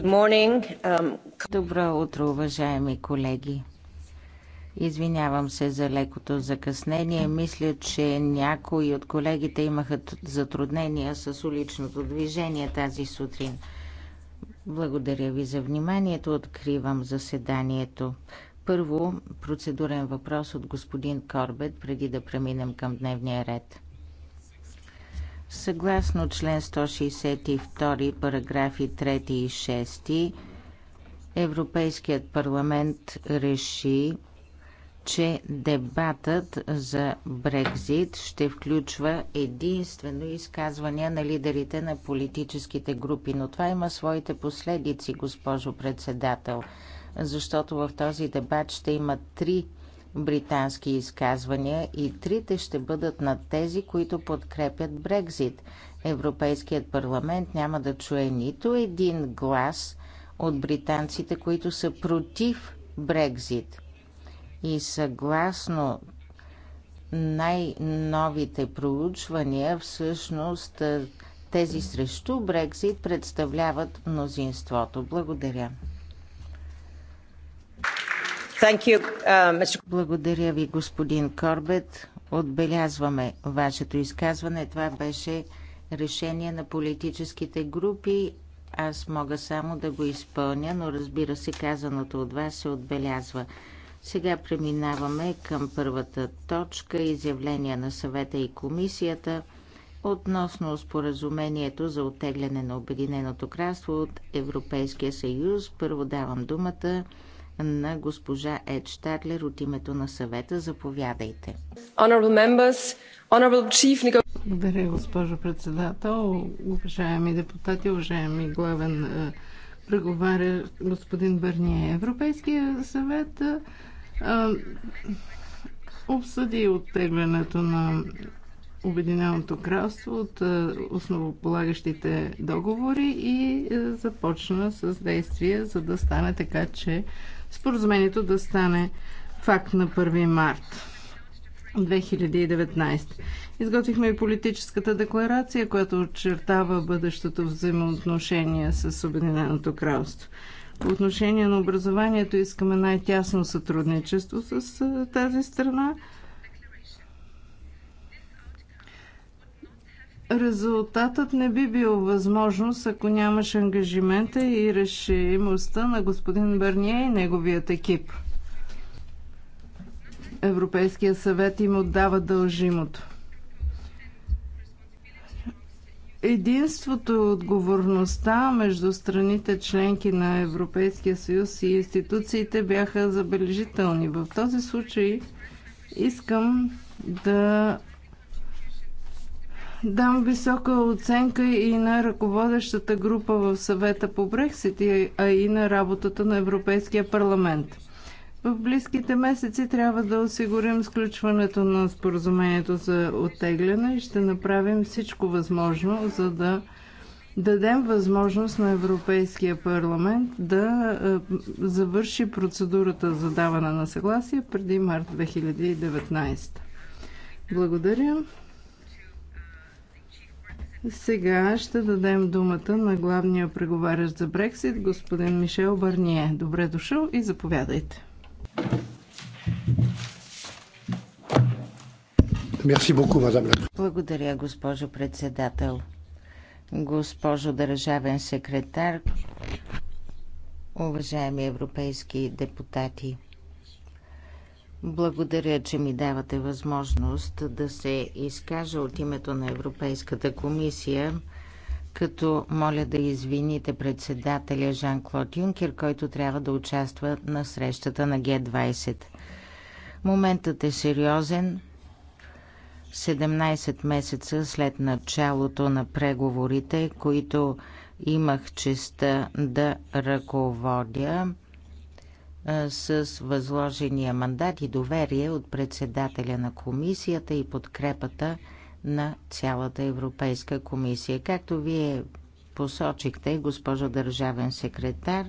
morning. Um, Добро утро, уважаеми колеги. Извинявам се за лекото закъснение. Мисля, че някои от колегите имаха затруднения с уличното движение тази сутрин. Благодаря ви за вниманието. Откривам заседанието. Първо, процедурен въпрос от господин Корбет, преди да преминем към дневния ред. Съгласно член 162, параграфи 3 и 6, Европейският парламент реши, че дебатът за Брекзит ще включва единствено изказвания на лидерите на политическите групи. Но това има своите последици, госпожо председател, защото в този дебат ще има три британски изказвания и трите ще бъдат на тези, които подкрепят Брекзит. Европейският парламент няма да чуе нито един глас от британците, които са против Брекзит. И съгласно най-новите проучвания, всъщност тези срещу Брекзит представляват мнозинството. Благодаря. Uh, Благодаря ви, господин Корбет. Отбелязваме вашето изказване. Това беше решение на политическите групи. Аз мога само да го изпълня, но разбира се, казаното от вас се отбелязва. Сега преминаваме към първата точка изявление на съвета и комисията относно споразумението за оттегляне на Обединеното кралство от Европейския съюз. Първо давам думата на госпожа Ед Штадлер от името на съвета. Заповядайте. Благодаря, госпожо председател, уважаеми депутати, уважаеми главен е, преговаря господин Бърния. Европейския съвет а, е, е, обсъди оттеглянето на Обединеното кралство от основополагащите договори и започна с действия, за да стане така, че споразумението да стане факт на 1 март 2019. Изготвихме и политическата декларация, която очертава бъдещото взаимоотношение с Обединеното кралство. По отношение на образованието искаме най-тясно сътрудничество с тази страна Резултатът не би бил възможност, ако нямаш ангажимента и решимостта на господин Бърния и неговият екип. Европейския съвет им отдава дължимото. Единството и отговорността между страните членки на Европейския съюз и институциите бяха забележителни. В този случай искам да дам висока оценка и на ръководещата група в съвета по Брексит, а и на работата на Европейския парламент. В близките месеци трябва да осигурим сключването на споразумението за оттегляне и ще направим всичко възможно, за да дадем възможност на Европейския парламент да е, завърши процедурата за даване на съгласие преди март 2019. Благодаря. Сега ще дадем думата на главния преговарящ за Брексит, господин Мишел Барние. Добре дошъл и заповядайте. Благодаря, госпожо председател. Госпожо държавен секретар, уважаеми европейски депутати – благодаря, че ми давате възможност да се изкажа от името на Европейската комисия, като моля да извините председателя Жан-Клод Юнкер, който трябва да участва на срещата на Г-20. Моментът е сериозен. 17 месеца след началото на преговорите, които имах честа да ръководя, с възложения мандат и доверие от председателя на комисията и подкрепата на цялата Европейска комисия. Както вие посочихте, госпожо държавен секретар,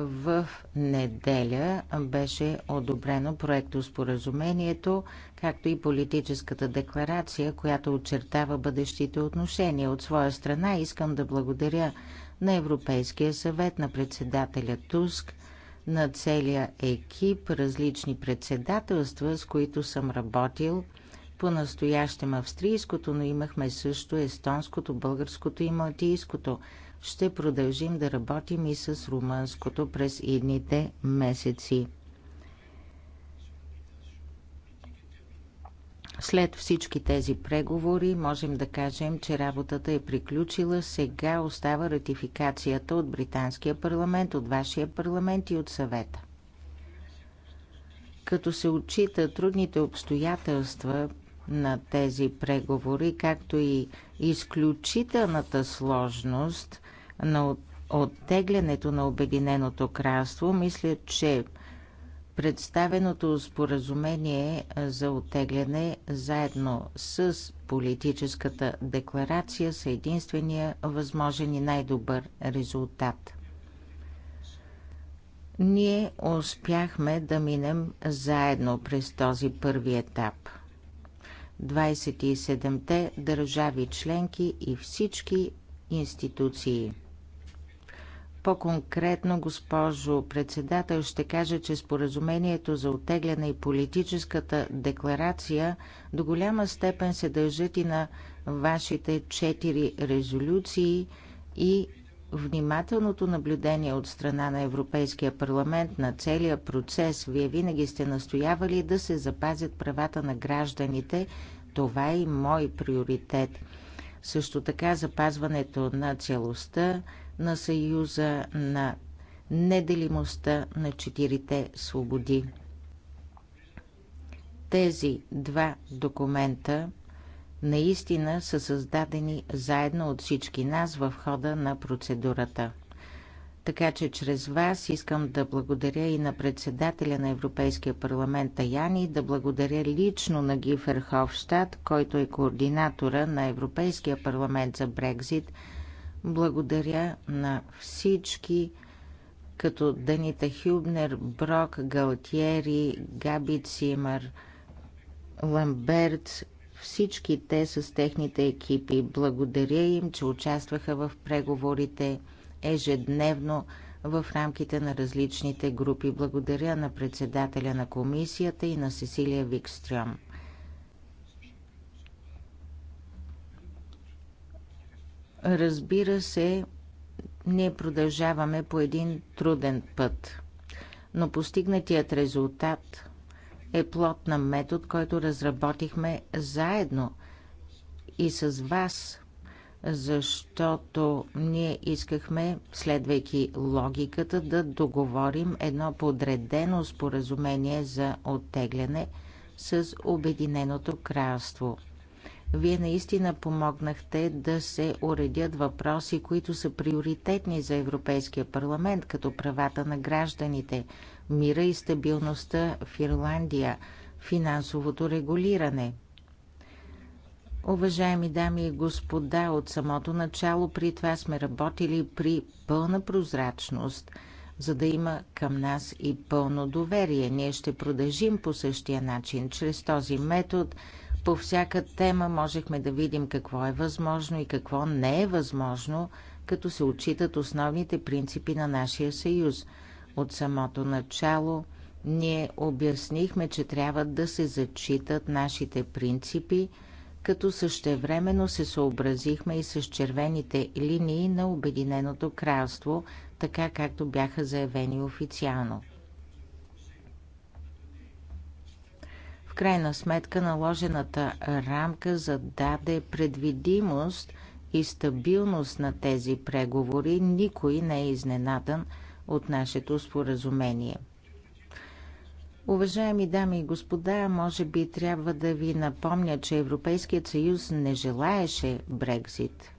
в неделя беше одобрено проекто споразумението, както и политическата декларация, която очертава бъдещите отношения. От своя страна искам да благодаря на Европейския съвет, на председателя Туск на целия екип, различни председателства, с които съм работил. По-настоящем австрийското, но имахме също естонското, българското и малтийското. Ще продължим да работим и с румънското през идните месеци. След всички тези преговори можем да кажем, че работата е приключила. Сега остава ратификацията от Британския парламент, от вашия парламент и от съвета. Като се отчита трудните обстоятелства на тези преговори, както и изключителната сложност на оттеглянето на Обединеното кралство, мисля, че Представеното споразумение за оттегляне заедно с политическата декларация са единствения възможен и най-добър резултат. Ние успяхме да минем заедно през този първи етап. 27-те държави членки и всички институции – по-конкретно, госпожо председател, ще кажа, че споразумението за оттегляне и политическата декларация до голяма степен се дължат и на вашите четири резолюции и внимателното наблюдение от страна на Европейския парламент на целия процес. Вие винаги сте настоявали да се запазят правата на гражданите. Това е и мой приоритет. Също така запазването на целостта на Съюза, на неделимостта на четирите свободи. Тези два документа наистина са създадени заедно от всички нас в хода на процедурата. Така че чрез вас искам да благодаря и на председателя на Европейския парламент Таяни, да благодаря лично на Гифер Хофштадт, който е координатора на Европейския парламент за Брекзит – благодаря на всички, като Данита Хюбнер, Брок, Галтиери, Габи Цимър, Ламберт, всички те с техните екипи. Благодаря им, че участваха в преговорите ежедневно в рамките на различните групи. Благодаря на председателя на комисията и на Сесилия Викстрюм. Разбира се, ние продължаваме по един труден път, но постигнатият резултат е плод на метод, който разработихме заедно и с вас, защото ние искахме, следвайки логиката, да договорим едно подредено споразумение за оттегляне с Обединеното кралство – вие наистина помогнахте да се уредят въпроси, които са приоритетни за Европейския парламент, като правата на гражданите, мира и стабилността в Ирландия, финансовото регулиране. Уважаеми дами и господа, от самото начало при това сме работили при пълна прозрачност, за да има към нас и пълно доверие. Ние ще продължим по същия начин, чрез този метод – по всяка тема можехме да видим какво е възможно и какво не е възможно, като се отчитат основните принципи на нашия съюз. От самото начало ние обяснихме, че трябва да се зачитат нашите принципи, като същевременно се съобразихме и с червените линии на Обединеното кралство, така както бяха заявени официално. крайна сметка наложената рамка зададе предвидимост и стабилност на тези преговори. Никой не е изненадан от нашето споразумение. Уважаеми дами и господа, може би трябва да ви напомня, че Европейският съюз не желаеше Брекзит.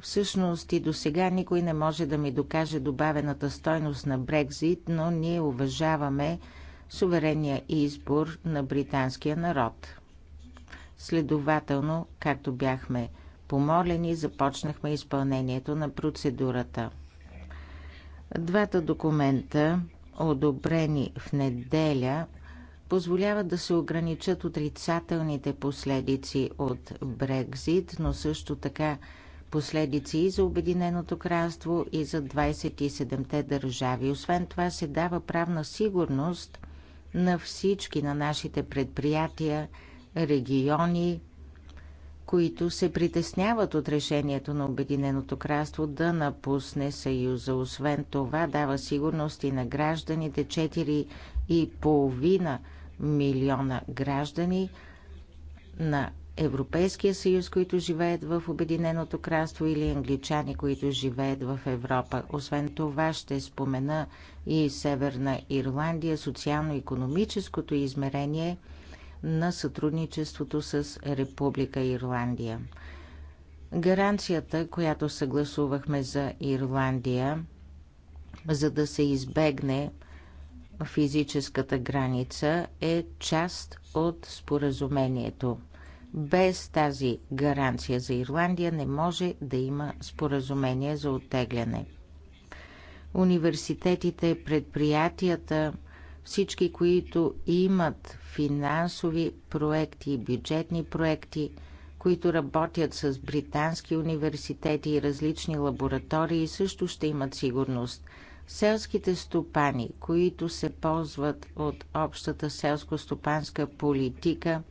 Всъщност и до сега никой не може да ми докаже добавената стойност на Брекзит, но ние уважаваме суверения избор на британския народ. Следователно, както бяхме помолени, започнахме изпълнението на процедурата. Двата документа, одобрени в неделя, позволяват да се ограничат отрицателните последици от Брекзит, но също така последици и за Обединеното кралство и за 27-те държави. Освен това се дава правна сигурност на всички на нашите предприятия, региони, които се притесняват от решението на Обединеното кралство да напусне Съюза. Освен това, дава сигурност и на гражданите 4,5 милиона граждани на Европейския съюз, които живеят в Обединеното кралство или англичани, които живеят в Европа. Освен това ще спомена и Северна Ирландия, социално-економическото измерение на сътрудничеството с Република Ирландия. Гаранцията, която съгласувахме за Ирландия, за да се избегне физическата граница, е част от споразумението – без тази гаранция за Ирландия не може да има споразумение за оттегляне. Университетите, предприятията, всички, които имат финансови проекти и бюджетни проекти, които работят с британски университети и различни лаборатории, също ще имат сигурност. Селските стопани, които се ползват от общата селско-стопанска политика,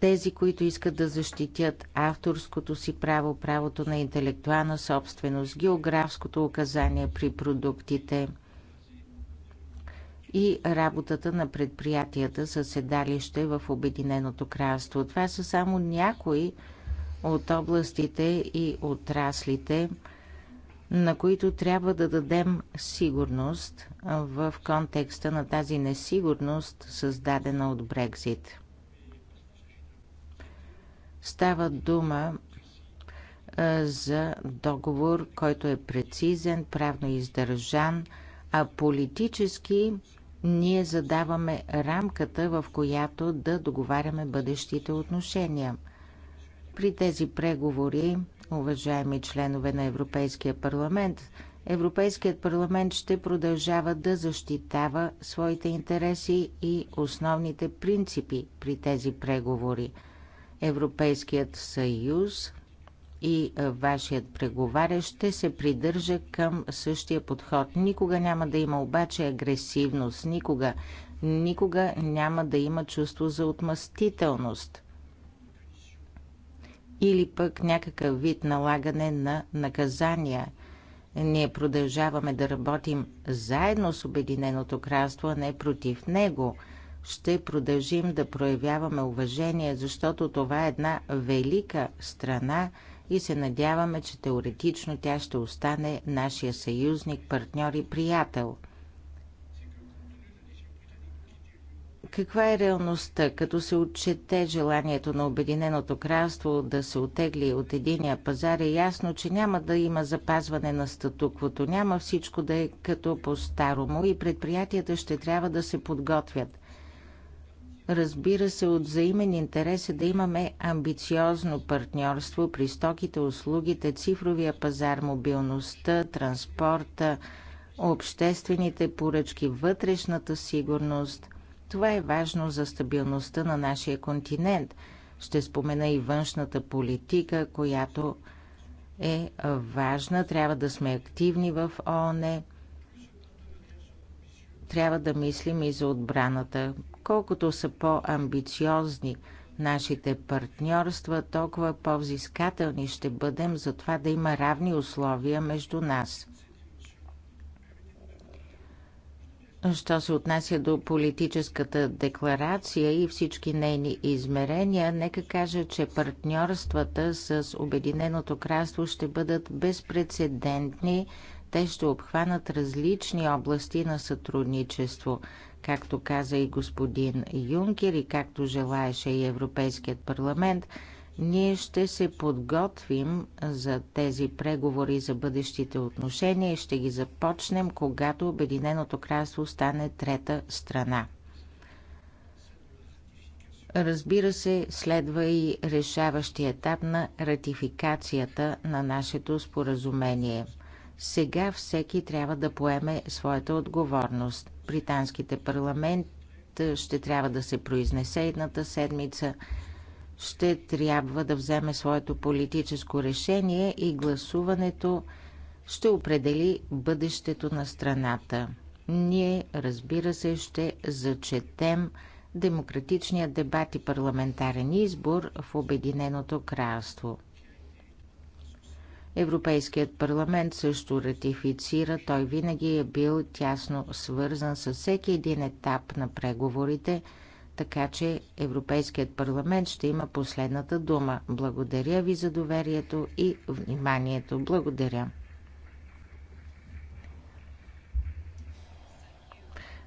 тези, които искат да защитят авторското си право, правото на интелектуална собственост, географското указание при продуктите и работата на предприятията със седалище в Обединеното кралство. Това са само някои от областите и отраслите, на които трябва да дадем сигурност в контекста на тази несигурност, създадена от Брекзит. Става дума за договор, който е прецизен, правно издържан, а политически ние задаваме рамката, в която да договаряме бъдещите отношения. При тези преговори, уважаеми членове на Европейския парламент, Европейският парламент ще продължава да защитава своите интереси и основните принципи при тези преговори – Европейският съюз и вашият преговарящ ще се придържа към същия подход. Никога няма да има обаче агресивност, никога, никога няма да има чувство за отмъстителност или пък някакъв вид налагане на наказания. Ние продължаваме да работим заедно с Обединеното кралство, а не против него – ще продължим да проявяваме уважение, защото това е една велика страна и се надяваме, че теоретично тя ще остане нашия съюзник, партньор и приятел. Каква е реалността, като се отчете желанието на Обединеното кралство да се отегли от единия пазар, е ясно, че няма да има запазване на статуквото, няма всичко да е като по-старому и предприятията ще трябва да се подготвят. Разбира се, от взаимен интерес е да имаме амбициозно партньорство при стоките, услугите, цифровия пазар, мобилността, транспорта, обществените поръчки, вътрешната сигурност. Това е важно за стабилността на нашия континент. Ще спомена и външната политика, която е важна. Трябва да сме активни в ООН. Трябва да мислим и за отбраната. Колкото са по-амбициозни нашите партньорства, толкова по-взискателни ще бъдем за това да има равни условия между нас. Що се отнася до политическата декларация и всички нейни измерения, нека кажа, че партньорствата с Обединеното кралство ще бъдат безпредседентни. Те ще обхванат различни области на сътрудничество както каза и господин Юнкер и както желаеше и Европейският парламент, ние ще се подготвим за тези преговори за бъдещите отношения и ще ги започнем, когато Обединеното кралство стане трета страна. Разбира се, следва и решаващия етап на ратификацията на нашето споразумение. Сега всеки трябва да поеме своята отговорност британските парламент ще трябва да се произнесе едната седмица, ще трябва да вземе своето политическо решение и гласуването ще определи бъдещето на страната. Ние, разбира се, ще зачетем демократичния дебат и парламентарен избор в Обединеното кралство. Европейският парламент също ратифицира. Той винаги е бил тясно свързан с всеки един етап на преговорите, така че Европейският парламент ще има последната дума. Благодаря ви за доверието и вниманието. Благодаря.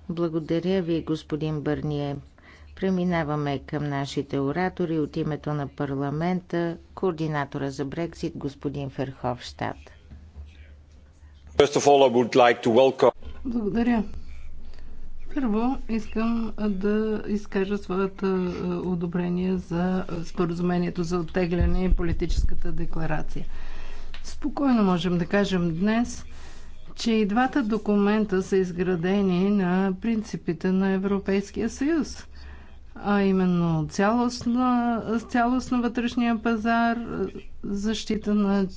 Благодаря ви, господин Бърние. Преминаваме към нашите оратори от името на парламента, координатора за Брексит, господин Ферховщад. Благодаря. Първо искам да изкажа своята е, одобрение за споразумението за оттегляне и политическата декларация. Спокойно можем да кажем днес, че и двата документа са изградени на принципите на Европейския съюз а именно цялостна, цялост на вътрешния пазар, защита на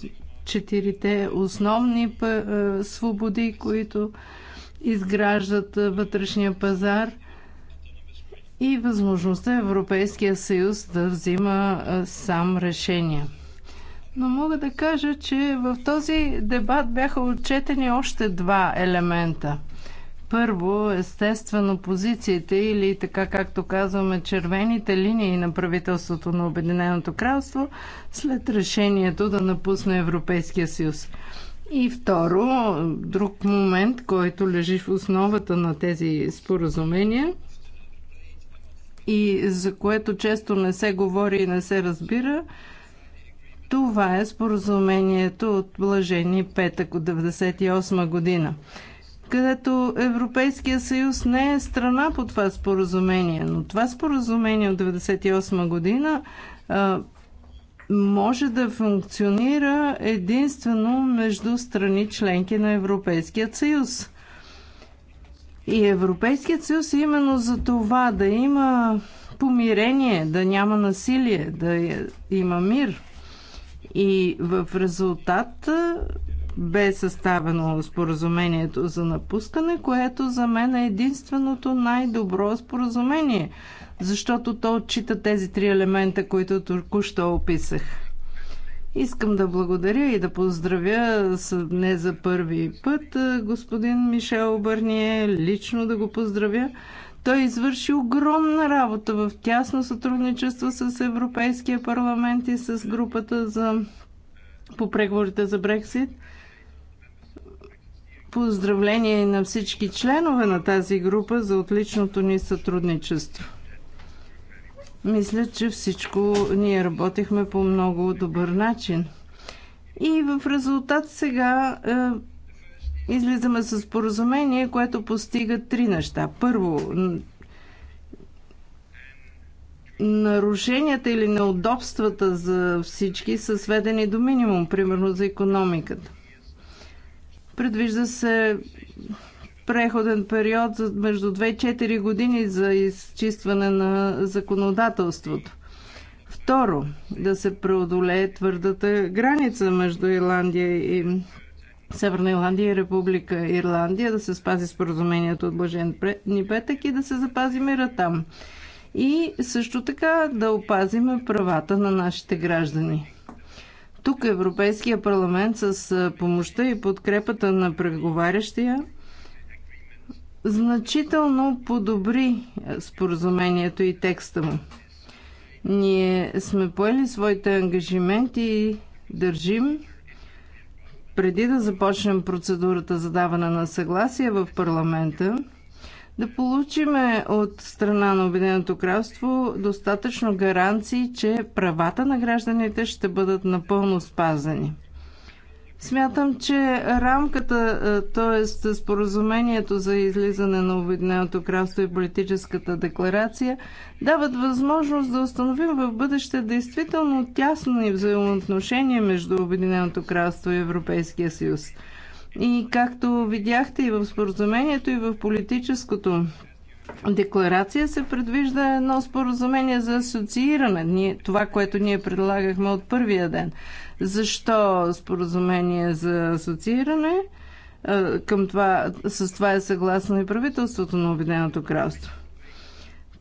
четирите основни е, свободи, които изграждат е, вътрешния пазар и възможността Европейския съюз да взима е, сам решения. Но мога да кажа, че в този дебат бяха отчетени още два елемента – първо, естествено, позициите или така както казваме, червените линии на правителството на Обединеното кралство след решението да напусне Европейския съюз. И второ, друг момент, който лежи в основата на тези споразумения и за което често не се говори и не се разбира, това е споразумението от Блажени петък от 1998 година където Европейския съюз не е страна по това споразумение. Но това споразумение от 1998 година а, може да функционира единствено между страни членки на Европейския съюз. И Европейският съюз е именно за това да има помирение, да няма насилие, да е, има мир. И в резултат бе съставено споразумението за напускане, което за мен е единственото най-добро споразумение, защото то отчита тези три елемента, които току-що описах. Искам да благодаря и да поздравя не за първи път господин Мишел Бърние, лично да го поздравя. Той извърши огромна работа в тясно сътрудничество с Европейския парламент и с групата за по преговорите за Брексит. Поздравление на всички членове на тази група за отличното ни сътрудничество. Мисля, че всичко ние работихме по много добър начин. И в резултат сега е, излизаме с поразумение, което постига три неща. Първо, нарушенията или неудобствата за всички са сведени до минимум, примерно за економиката. Предвижда се преходен период между 2 и 4 години за изчистване на законодателството. Второ, да се преодолее твърдата граница между Ирландия и Северна Ирландия и Република Ирландия, да се спази споразумението от Блажен ни петък и да се запази мира там. И също така да опазиме правата на нашите граждани. Тук Европейския парламент с помощта и подкрепата на преговарящия значително подобри споразумението и текста му. Ние сме поели своите ангажименти и държим преди да започнем процедурата за даване на съгласие в парламента да получиме от страна на Обединеното кралство достатъчно гаранции, че правата на гражданите ще бъдат напълно спазени. Смятам, че рамката, е, т.е. споразумението за излизане на Обединеното кралство и политическата декларация дават възможност да установим в бъдеще действително тясно и взаимоотношение между Обединеното кралство и Европейския съюз – и както видяхте и в споразумението, и в политическото декларация се предвижда едно споразумение за асоцииране, ние, това, което ние предлагахме от първия ден. Защо споразумение за асоцииране? Е, към това, с това е съгласно и правителството на Обединеното кралство.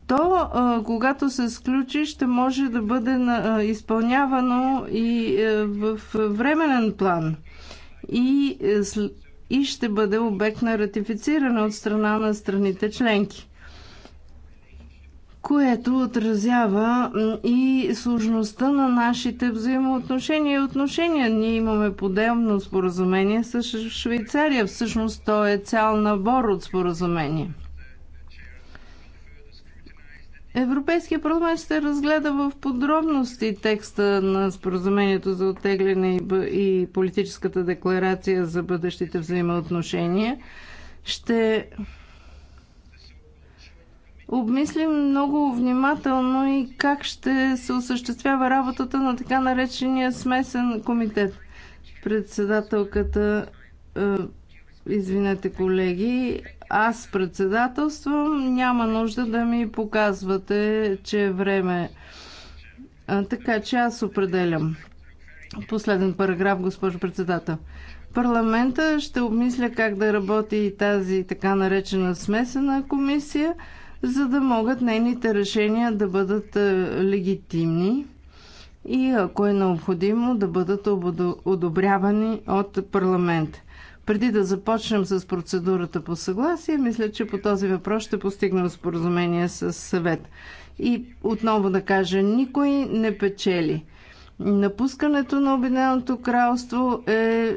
То, е, когато се сключи, ще може да бъде е, изпълнявано и в временен план – и, е, и ще бъде обект на ратифициране от страна на страните членки което отразява и сложността на нашите взаимоотношения и отношения. Ние имаме поделно споразумение с Швейцария. Всъщност то е цял набор от споразумения. Европейския парламент ще разгледа в подробности текста на споразумението за оттегляне и политическата декларация за бъдещите взаимоотношения. Ще обмислим много внимателно и как ще се осъществява работата на така наречения смесен комитет. Председателката, е, извинете колеги, аз председателствам, няма нужда да ми показвате, че е време. А, така че аз определям. Последен параграф, госпожо председател. Парламента ще обмисля как да работи и тази така наречена смесена комисия, за да могат нейните решения да бъдат е, легитимни и ако е необходимо да бъдат одобрявани от парламент преди да започнем с процедурата по съгласие, мисля, че по този въпрос ще постигнем споразумение с съвет. И отново да кажа, никой не печели. Напускането на Обединеното кралство е, е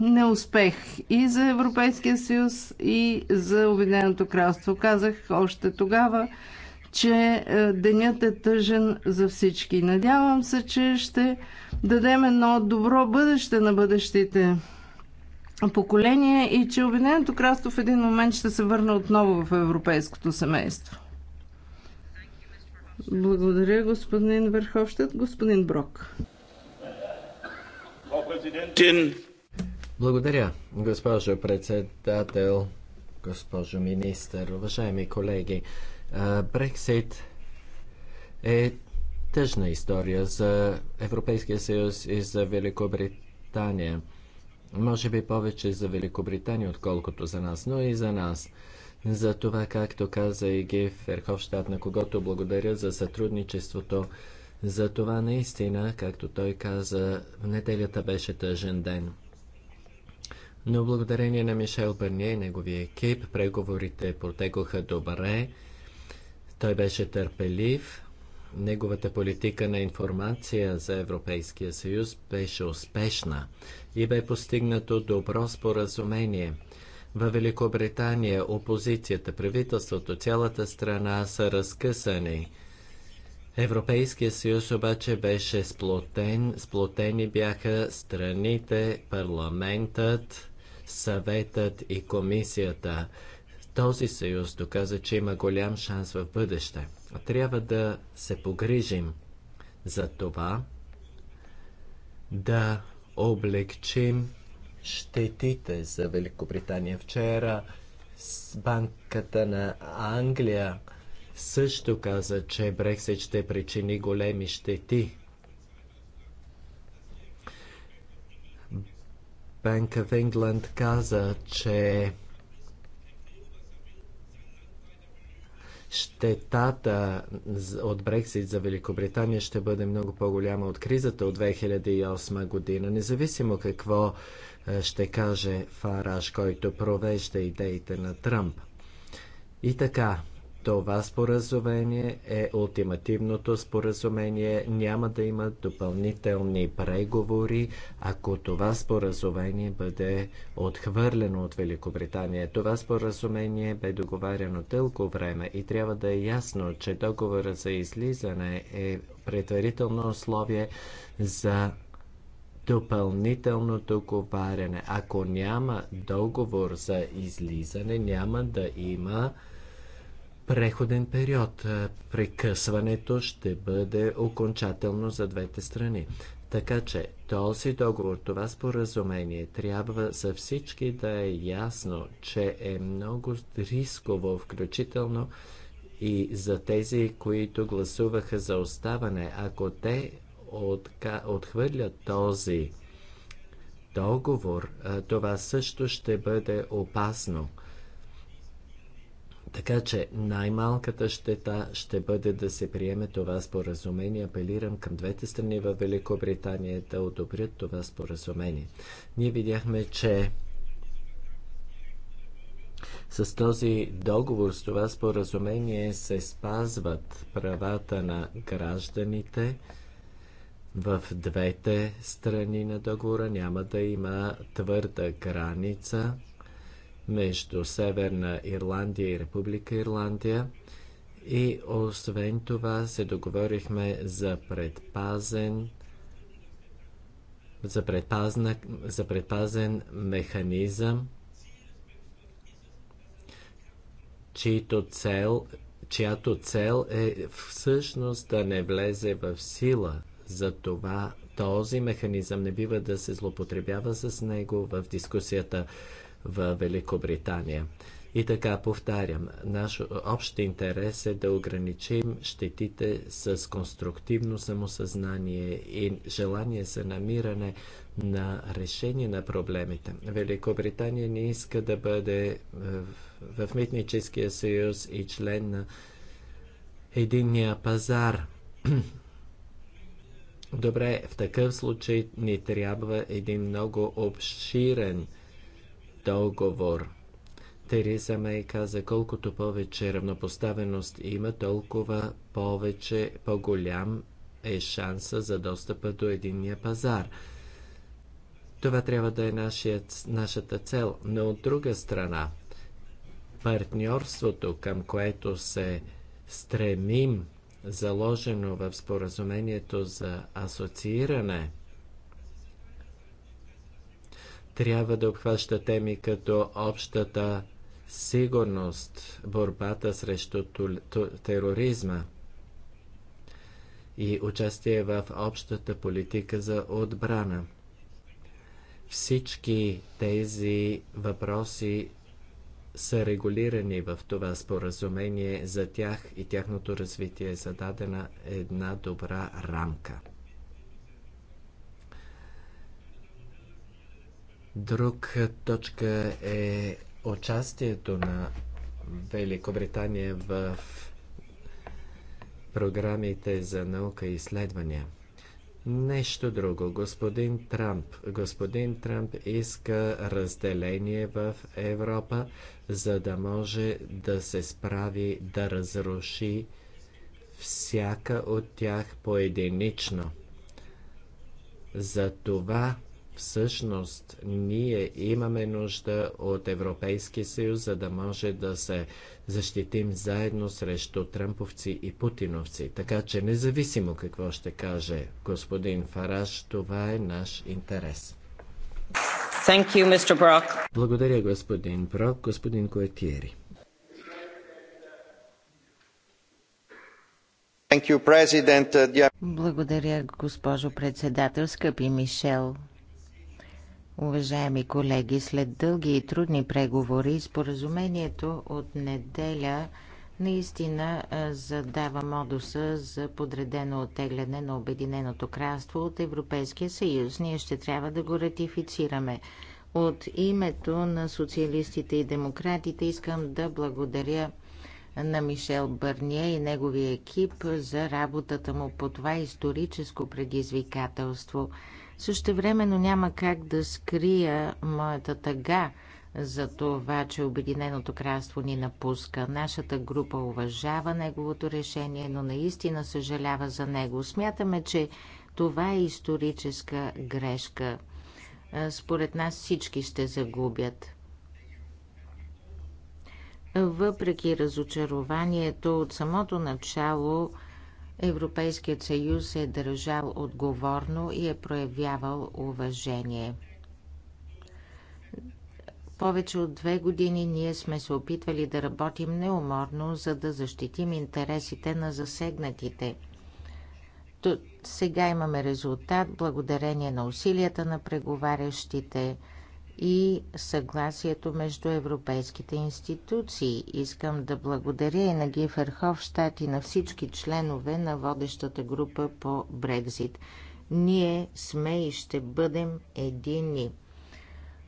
неуспех и за Европейския съюз, и за Обединеното кралство. Казах още тогава, че е, денят е тъжен за всички. Надявам се, че ще дадем едно добро бъдеще на бъдещите поколение и че Обединеното кралство в един момент ще се върне отново в европейското семейство. Благодаря, господин Върховщет. Господин Брок. Благодаря, госпожо председател, госпожо министър, уважаеми колеги. Брексит е тъжна история за Европейския съюз и за Великобритания. Може би повече за Великобритания, отколкото за нас, но и за нас. За това, както каза и Гев Верховщад, на когото благодаря за сътрудничеството, за това наистина, както той каза, в неделята беше тъжен ден. Но благодарение на Мишел Бърния и неговия екип, преговорите протекоха добре. Той беше търпелив. Неговата политика на информация за Европейския съюз беше успешна и бе постигнато добро споразумение. Във Великобритания опозицията, правителството, цялата страна са разкъсани. Европейския съюз обаче беше сплотен, сплотени бяха страните, парламентът, съветът и комисията. Този съюз доказа, че има голям шанс в бъдеще. Трябва да се погрижим за това да облегчим щетите за Великобритания. Вчера банката на Англия също каза, че Брексит ще причини големи щети. Банк в Ингланд каза, че щетата от Брексит за Великобритания ще бъде много по-голяма от кризата от 2008 година, независимо какво е, ще каже Фараш, който провежда идеите на Тръмп. И така, това споразумение е ултимативното споразумение. Няма да има допълнителни преговори, ако това споразумение бъде отхвърлено от Великобритания. Това споразумение бе договаряно дълго време и трябва да е ясно, че договора за излизане е предварително условие за допълнително договаряне. Ако няма договор за излизане, няма да има преходен период. Е, прекъсването ще бъде окончателно за двете страни. Така че този договор, това споразумение трябва за всички да е ясно, че е много рисково, включително и за тези, които гласуваха за оставане. Ако те отка... отхвърлят този договор, е, това също ще бъде опасно. Така че най-малката щета ще бъде да се приеме това споразумение. Апелирам към двете страни в Великобритания да одобрят това споразумение. Ние видяхме, че с този договор, с това споразумение се спазват правата на гражданите в двете страни на договора. Няма да има твърда граница между Северна Ирландия и Република Ирландия. И освен това се договорихме за предпазен за, предпазна, за предпазен механизъм, чието цел, чиято цел е всъщност да не влезе в сила. Затова този механизъм не бива да се злоупотребява с него в дискусията в Великобритания. И така, повтарям, наш общ интерес е да ограничим щетите с конструктивно самосъзнание и желание за намиране на решение на проблемите. Великобритания не иска да бъде е, в, в Митническия съюз и член на единния пазар. Добре, в такъв случай ни трябва един много обширен договор. Тереза Мей каза, колкото повече равнопоставеност има, толкова повече по-голям е шанса за достъпа до единния пазар. Това трябва да е нашия, нашата цел, но от друга страна, партньорството, към което се стремим, заложено в споразумението за асоцииране, трябва да обхваща теми като общата сигурност, борбата срещу тероризма и участие в общата политика за отбрана. Всички тези въпроси са регулирани в това споразумение. За тях и тяхното развитие е зададена една добра рамка. Друг е, точка е участието на Великобритания в програмите за наука и изследвания. Нещо друго. Господин Трамп. Господин Трамп иска разделение в Европа, за да може да се справи да разруши всяка от тях поединично. За това Всъщност, ние имаме нужда от Европейски съюз, за да може да се защитим заедно срещу тръмповци и Путиновци. Така че, независимо какво ще каже господин Фараш, това е наш интерес. Thank you, Mr. Brock. Благодаря, господин Брок. Господин Коетиери. Uh, Благодаря, госпожо председател, скъпи Мишел. Уважаеми колеги, след дълги и трудни преговори, споразумението от неделя наистина задава модуса за подредено оттегляне на Обединеното кралство от Европейския съюз. Ние ще трябва да го ратифицираме. От името на социалистите и демократите искам да благодаря на Мишел Бърния и неговия екип за работата му по това историческо предизвикателство – също времено няма как да скрия моята тъга за това, че Обединеното кралство ни напуска. Нашата група уважава неговото решение, но наистина съжалява за него. Смятаме, че това е историческа грешка. Според нас всички ще загубят. Въпреки разочарованието от самото начало, Европейският съюз се е държал отговорно и е проявявал уважение. Повече от две години ние сме се опитвали да работим неуморно, за да защитим интересите на засегнатите. Сега имаме резултат благодарение на усилията на преговарящите – и съгласието между европейските институции. Искам да благодаря и на Гифер Хофштадт и на всички членове на водещата група по Брекзит. Ние сме и ще бъдем едини.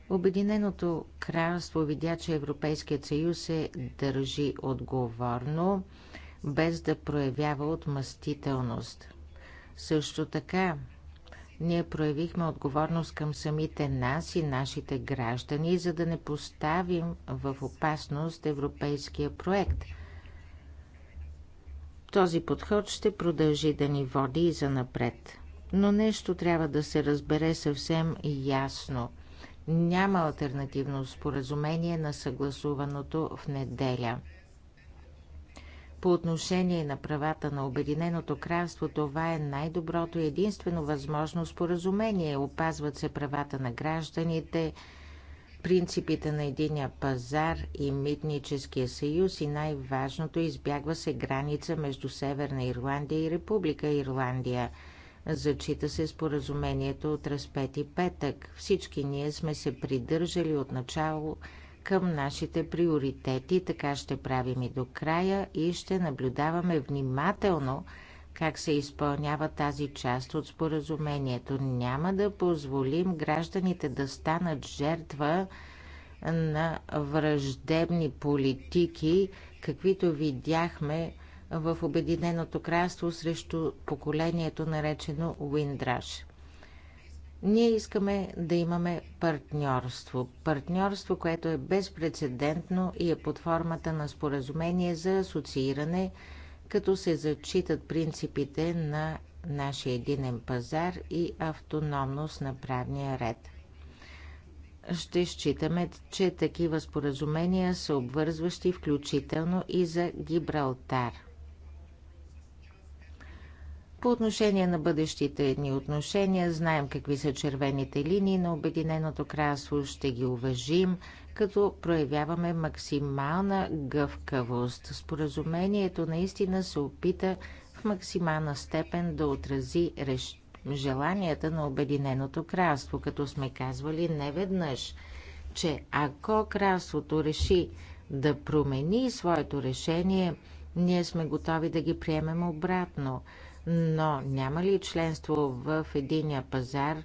Обединеното кралство видя, че Европейският съюз се държи отговорно, без да проявява отмъстителност. Също така ние проявихме отговорност към самите нас и нашите граждани, за да не поставим в опасност европейския проект. Този подход ще продължи да ни води и за напред. Но нещо трябва да се разбере съвсем ясно. Няма альтернативно споразумение на съгласуваното в неделя – по отношение на правата на Обединеното кралство, това е най-доброто и единствено възможно споразумение. Опазват се правата на гражданите, принципите на единия пазар и митническия съюз и най-важното избягва се граница между Северна Ирландия и Република Ирландия. Зачита се споразумението от разпети петък. Всички ние сме се придържали от начало към нашите приоритети. Така ще правим и до края и ще наблюдаваме внимателно как се изпълнява тази част от споразумението. Няма да позволим гражданите да станат жертва на враждебни политики, каквито видяхме в Обединеното кралство срещу поколението наречено Уиндраш. Ние искаме да имаме партньорство. Партньорство, което е безпредседентно и е под формата на споразумение за асоцииране, като се зачитат принципите на нашия единен пазар и автономност на правния ред. Ще считаме, че такива споразумения са обвързващи включително и за Гибралтар – по отношение на бъдещите ни отношения, знаем какви са червените линии на Обединеното кралство, ще ги уважим, като проявяваме максимална гъвкавост. Споразумението наистина се опита в максимална степен да отрази реш... желанията на Обединеното кралство, като сме казвали неведнъж, че ако кралството реши да промени своето решение, ние сме готови да ги приемем обратно – но няма ли членство в единия пазар,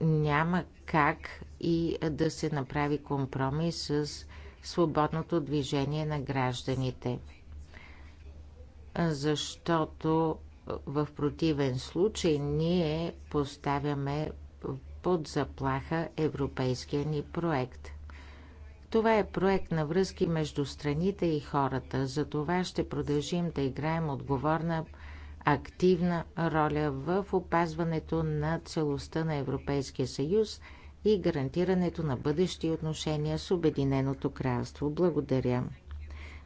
няма как и да се направи компромис с свободното движение на гражданите. Защото в противен случай ние поставяме под заплаха европейския ни проект. Това е проект на връзки между страните и хората. За това ще продължим да играем отговорна, активна роля в опазването на целостта на Европейския съюз и гарантирането на бъдещи отношения с Обединеното кралство. Благодаря.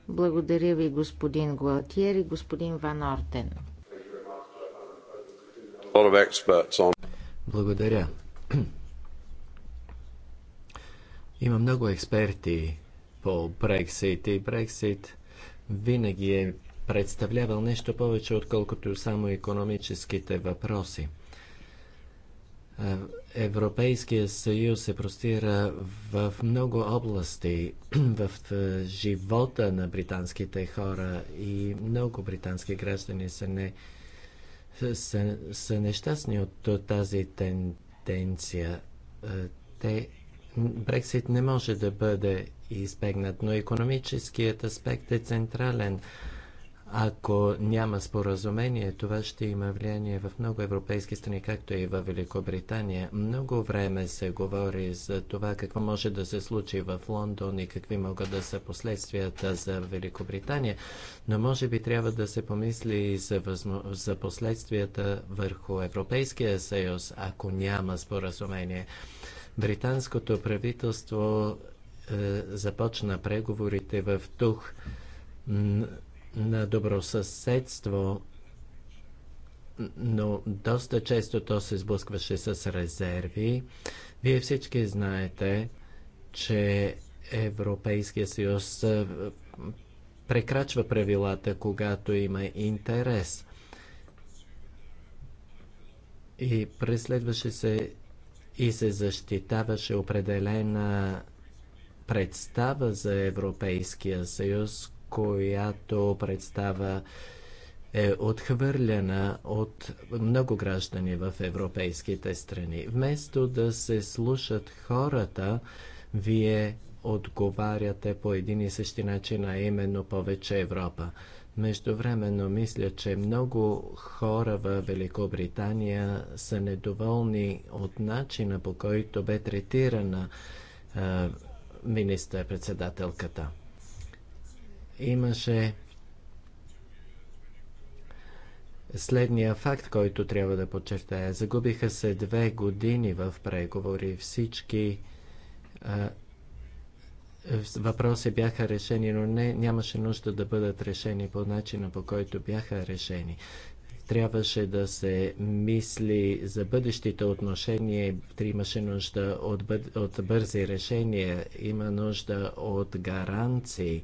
Благодаря ви, господин Гуатиер и господин Ван Ортен. Благодаря. Има много експерти по Брексит и Брексит винаги е представлявал нещо повече, отколкото само економическите въпроси. Европейския съюз се простира в много области в живота на британските хора и много британски граждани са, не, са, са нещастни от тази тенденция. Те Брексит не може да бъде избегнат, но економическият аспект е централен. Ако няма споразумение, това ще има влияние в много европейски страни, както и в Великобритания. Много време се говори за това какво може да се случи в Лондон и какви могат да са последствията за Великобритания, но може би трябва да се помисли и за, възмо... за последствията върху Европейския съюз, ако няма споразумение британското правителство е, започна преговорите в дух на добросъседство, но доста често то се сблъскваше с резерви. Вие всички знаете, че Европейския съюз е, прекрачва правилата, когато има интерес. И преследваше се и се защитаваше определена представа за Европейския съюз, която представа е отхвърлена от много граждани в европейските страни. Вместо да се слушат хората, вие отговаряте по един и същи начин, а именно повече Европа. Междувременно мисля, че много хора в Великобритания са недоволни от начина по който бе третирана министър-председателката. Имаше следния факт, който трябва да подчертая. Загубиха се две години в преговори. Всички въпроси бяха решени, но не, нямаше нужда да бъдат решени по начина по който бяха решени. Трябваше да се мисли за бъдещите отношения, имаше нужда от, бъд, от бързи решения, има нужда от гаранции,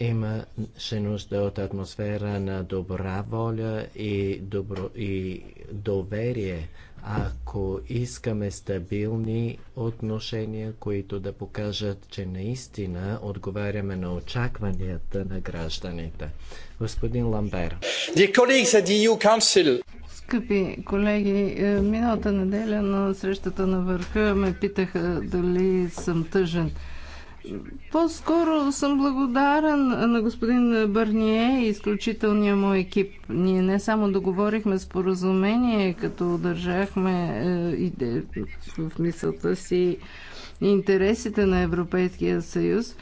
имаше нужда от атмосфера на добра воля и, добро, и доверие ако искаме стабилни отношения, които да покажат, че наистина отговаряме на очакванията на гражданите. Господин Ламбер. E Скъпи колеги, е, миналата неделя на срещата на върха ме питаха дали съм тъжен. По-скоро съм благодарен на господин Бърние и изключителния му екип. Ние не само договорихме споразумение, като държахме е, в мисълта си интересите на Европейския съюз,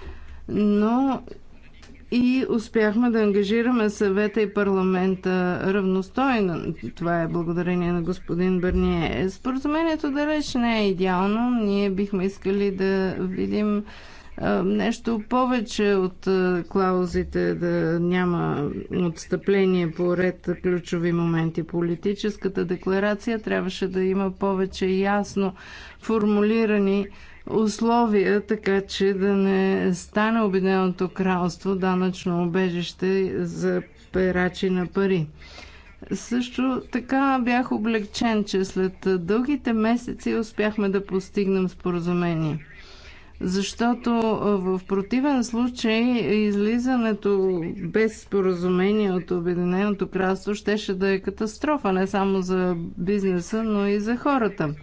но и успяхме да ангажираме съвета и парламента равностойно. Това е благодарение на господин Бърние. Споразумението далеч не е идеално. Ние бихме искали да видим нещо повече от клаузите да няма отстъпление по ред ключови моменти. Политическата декларация трябваше да има повече ясно формулирани условия, така че да не стане Обединеното кралство данъчно убежище за перачи на пари. Също така бях облегчен, че след дългите месеци успяхме да постигнем споразумение защото в противен случай излизането без споразумение от Обединеното кралство щеше да е катастрофа не само за бизнеса, но и за хората.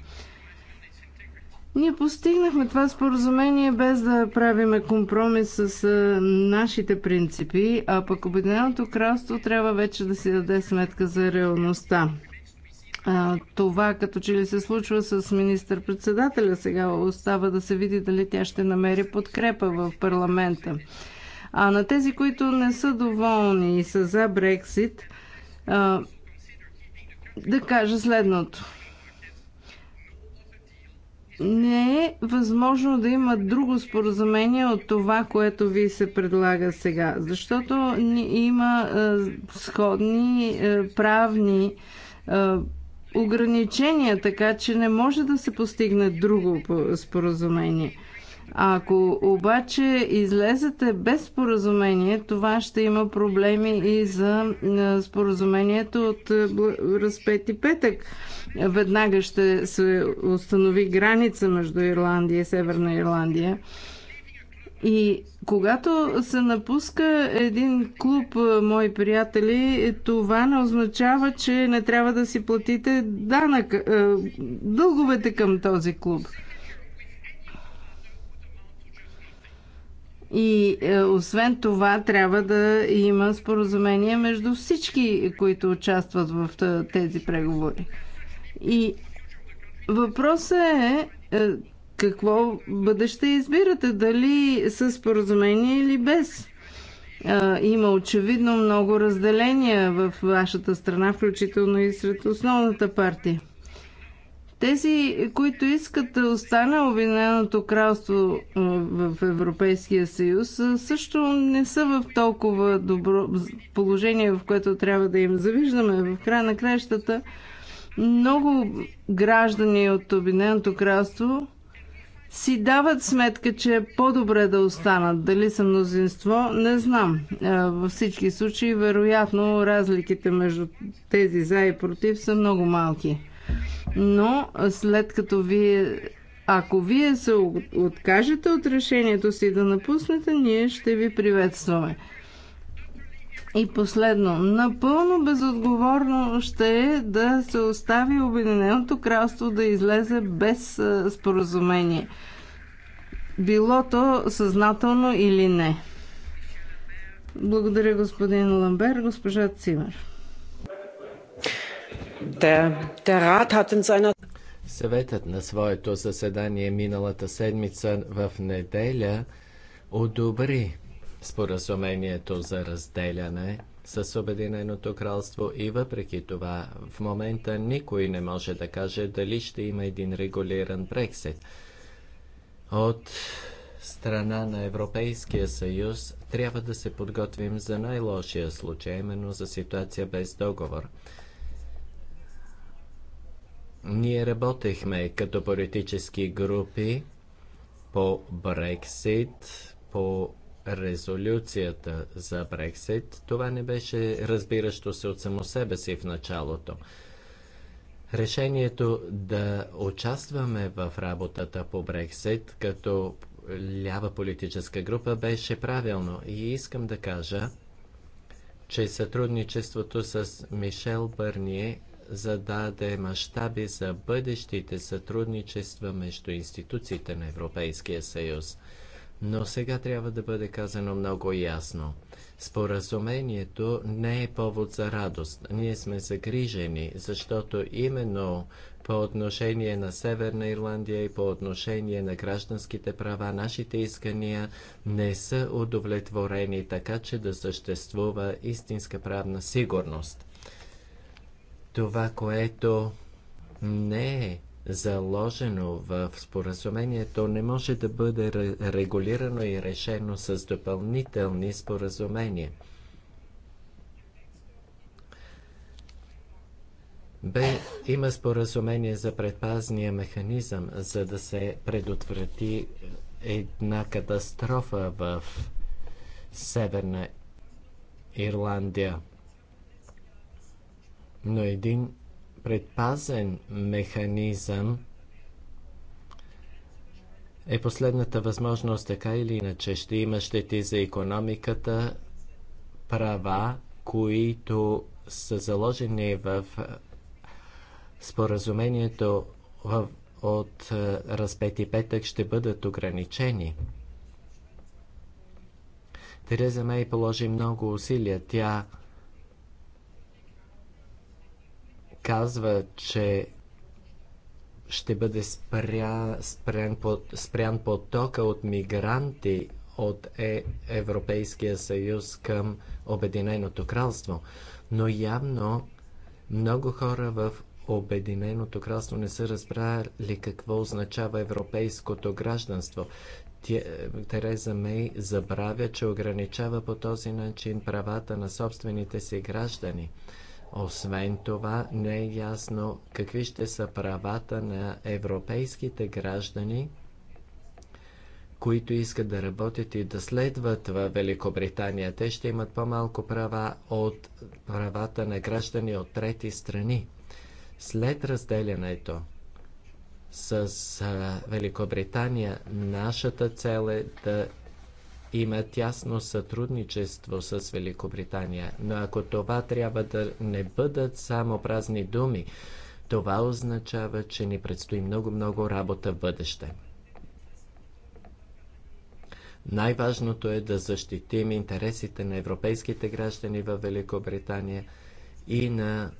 Ние постигнахме това споразумение без да правиме компромис с нашите принципи, а пък Обединеното кралство трябва вече да си даде сметка за реалността. А, това като че ли се случва с министър-председателя сега, остава да се види дали тя ще намери подкрепа в парламента. А на тези, които не са доволни и са за Брексит, а, да кажа следното. Не е възможно да има друго споразумение от това, което ви се предлага сега, защото има а, сходни а, правни а, ограничения, така че не може да се постигне друго споразумение. ако обаче излезете без споразумение, това ще има проблеми и за споразумението от разпети петък. Веднага ще се установи граница между Ирландия и Северна Ирландия. И когато се напуска един клуб, е, мои приятели, е, това не означава, че не трябва да си платите данък, е, дълговете към този клуб. И е, освен това, трябва да има споразумение между всички, които участват в тези преговори. И въпросът е, е какво бъдеще избирате? Дали с споразумение или без? има очевидно много разделения в вашата страна, включително и сред основната партия. Тези, които искат да остане Обединеното кралство в Европейския съюз, също не са в толкова добро положение, в което трябва да им завиждаме. В края на краищата много граждани от Обединеното кралство си дават сметка, че е по-добре да останат. Дали са мнозинство, не знам. Във всички случаи, вероятно, разликите между тези за и против са много малки. Но след като вие ако вие се откажете от решението си да напуснете, ние ще ви приветстваме. И последно, напълно безотговорно ще е да се остави Обединеното кралство да излезе без споразумение. Било то съзнателно или не. Благодаря господин Ламбер, госпожа Цимер. Съветът на своето заседание миналата седмица в неделя одобри споразумението за разделяне с Обединеното кралство и въпреки това в момента никой не може да каже дали ще има един регулиран Брексит. От страна на Европейския съюз трябва да се подготвим за най-лошия случай, именно за ситуация без договор. Ние работехме като политически групи по Брексит, по резолюцията за Брексит, това не беше разбиращо се от само себе си в началото. Решението да участваме в работата по Брексит като лява политическа група беше правилно и искам да кажа, че сътрудничеството с Мишел Бърние зададе мащаби за бъдещите сътрудничества между институциите на Европейския съюз – но сега трябва да бъде казано много ясно. Споразумението не е повод за радост. Ние сме загрижени, защото именно по отношение на Северна Ирландия и по отношение на гражданските права, нашите искания не са удовлетворени, така че да съществува истинска правна сигурност. Това, което не е заложено в споразумението, не може да бъде регулирано и решено с допълнителни споразумения. Б. Има споразумение за предпазния механизъм, за да се предотврати една катастрофа в Северна Ирландия. Но един предпазен механизъм е последната възможност, така или иначе ще има щети за економиката, права, които са заложени в споразумението в, от разпети петък ще бъдат ограничени. Тереза Мей положи много усилия. Тя казва, че ще бъде спря, спрян, спрян потока от мигранти от е, Европейския съюз към Обединеното кралство. Но явно много хора в Обединеното кралство не са разбрали какво означава европейското гражданство. Тереза Мей забравя, че ограничава по този начин правата на собствените си граждани. Освен това, не е ясно какви ще са правата на европейските граждани, които искат да работят и да следват в Великобритания. Те ще имат по-малко права от правата на граждани от трети страни. След разделянето с Великобритания, нашата цел е да има тясно сътрудничество с Великобритания. Но ако това трябва да не бъдат само празни думи, това означава, че ни предстои много-много работа в бъдеще. Най-важното е да защитим интересите на европейските граждани в Великобритания и на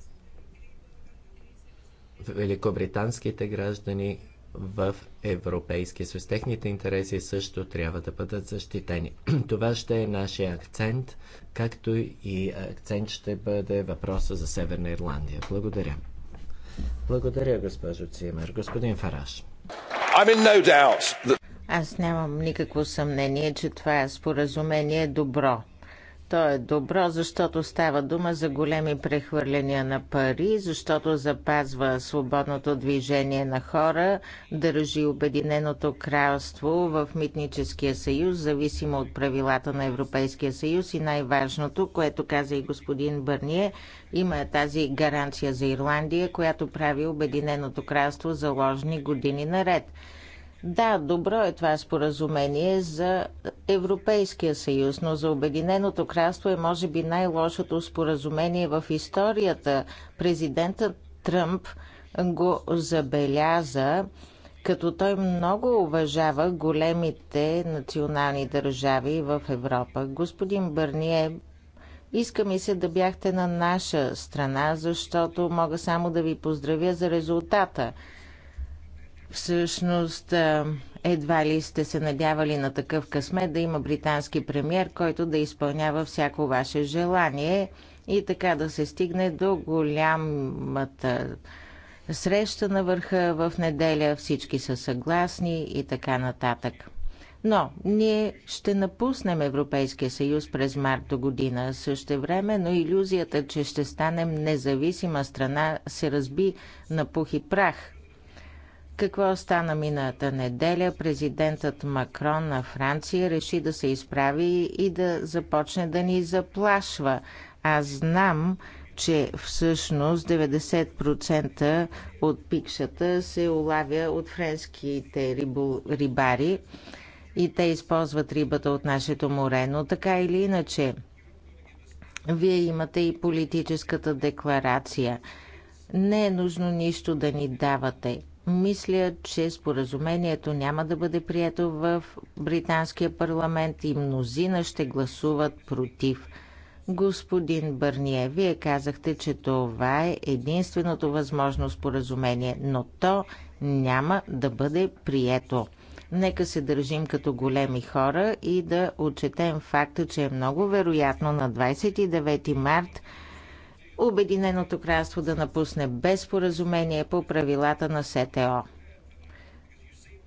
великобританските граждани в Европейския съюз. Техните интереси също трябва да бъдат защитени. Това ще е нашия акцент, както и акцент ще бъде въпроса за Северна Ирландия. Благодаря. Благодаря, госпожо Цимер. Господин Фараш. No that... Аз нямам никакво съмнение, че това споразумение е добро. То е добро, защото става дума за големи прехвърляния на пари, защото запазва свободното движение на хора, държи Обединеното кралство в Митническия съюз, зависимо от правилата на Европейския съюз и най-важното, което каза и господин Бърние, има тази гаранция за Ирландия, която прави Обединеното кралство заложни години наред. Да, добро е това споразумение за Европейския съюз, но за Обединеното кралство е може би най-лошото споразумение в историята. Президентът Тръмп го забеляза, като той много уважава големите национални държави в Европа. Господин Бърние, иска ми се да бяхте на наша страна, защото мога само да ви поздравя за резултата – Всъщност, едва ли сте се надявали на такъв късмет да има британски премьер, който да изпълнява всяко ваше желание и така да се стигне до голямата среща на върха в неделя, всички са съгласни и така нататък. Но ние ще напуснем Европейския съюз през март до година. Също време, но иллюзията, че ще станем независима страна, се разби на пух и прах – какво стана миналата неделя? Президентът Макрон на Франция реши да се изправи и да започне да ни заплашва. Аз знам, че всъщност 90% от пикшата се улавя от френските рибо, рибари и те използват рибата от нашето море, но така или иначе вие имате и политическата декларация. Не е нужно нищо да ни давате. Мисля, че споразумението няма да бъде прието в британския парламент и мнозина ще гласуват против. Господин Бърние, вие казахте, че това е единственото възможно споразумение, но то няма да бъде прието. Нека се държим като големи хора и да отчетем факта, че е много вероятно на 29 март Обединеното кралство да напусне без споразумение по правилата на СТО.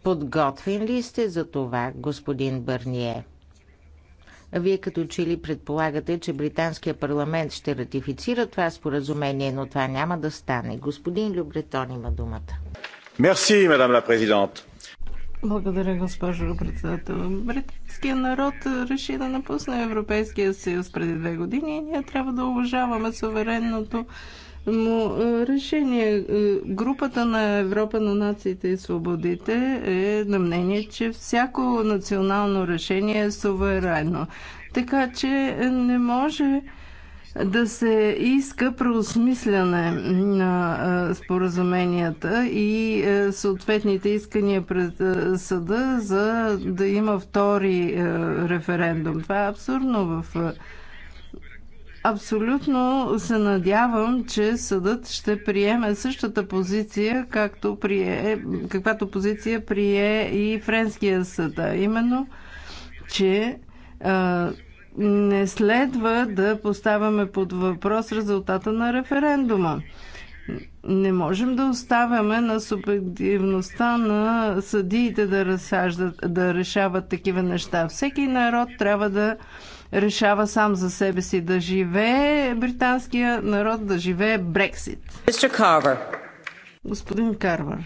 Подготвен ли сте за това, господин Бърние? Вие като че ли предполагате, че британския парламент ще ратифицира това споразумение, но това няма да стане. Господин Любретон има думата. Мерси, мадам ла президент. Благодаря, госпожо председател. Британския народ реши да напусне Европейския съюз преди две години и ние трябва да уважаваме суверенното му е, решение. Е, групата на Европа на нациите и свободите е на мнение, че всяко национално решение е суверенно. Така че не може да се иска преосмисляне на споразуменията и съответните искания пред съда, за да има втори референдум. Това е абсурдно в Абсолютно се надявам, че съдът ще приеме същата позиция, както прие, каквато позиция прие и френския съд. Именно, че не следва да поставяме под въпрос резултата на референдума. Не можем да оставяме на субективността на съдиите да, разсаждат, да решават такива неща. Всеки народ трябва да решава сам за себе си да живее британския народ, да живее Брексит. Господин Карвар.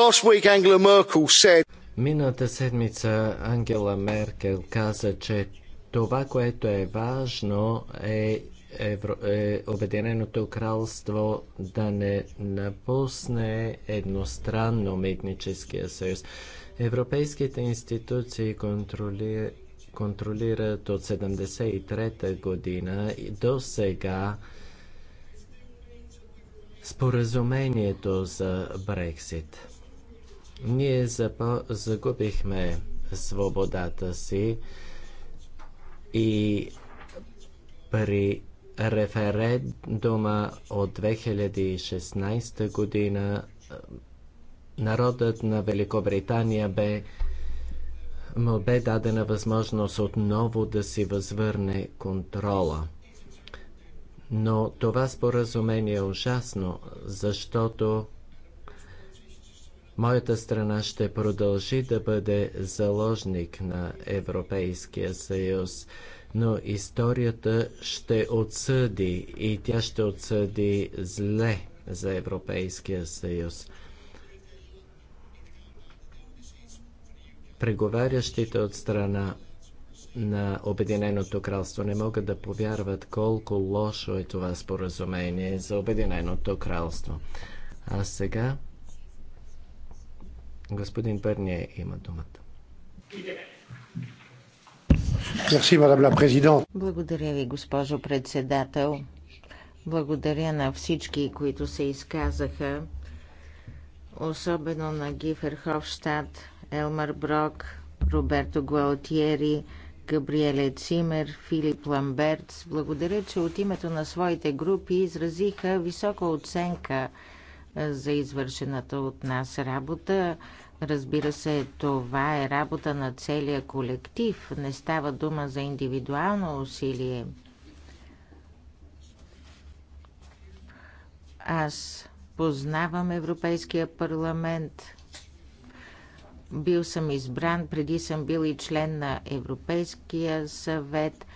Last week Angela Merkel said Миналата седмица Ангела Меркел каза, че това, което е важно е, Евро... е Обединеното кралство да не напусне едностранно митническия съюз. Европейските институции контроли... контролират от 73-та година и до сега споразумението за Брексит. Ние загубихме свободата си и при референдума от 2016 година народът на Великобритания бе му бе дадена възможност отново да си възвърне контрола. Но това споразумение е ужасно, защото Моята страна ще продължи да бъде заложник на Европейския съюз, но историята ще отсъди и тя ще отсъди зле за Европейския съюз. Преговарящите от страна на Обединеното кралство не могат да повярват колко лошо е това споразумение за Обединеното кралство. А сега Господин Берние има думата. Благодаря ви, госпожо председател. Благодаря на всички, които се изказаха, особено на Гифер Хофштадт, Елмар Брок, Роберто Гуалтиери, Габриеле Цимер, Филип Ламберц. Благодаря, че от името на своите групи изразиха висока оценка – за извършената от нас работа. Разбира се, това е работа на целия колектив. Не става дума за индивидуално усилие. Аз познавам Европейския парламент. Бил съм избран, преди съм бил и член на Европейския съвет.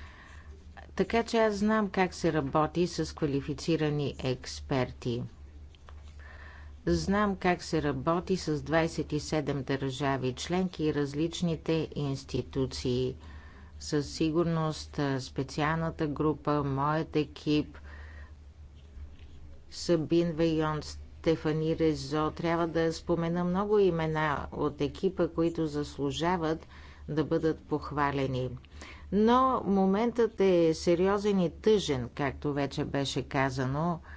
Така че аз знам как се работи с квалифицирани експерти. Знам как се работи с 27 държави членки и различните институции. Със сигурност специалната група, моят екип, Сабин Вейон, Стефани Резо, трябва да спомена много имена от екипа, които заслужават да бъдат похвалени. Но моментът е сериозен и тъжен, както вече беше казано –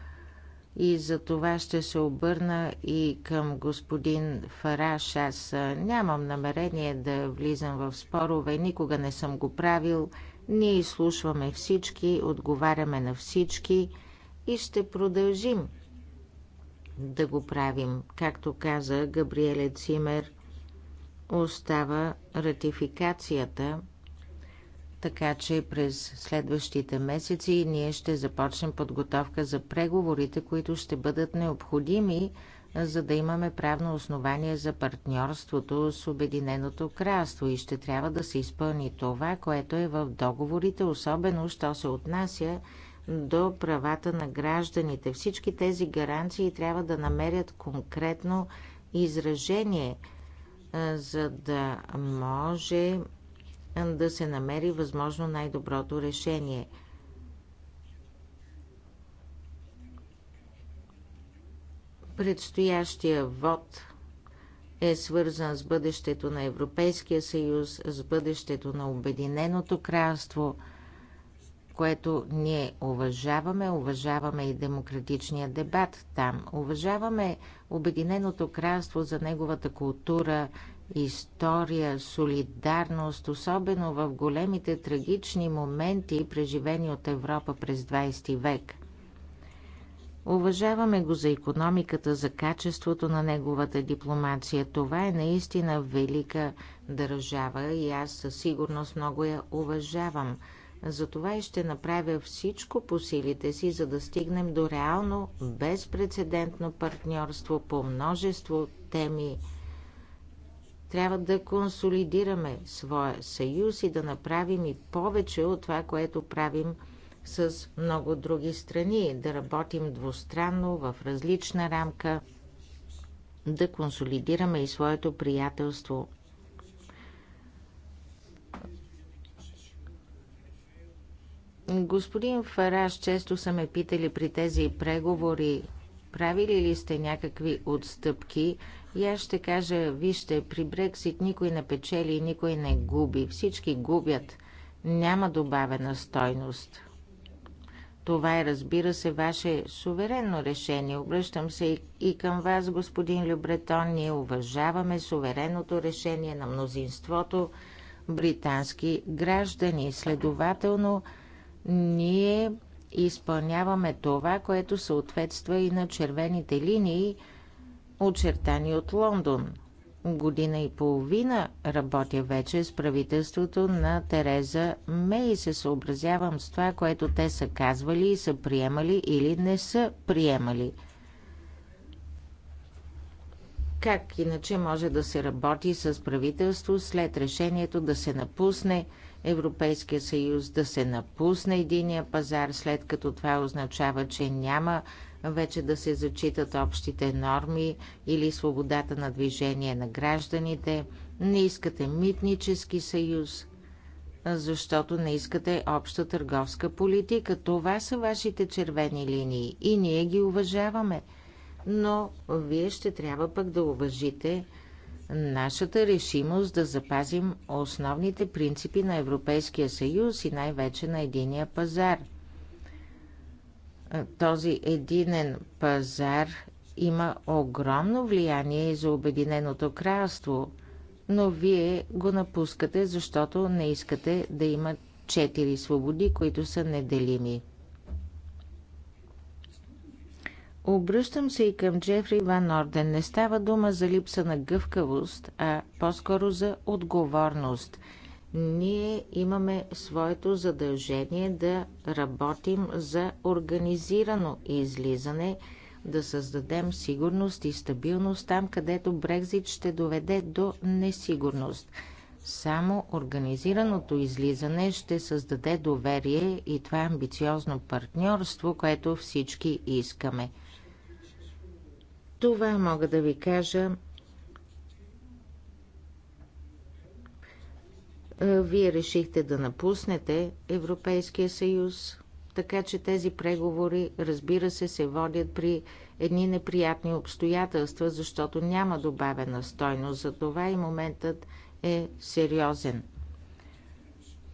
и за това ще се обърна и към господин Фараш. Аз нямам намерение да влизам в спорове, никога не съм го правил. Ние изслушваме всички, отговаряме на всички и ще продължим да го правим. Както каза Габриеле Цимер, остава ратификацията – така че през следващите месеци ние ще започнем подготовка за преговорите, които ще бъдат необходими, за да имаме правно основание за партньорството с Обединеното кралство и ще трябва да се изпълни това, което е в договорите, особено що се отнася до правата на гражданите. Всички тези гаранции трябва да намерят конкретно изражение, за да може да се намери възможно най-доброто решение. Предстоящия вод е свързан с бъдещето на Европейския съюз, с бъдещето на Обединеното кралство, което ние уважаваме. Уважаваме и демократичния дебат там. Уважаваме Обединеното кралство за неговата култура история, солидарност, особено в големите трагични моменти, преживени от Европа през 20 век. Уважаваме го за економиката, за качеството на неговата дипломация. Това е наистина велика държава и аз със сигурност много я уважавам. Затова и ще направя всичко по силите си, за да стигнем до реално безпредседентно партньорство по множество теми – трябва да консолидираме своя съюз и да направим и повече от това, което правим с много други страни, да работим двустранно в различна рамка, да консолидираме и своето приятелство. Господин Фараш, често са ме питали при тези преговори, правили ли сте някакви отстъпки и аз ще кажа, вижте, при Брексит никой не печели и никой не губи. Всички губят. Няма добавена стойност. Това е, разбира се, ваше суверенно решение. Обръщам се и към вас, господин Любретон. Ние уважаваме суверенното решение на мнозинството британски граждани. Следователно, ние изпълняваме това, което съответства и на червените линии – очертани от Лондон. Година и половина работя вече с правителството на Тереза Мей и се съобразявам с това, което те са казвали и са приемали или не са приемали. Как иначе може да се работи с правителство след решението да се напусне Европейския съюз, да се напусне единия пазар, след като това означава, че няма вече да се зачитат общите норми или свободата на движение на гражданите. Не искате митнически съюз, защото не искате обща търговска политика. Това са вашите червени линии и ние ги уважаваме. Но вие ще трябва пък да уважите нашата решимост да запазим основните принципи на Европейския съюз и най-вече на единия пазар – този единен пазар има огромно влияние за Обединеното кралство, но вие го напускате, защото не искате да има четири свободи, които са неделими. Обръщам се и към Джефри Ван Орден. Не става дума за липса на гъвкавост, а по-скоро за отговорност – ние имаме своето задължение да работим за организирано излизане, да създадем сигурност и стабилност там, където Брекзит ще доведе до несигурност. Само организираното излизане ще създаде доверие и това е амбициозно партньорство, което всички искаме. Това мога да ви кажа Е, вие решихте да напуснете Европейския съюз, така че тези преговори, разбира се, се водят при едни неприятни обстоятелства, защото няма добавена стойност. За това и моментът е сериозен.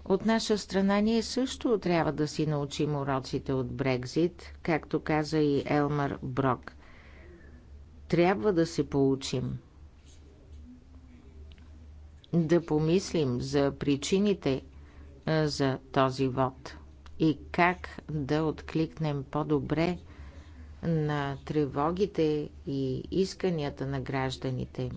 От наша страна ние също трябва да си научим уроците от Брекзит, както каза и Елмар Брок. Трябва да се получим да помислим за причините за този вод и как да откликнем по-добре на тревогите и исканията на гражданите.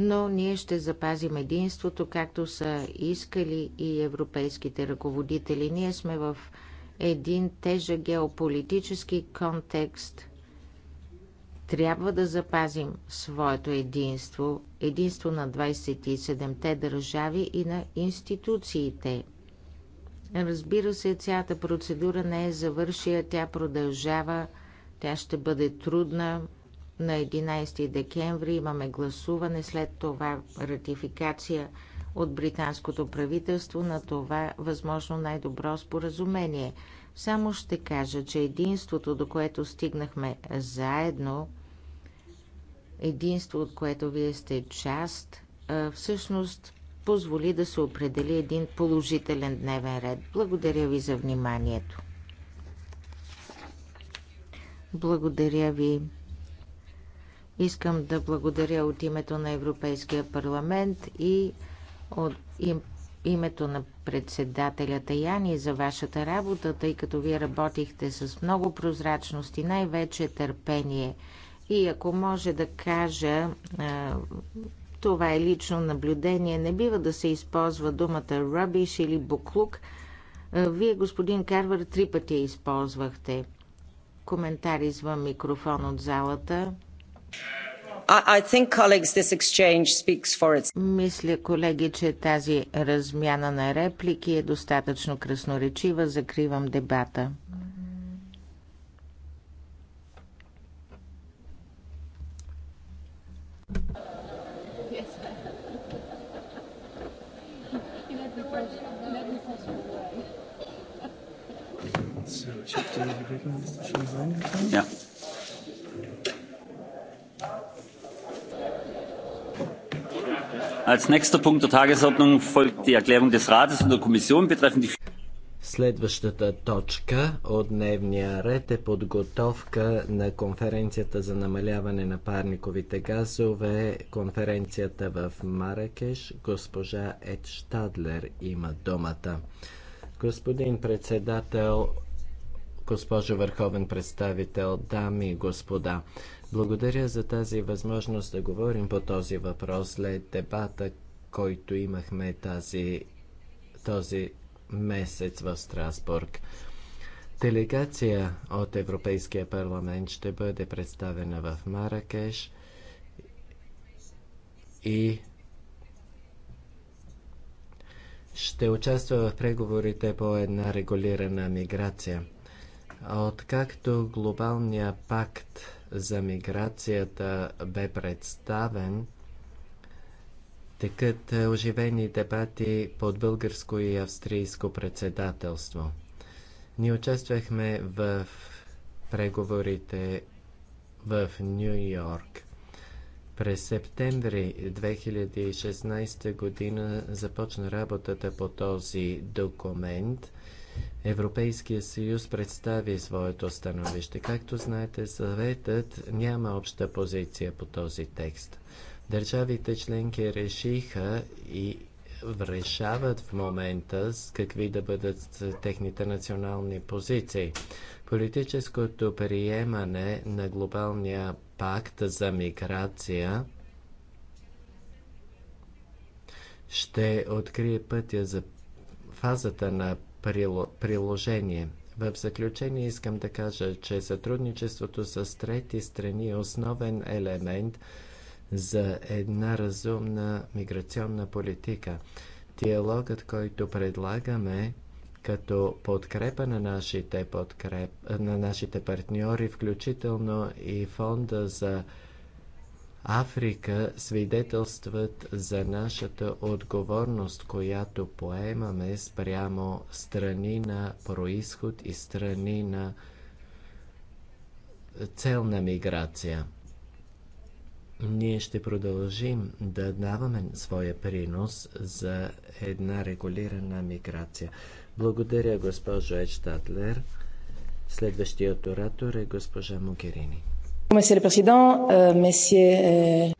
но ние ще запазим единството, както са искали и европейските ръководители. Ние сме в един тежък геополитически контекст. Трябва да запазим своето единство, единство на 27-те държави и на институциите. Разбира се, цялата процедура не е завършила, тя продължава, тя ще бъде трудна. На 11 декември имаме гласуване, след това ратификация от британското правителство на това възможно най-добро споразумение. Само ще кажа, че единството, до което стигнахме заедно, единство, от което вие сте част, всъщност позволи да се определи един положителен дневен ред. Благодаря ви за вниманието. Благодаря ви. Искам да благодаря от името на Европейския парламент и от им, името на председателя Таяни за вашата работа, тъй като вие работихте с много прозрачност и най-вече търпение – и ако може да кажа, това е лично наблюдение, не бива да се използва думата rubbish или буклук. Вие, господин Карвар, три пъти я използвахте. Коментар извън микрофон от залата. I think, colleagues, this exchange speaks for it. Мисля, колеги, че тази размяна на реплики е достатъчно красноречива. Закривам дебата. Ja. Als nächster Punkt der Tagesordnung folgt die Erklärung des Rates und der Kommission betreffend die Следващата точка от дневния ред е подготовка на конференцията за намаляване на парниковите газове, конференцията в Маракеш. Госпожа Ед Штадлер има думата. Господин председател, госпожо върховен представител, дами и господа, благодаря за тази възможност да говорим по този въпрос след дебата, който имахме тази, този месец в Страсбург. Делегация от Европейския парламент ще бъде представена в Маракеш и ще участва в преговорите по една регулирана миграция. Откакто глобалният пакт за миграцията бе представен, Текат е, оживени дебати под българско и австрийско председателство. Ние участвахме в преговорите в Нью Йорк. През септември 2016 година започна работата по този документ. Европейския съюз представи своето становище. Както знаете, съветът няма обща позиция по този текст. Държавите членки решиха и решават в момента с какви да бъдат техните национални позиции. Политическото приемане на глобалния пакт за миграция ще открие пътя за фазата на приложение. В заключение искам да кажа, че сътрудничеството с трети страни е основен елемент – за една разумна миграционна политика. Диалогът, който предлагаме като подкрепа на нашите, подкреп, на нашите партньори, включително и фонда за Африка свидетелстват за нашата отговорност, която поемаме спрямо страни на происход и страни на цел на миграция. Ние ще продължим да даваме своя принос за една регулирана миграция. Благодаря, госпожо Ечтатлер. Следващият оратор е госпожа Могерини. Euh, euh,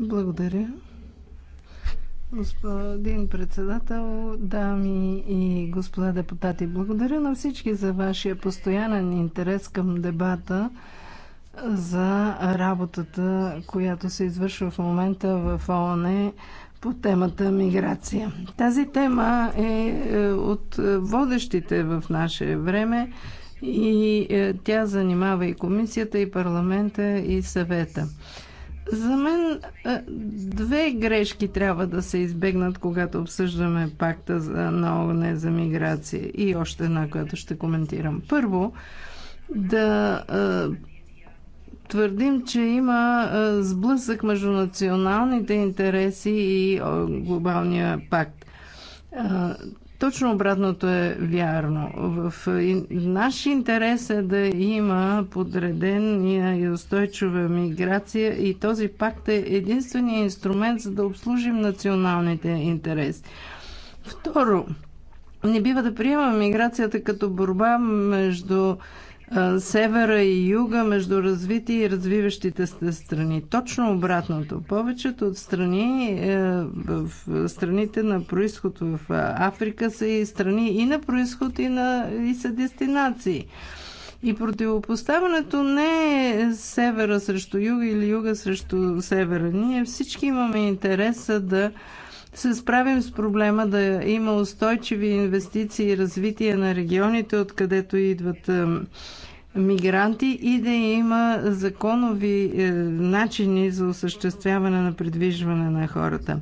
благодаря. Господин председател, дами и господа депутати, благодаря на всички за вашия постоянен интерес към дебата за работата, която се извършва в момента в ООН по темата миграция. Тази тема е, е от водещите в наше време и е, тя занимава и комисията, и парламента, и съвета. За мен е, две грешки трябва да се избегнат, когато обсъждаме пакта за, на ООН за миграция и още една, която ще коментирам. Първо, да твърдим, че има сблъсък между националните интереси и глобалния пакт. Точно обратното е вярно. В наш интерес е да има подредена и устойчива миграция и този пакт е единствения инструмент за да обслужим националните интереси. Второ, не бива да приемаме миграцията като борба между севера и юга между развити и развиващите се страни. Точно обратното. Повечето от страни е, в страните на происход в Африка са и страни и на происход и, на, и са дестинации. И противопоставането не е севера срещу юга или юга срещу севера. Ние всички имаме интереса да се справим с проблема да има устойчиви инвестиции и развитие на регионите, откъдето идват е, мигранти и да има законови е, начини за осъществяване на придвижване на хората.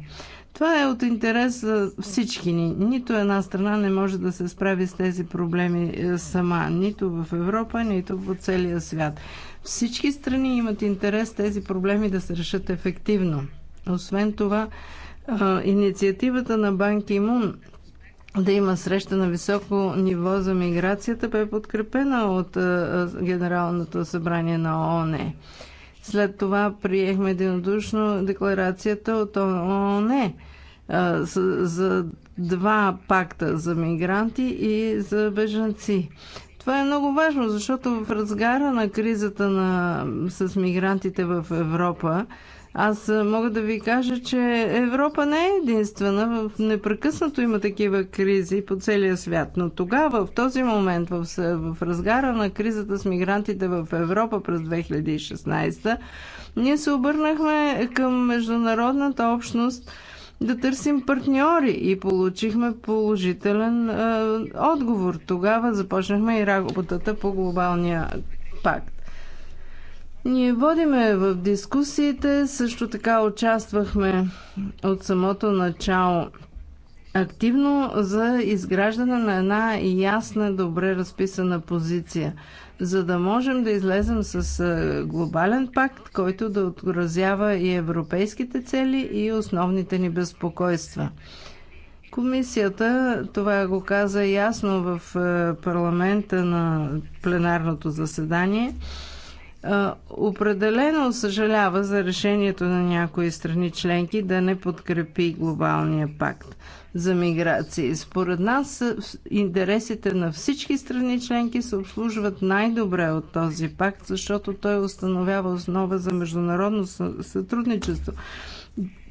Това е от интерес за всички ни. Нито една страна не може да се справи с тези проблеми е, сама, нито в Европа, нито в целия свят. Всички страни имат интерес тези проблеми да се решат ефективно. Освен това, инициативата на Банк Имун да има среща на високо ниво за миграцията бе подкрепена от Генералното събрание на ООН. След това приехме единодушно декларацията от ООН за два пакта за мигранти и за бежанци. Това е много важно, защото в разгара на кризата на, с мигрантите в Европа аз мога да ви кажа, че Европа не е единствена. В непрекъснато има такива кризи по целия свят. Но тогава, в този момент, в, в разгара на кризата с мигрантите в Европа през 2016, ние се обърнахме към международната общност да търсим партньори и получихме положителен е, отговор. Тогава започнахме и работата по глобалния пакт. Ние водиме в дискусиите, също така участвахме от самото начало активно за изграждане на една ясна, добре разписана позиция, за да можем да излезем с е, глобален пакт, който да отразява и европейските цели и основните ни безпокойства. Комисията, това го каза ясно в е, парламента на пленарното заседание, определено съжалява за решението на някои страни членки да не подкрепи глобалния пакт за миграции. Според нас е, интересите на всички страни членки се обслужват най-добре от този пакт, защото той установява основа за международно сътрудничество.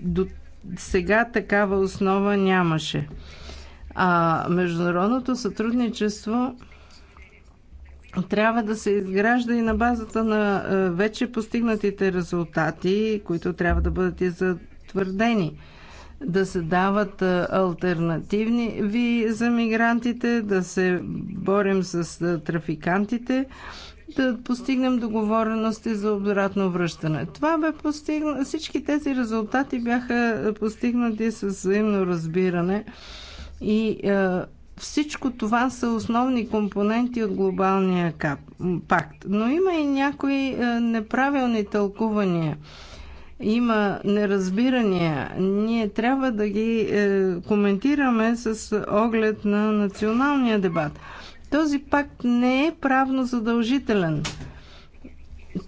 До сега такава основа нямаше. А международното сътрудничество трябва да се изгражда и на базата на е, вече постигнатите резултати, които трябва да бъдат и затвърдени. Да се дават е, альтернативни ви за мигрантите, да се борим с е, трафикантите, да постигнем договорености за обратно връщане. Това бе постигна... Всички тези резултати бяха постигнати с взаимно разбиране и всичко това са основни компоненти от глобалния пакт. Но има и някои е, неправилни тълкувания има неразбирания, ние трябва да ги е, коментираме с оглед на националния дебат. Този пакт не е правно задължителен.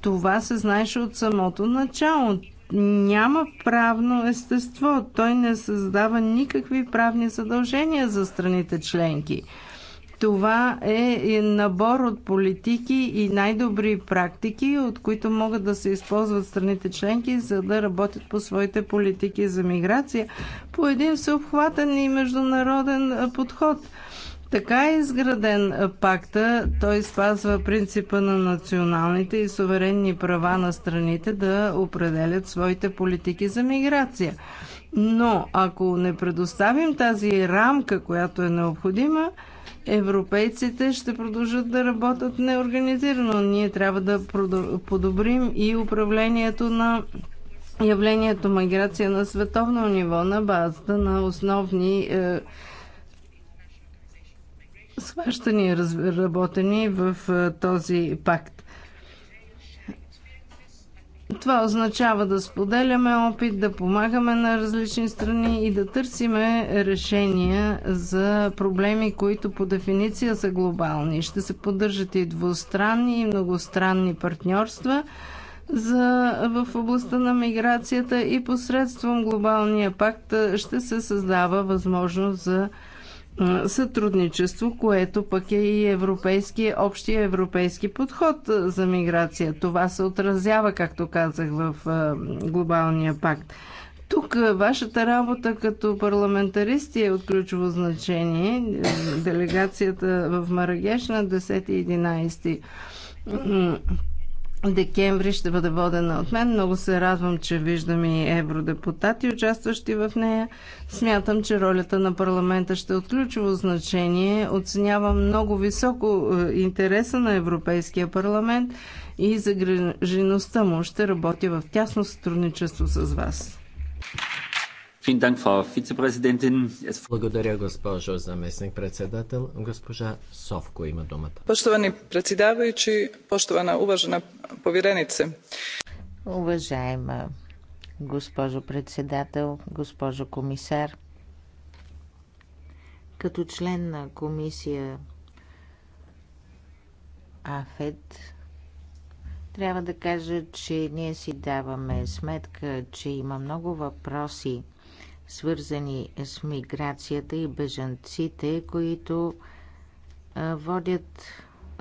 Това се знаеше от самото начало няма правно естество. Той не създава никакви правни задължения за страните членки. Това е набор от политики и най-добри практики, от които могат да се използват страните членки, за да работят по своите политики за миграция по един всеобхватен и международен подход – така е изграден пакта. Той спазва принципа на националните и суверенни права на страните да определят своите политики за миграция. Но ако не предоставим тази рамка, която е необходима, европейците ще продължат да работят неорганизирано. Ние трябва да подобрим и управлението на явлението миграция на световно ниво на базата на основни е, схващания, разработени в този пакт. Това означава да споделяме опит, да помагаме на различни страни и да търсиме решения за проблеми, които по дефиниция са глобални. Ще се поддържат и двустранни и многостранни партньорства за, в областта на миграцията и посредством глобалния пакт ще се създава възможност за сътрудничество, което пък е и европейски, общия европейски подход за миграция. Това се отразява, както казах, в глобалния пакт. Тук вашата работа като парламентаристи е от ключово значение. Делегацията в Марагеш на 10 11 декември ще бъде водена от мен. Много се радвам, че виждам и евродепутати, участващи в нея. Смятам, че ролята на парламента ще е от ключово значение. Оценявам много високо е, интереса на Европейския парламент и загрежеността му. Ще работя в тясно сътрудничество с вас. Благодаря, госпожо заместник-председател. Госпожа Совко има думата. Поштовани председавайчи, поштована уважена повереница. Уважаема госпожо председател, госпожо комисар, като член на комисия АФЕД, трябва да кажа, че ние си даваме сметка, че има много въпроси – свързани с миграцията и бежанците, които водят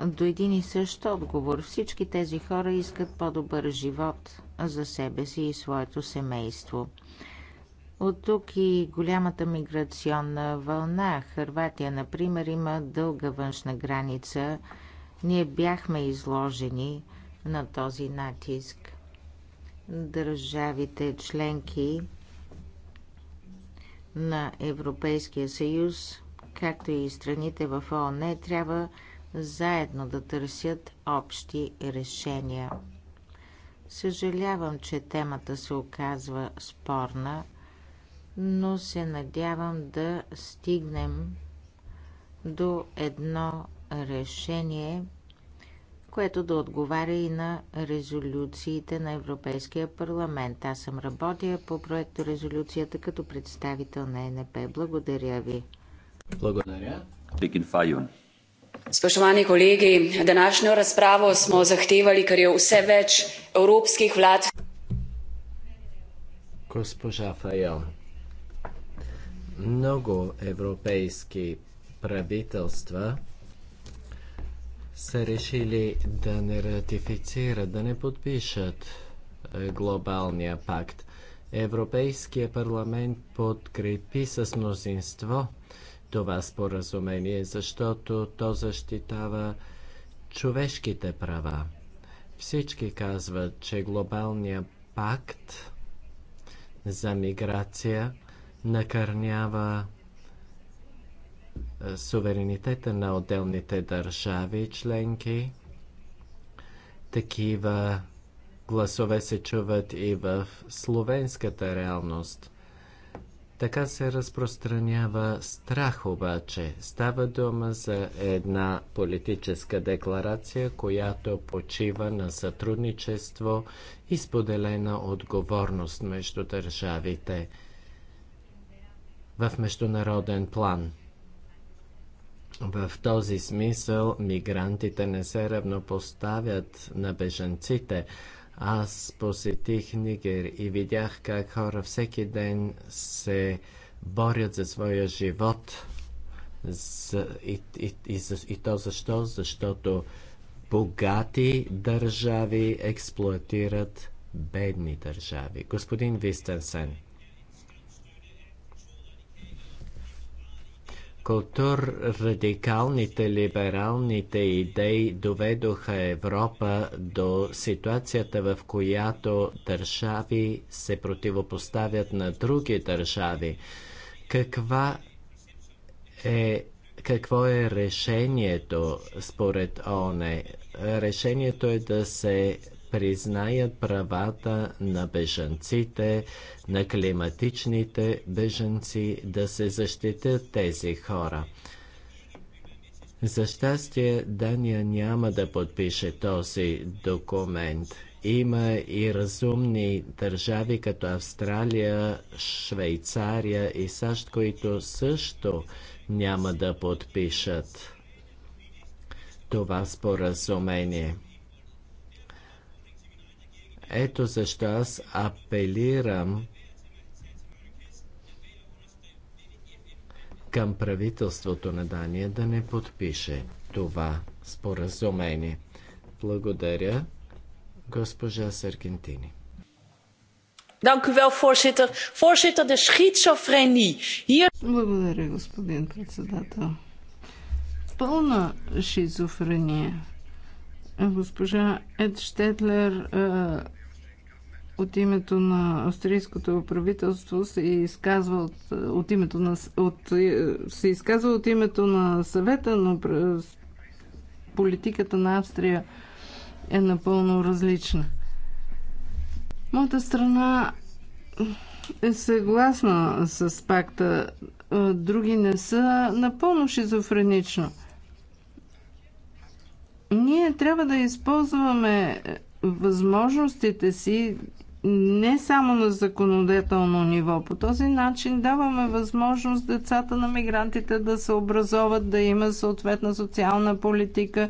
до един и същ отговор. Всички тези хора искат по-добър живот за себе си и своето семейство. От тук и голямата миграционна вълна. Хърватия, например, има дълга външна граница. Ние бяхме изложени на този натиск. Държавите членки на Европейския съюз, както и страните в ООН, трябва заедно да търсят общи решения. Съжалявам, че темата се оказва спорна, но се надявам да стигнем до едно решение, което да отговаря и на резолюциите на Европейския парламент. Аз съм работя по проекто резолюцията като представител на НП. Благодаря ви. Благодаря. Spoštovani kolegi, današnjo razpravo smo zahtevali, ker je vse več evropskih vlad. Госпожа Файон, много европейски правителства са решили да не ратифицират, да не подпишат е, глобалния пакт. Европейския парламент подкрепи с мнозинство това споразумение, защото то защитава човешките права. Всички казват, че глобалният пакт за миграция накърнява суверенитета на отделните държави членки. Такива гласове се чуват и в словенската реалност. Така се разпространява страх обаче. Става дума за една политическа декларация, която почива на сътрудничество и споделена отговорност между държавите в международен план – в този смисъл мигрантите не се равнопоставят на бежанците. Аз посетих Нигер и видях как хора всеки ден се борят за своя живот. За, и, и, и, и то защо? Защото богати държави експлуатират бедни държави. Господин Вистенсен. Култур радикалните либералните идеи доведоха Европа до ситуацията, в която държави се противопоставят на други държави. Каква е, какво е решението според ОНЕ? Решението е да се признаят правата на бежанците, на климатичните бежанци, да се защитят тези хора. За щастие, Дания няма да подпише този документ. Има и разумни държави като Австралия, Швейцария и САЩ, които също няма да подпишат това споразумение. Ето защо аз апелирам към правителството на Дания да не подпише това споразумение. Благодаря, госпожа Саргентини. Dank u wel, voorzitter. Voorzitter, de schizofrenie. Hier... Благодаря, господин председател. Пълна шизофрения Госпожа Ед Штетлер от името на австрийското правителство се изказва от, от името на, от, е, се изказва от името на съвета, но политиката на Австрия е напълно различна. Моята страна е съгласна с пакта, други не са напълно шизофренично – ние трябва да използваме е, възможностите си не само на законодателно ниво. По този начин даваме възможност децата на мигрантите да се образоват, да има съответна социална политика,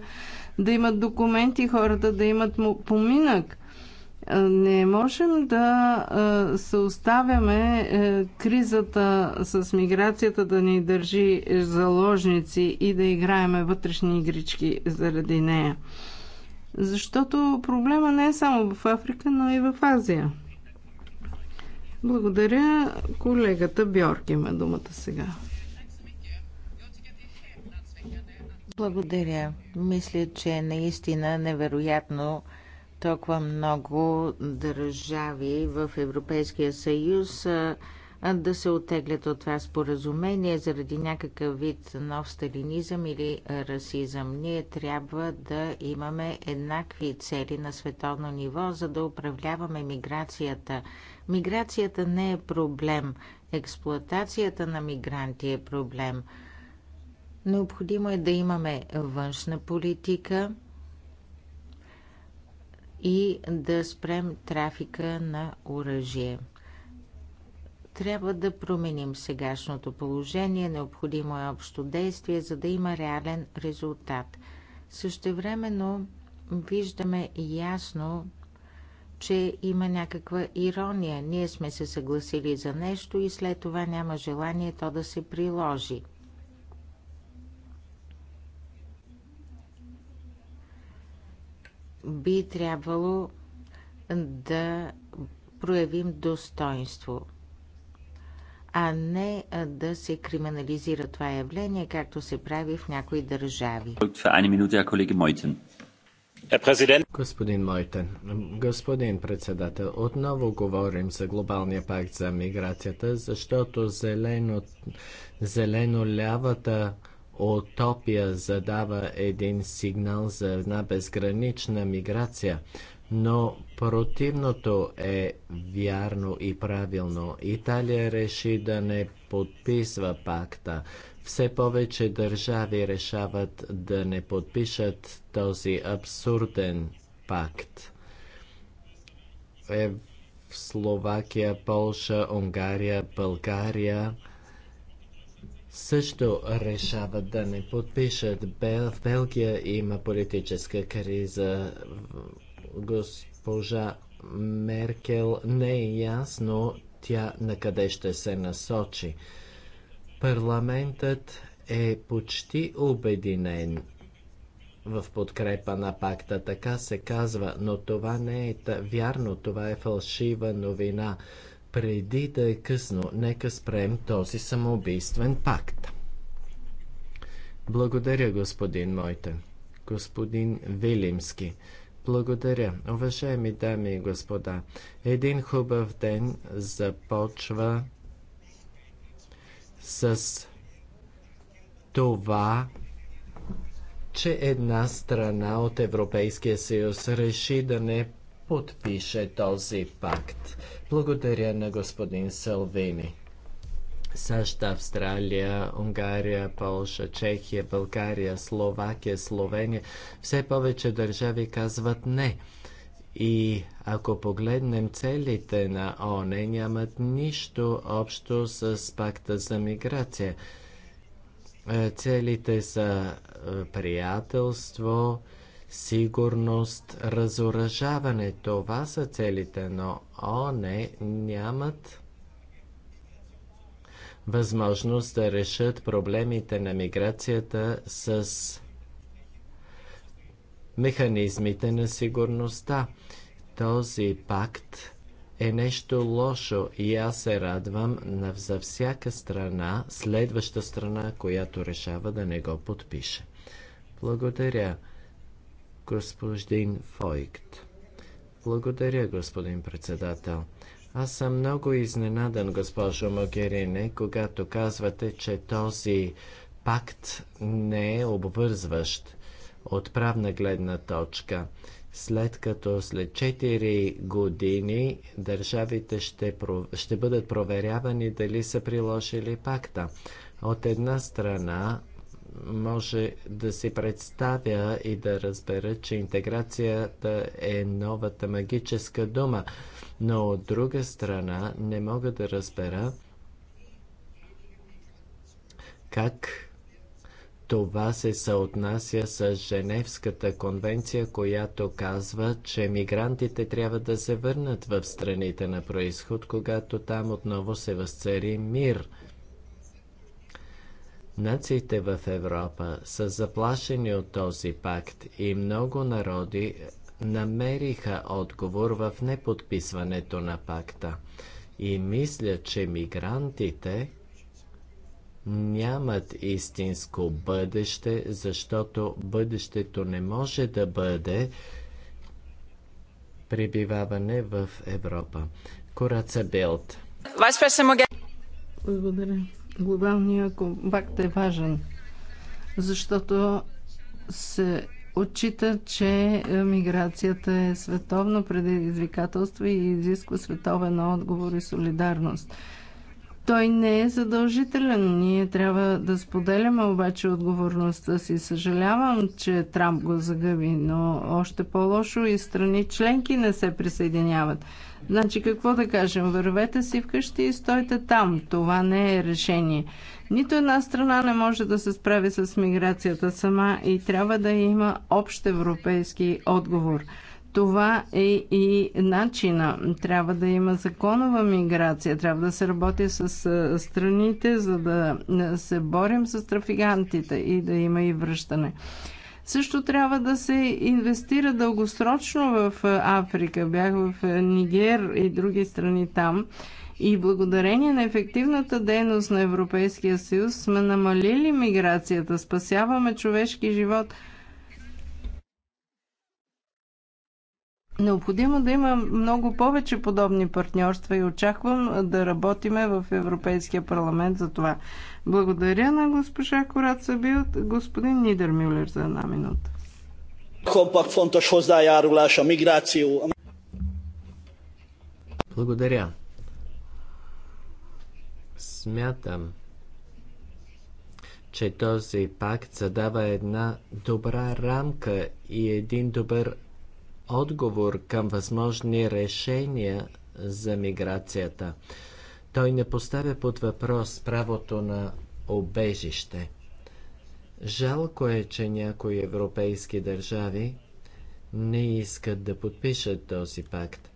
да имат документи хората, да имат поминък. Е, не можем да е, се оставяме е, кризата с миграцията да ни държи заложници и да играеме вътрешни игрички заради нея. Защото проблема не е само в Африка, но и в Азия. Благодаря. Колегата Бьорк има думата сега. Благодаря. Мисля, че наистина невероятно толкова много държави в Европейския съюз да се отеглят от това споразумение заради някакъв вид нов сталинизъм или расизъм. Ние трябва да имаме еднакви цели на световно ниво, за да управляваме миграцията. Миграцията не е проблем. Експлоатацията на мигранти е проблем. Необходимо е да имаме външна политика – и да спрем трафика на оръжие. Трябва да променим сегашното положение, необходимо е общо действие, за да има реален резултат. Същевременно виждаме ясно, че има някаква ирония. Ние сме се съгласили за нещо и след това няма желание то да се приложи. би трябвало да проявим достоинство, а не да се криминализира това явление, както се прави в някои държави. Е, господин Мойтен, господин председател, отново говорим за глобалния пакт за миграцията, защото зелено, лявата зелено утопия задава един сигнал за една безгранична миграция, но противното е вярно и правилно. Италия реши да не подписва пакта. Все повече държави решават да не подпишат този абсурден пакт. Е в Словакия, Полша, Унгария, България също решават да не подпишат. Бел, в Белгия има политическа криза. Госпожа Меркел не е ясно тя на къде ще се насочи. Парламентът е почти обединен в подкрепа на пакта, така се казва, но това не е вярно, това е фалшива новина преди да е късно, нека спрем този самоубийствен пакт. Благодаря, господин Мойте. Господин Вилимски. Благодаря. Уважаеми дами и господа, един хубав ден започва с това, че една страна от Европейския съюз реши да не подпише този пакт. Благодаря на господин Салвини. САЩ, Австралия, Унгария, Полша, Чехия, България, Словакия, Словения. Все повече държави казват не. И ако погледнем целите на ОНЕ, нямат нищо общо с пакта за миграция. Е, целите са е, приятелство, сигурност, разоръжаване. Това са целите, но ОНЕ нямат възможност да решат проблемите на миграцията с механизмите на сигурността. Този пакт е нещо лошо и аз се радвам на за всяка страна, следваща страна, която решава да не го подпише. Благодаря господин Фойкт. Благодаря, господин председател. Аз съм много изненадан, госпожо Могерине, когато казвате, че този пакт не е обвързващ от правна гледна точка, след като след 4 години държавите ще, ще бъдат проверявани дали са приложили пакта. От една страна, може да си представя и да разбера, че интеграцията е новата магическа дума. Но от друга страна не мога да разбера как това се съотнася с Женевската конвенция, която казва, че мигрантите трябва да се върнат в страните на происход, когато там отново се възцари мир – Нациите в Европа са заплашени от този пакт и много народи намериха отговор в неподписването на пакта. И мисля, че мигрантите нямат истинско бъдеще, защото бъдещето не може да бъде пребиваване в Европа. Кораца Белт. Благодаря. Глобалният компакт е важен, защото се отчита, че е, миграцията е световно предизвикателство и изисква световен отговор и солидарност. Той не е задължителен. Ние трябва да споделяме обаче отговорността си. Съжалявам, че Трамп го загъби, но още по-лошо и страни членки не се присъединяват. Значи какво да кажем? Вървете си вкъщи и стойте там. Това не е решение. Нито една страна не може да се справи с миграцията сама и трябва да има общ европейски отговор. Това е и начина. Трябва да има законова миграция, трябва да се работи с страните, за да се борим с трафигантите и да има и връщане. Също трябва да се инвестира дългосрочно в Африка. Бях в Нигер и други страни там. И благодарение на ефективната дейност на Европейския съюз сме намалили миграцията, спасяваме човешки живот – Необходимо да има много повече подобни партньорства и очаквам да работиме в Европейския парламент за това. Благодаря на госпожа Корат Сабиот, господин Нидермюлер за една минута. Благодаря. Смятам, че този пакт задава една добра рамка и един добър отговор към възможни решения за миграцията. Той не поставя под въпрос правото на обежище. Жалко е, че някои европейски държави не искат да подпишат този пакт.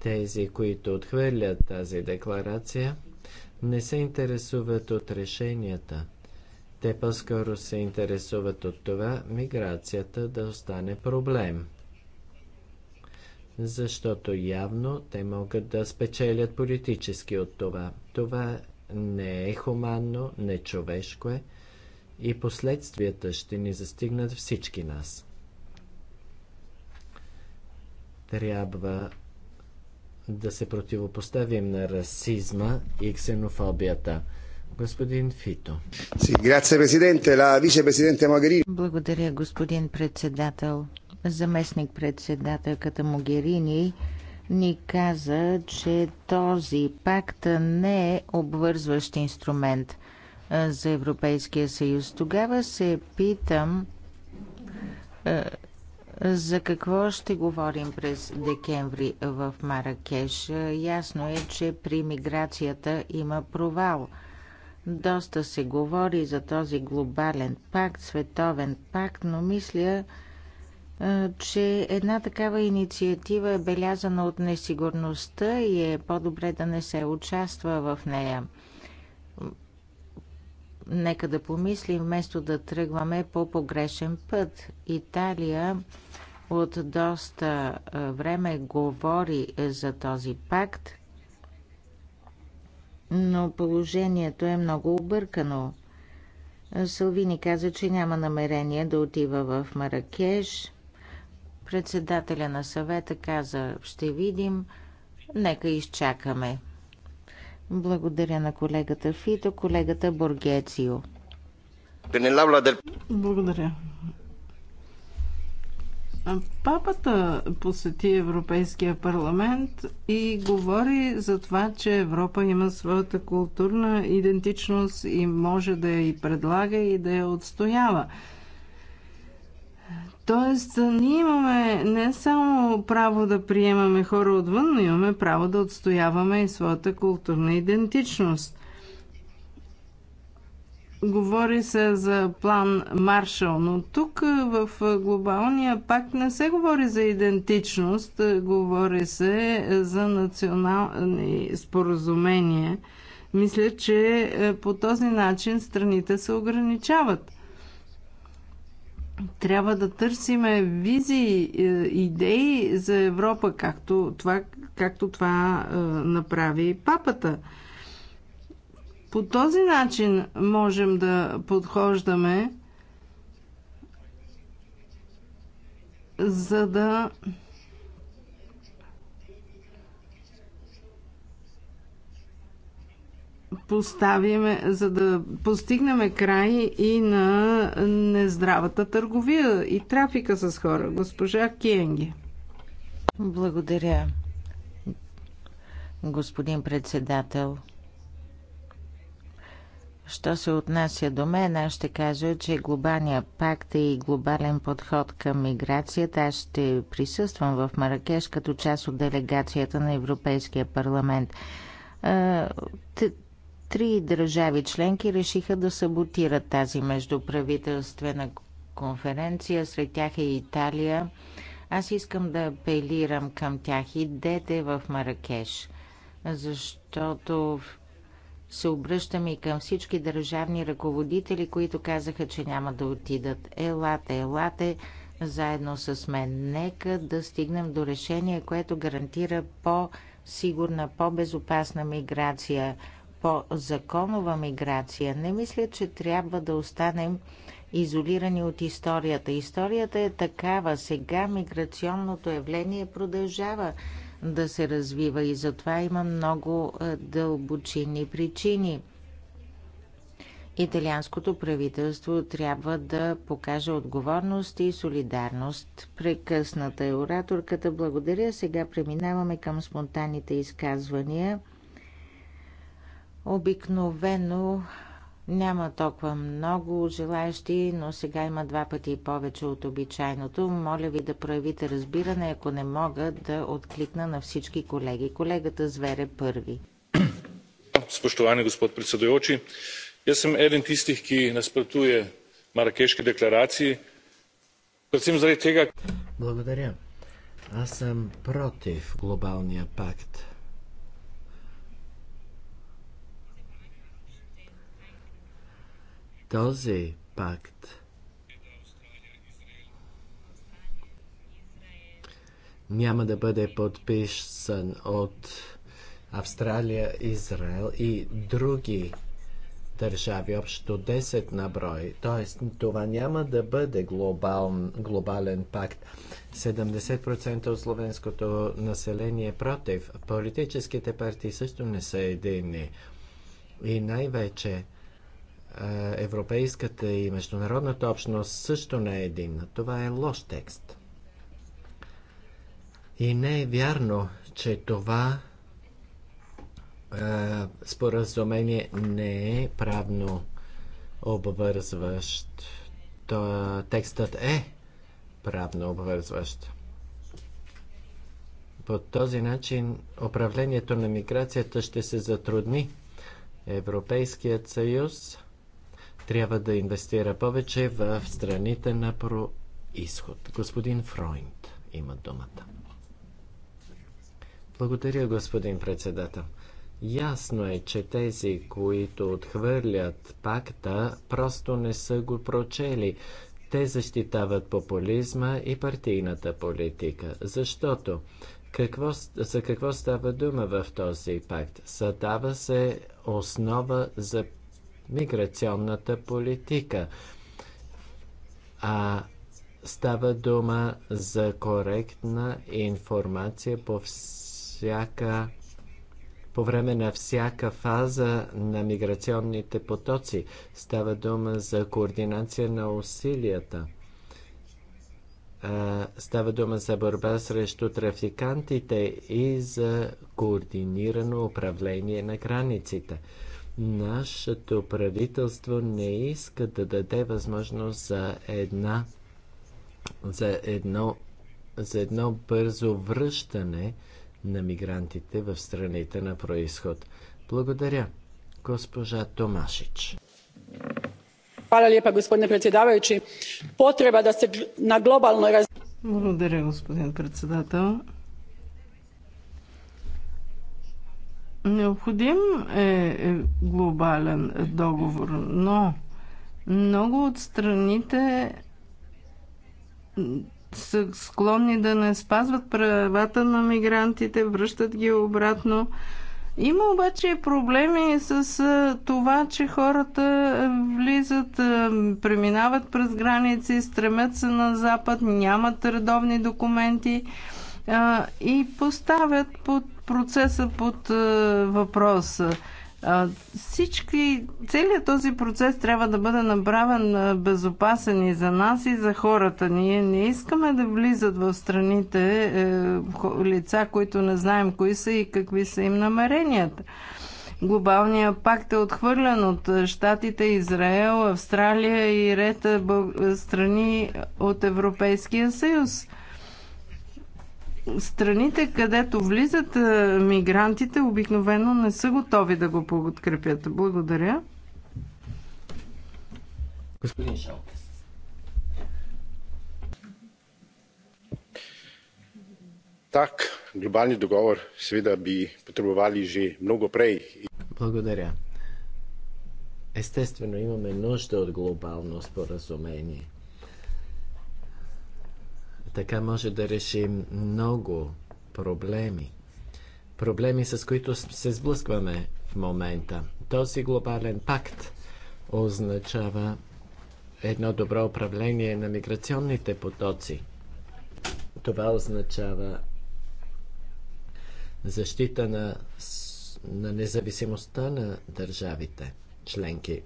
Тези, които отхвърлят тази декларация, не се интересуват от решенията – те по-скоро се интересуват от това миграцията да остане проблем. Защото явно те могат да спечелят политически от това. Това не е хуманно, не човешко е и последствията ще ни застигнат всички нас. Трябва да се противопоставим на расизма и ксенофобията – Господин Фито. Благодаря, господин председател. Заместник председателката Могерини ни каза, че този пакт не е обвързващ инструмент за Европейския съюз. Тогава се питам за какво ще говорим през декември в Маракеш. Ясно е, че при миграцията има провал – доста се говори за този глобален пакт, световен пакт, но мисля, че една такава инициатива е белязана от несигурността и е по-добре да не се участва в нея. Нека да помислим, вместо да тръгваме по погрешен път. Италия от доста време говори за този пакт но положението е много объркано. Салвини каза, че няма намерение да отива в Маракеш. Председателя на съвета каза, ще видим, нека изчакаме. Благодаря на колегата Фито, колегата Боргецио. Благодаря. Папата посети Европейския парламент и говори за това, че Европа има своята културна идентичност и може да я и предлага и да я отстоява. Тоест, ние имаме не само право да приемаме хора отвън, но имаме право да отстояваме и своята културна идентичност. Говори се за план Маршал, но тук е, в е, глобалния пакт не се говори за идентичност, е, говори се за национални споразумения. Мисля, че по този начин страните се ограничават. Трябва да търсиме визии, идеи за Европа, както това, както това направи и папата – по този начин можем да подхождаме, за да поставим, за да постигнем край и на нездравата търговия и трафика с хора. Госпожа Киенги. Благодаря, господин председател. Що се отнася до мен, аз ще кажа, че глобалния пакт е и глобален подход към миграцията. Аз ще присъствам в Маракеш като част от делегацията на Европейския парламент. Три държави членки решиха да саботират тази междуправителствена конференция. Сред тях е Италия. Аз искам да апелирам към тях. Идете в Маракеш, защото се обръщаме и към всички държавни ръководители, които казаха, че няма да отидат. Елате, елате, заедно с мен. Нека да стигнем до решение, което гарантира по-сигурна, по-безопасна миграция, по-законова миграция. Не мисля, че трябва да останем изолирани от историята. Историята е такава. Сега миграционното явление продължава да се развива и затова има много е, дълбочинни причини. Италианското правителство трябва да покаже отговорност и солидарност. Прекъсната е ораторката. Благодаря. Сега преминаваме към спонтанните изказвания. Обикновено няма толкова много желаящи, но сега има два пъти повече от обичайното. Моля ви да проявите разбиране, ако не мога да откликна на всички колеги. Колегата Звере първи. Spoštovani господ predsedujoči, jaz съм един тистих, ки наспъртуе Маракешки декларации, предвсем заради тега... Благодаря. Аз съм против глобалния пакт Този пакт няма да бъде подписан от Австралия, Израел и други държави, общо 10 на брой. Тоест, това няма да бъде глобал, глобален пакт. 70% от словенското население е против. Политическите партии също не са едини. И най-вече европейската и международната общност също не е единна. Това е лош текст. И не е вярно, че това е, споразумение не е правно обвързващ. То, текстът е правно обвързващ. По този начин управлението на миграцията ще се затрудни. Европейският съюз трябва да инвестира повече в страните на происход. Господин Фройнд има думата. Благодаря, господин председател. Ясно е, че тези, които отхвърлят пакта, просто не са го прочели. Те защитават популизма и партийната политика, защото какво, за какво става дума в този пакт? Съдава се основа за миграционната политика. А става дума за коректна информация по всяка по време на всяка фаза на миграционните потоци. Става дума за координация на усилията. Става дума за борба срещу трафикантите и за координирано управление на границите. Нашето правителство не иска да даде възможност за една за едно, за едно бързо връщане на мигрантите в страните на происход. Благодаря, госпожа Томашич. Hvala лепа, господин predsjedavajući. Потреба да се на глобално Благодаря, господин председател. Необходим е, е глобален договор, но много от страните са склонни да не спазват правата на мигрантите, връщат ги обратно. Има обаче проблеми с е, това, че хората е, влизат, преминават през граници, стремят се на запад, нямат редовни документи и поставят под процеса под е, въпрос. Всички, целият този процес трябва да бъде направен е, безопасен и за нас, и за хората. Ние не искаме да влизат в страните е, лица, които не знаем кои са и какви са им намеренията. Глобалният пакт е отхвърлен от Штатите, е, Израел, Австралия и ред страни от Европейския съюз страните, където влизат мигрантите, обикновено не са готови да го подкрепят. Благодаря. Господин Шалкес. Tak globalni dogovor seveda би potrebovali же много прей. Благодаря. Естествено, имаме нужда от глобално споразумение. Така може да решим много проблеми. Проблеми, с които се сблъскваме в момента. Този глобален пакт означава едно добро управление на миграционните потоци. Това означава защита на, на независимостта на държавите членки.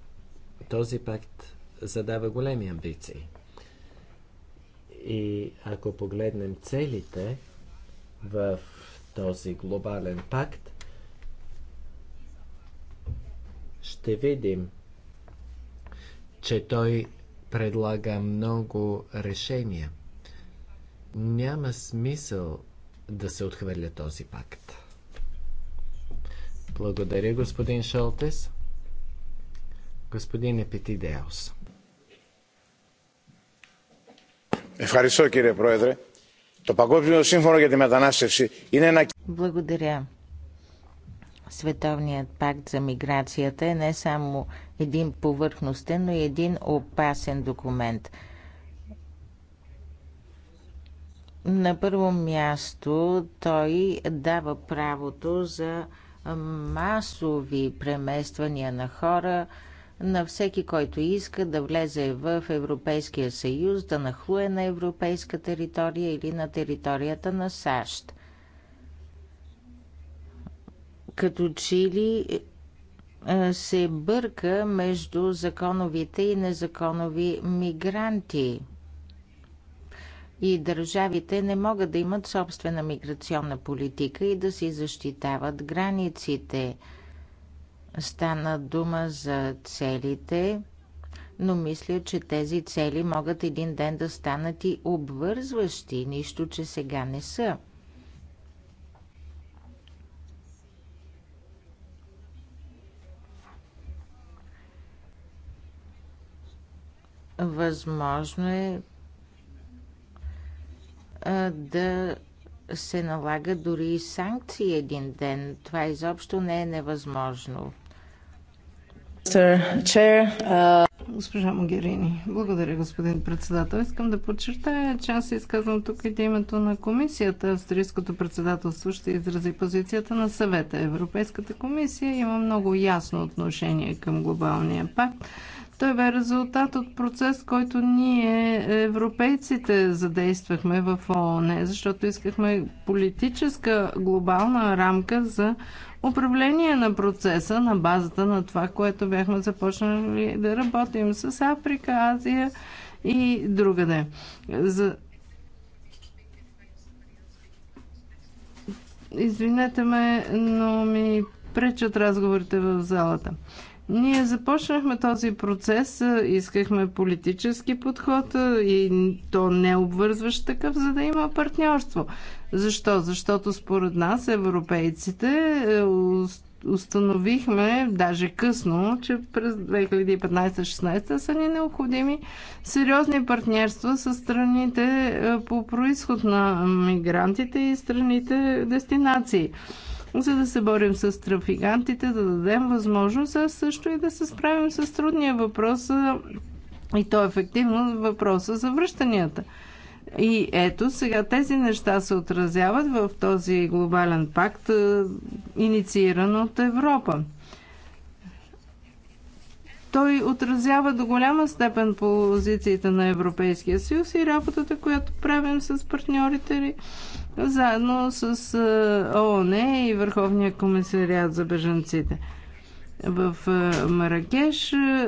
Този пакт задава големи амбиции. И ако погледнем целите в този глобален пакт, ще видим, че той предлага много решения. Няма смисъл да се отхвърля този пакт. Благодаря, господин Шолтес. Господин Епитидеус. Ευχαριστώ κύριε Πρόεδρε. Το Παγκόσμιο Σύμφωνο για τη Μετανάστευση είναι ένα... Благодаря. Световният пакт за миграцията е не само един повърхностен, но и един опасен документ. На първо място той дава правото за масови премествания на хора на всеки, който иска да влезе в Европейския съюз, да нахлуе на европейска територия или на територията на САЩ. Като Чили е, се бърка между законовите и незаконови мигранти. И държавите не могат да имат собствена миграционна политика и да си защитават границите – Стана дума за целите, но мисля, че тези цели могат един ден да станат и обвързващи, нищо, че сега не са. Възможно е да се налага дори и санкции един ден. Това изобщо не е невъзможно. Uh, Госпожа Могерини, благодаря господин председател. Искам да подчертая, че аз изказвам тук и името на комисията. Австрийското председателство ще изрази позицията на съвета. Европейската комисия има много ясно отношение към глобалния пакт той бе резултат от процес, който ние, европейците, задействахме в ООН, защото искахме политическа глобална рамка за управление на процеса на базата на това, което бяхме започнали да работим с Африка, Азия и другаде. За... Извинете ме, но ми пречат разговорите в залата. Ние започнахме този процес, искахме политически подход и то не обвързващ такъв, за да има партньорство. Защо? Защото според нас, европейците, е, установихме, даже късно, че през 2015-16 са ни необходими сериозни партньерства с страните е, по происход на мигрантите и страните дестинации за да се борим с трафикантите, да дадем възможност, а също и да се справим с трудния въпрос и то ефективно въпроса за връщанията. И ето, сега тези неща се отразяват в този глобален пакт, иницииран от Европа. Той отразява до голяма степен позициите на Европейския съюз и работата, която правим с партньорите заедно с е, ООН и Върховния комисариат за бежанците. В е, Маракеш е,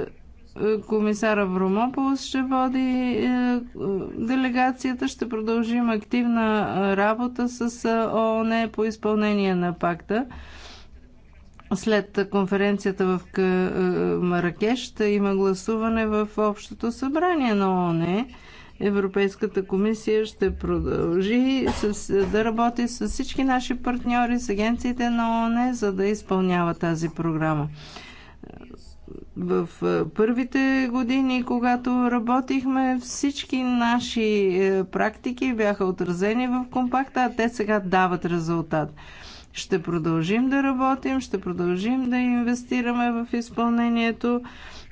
комисара Вромополос ще води делегацията. Ще продължим активна работа с ООН по изпълнение на пакта. След конференцията в Маракеш ще има гласуване в Общото събрание на ООН. Европейската комисия ще продължи с, да работи с всички наши партньори, с агенциите на ООН, за да изпълнява тази програма. В е, първите години, когато работихме, всички наши е, практики бяха отразени в компакта, а те сега дават резултат. Ще продължим да работим, ще продължим да инвестираме в изпълнението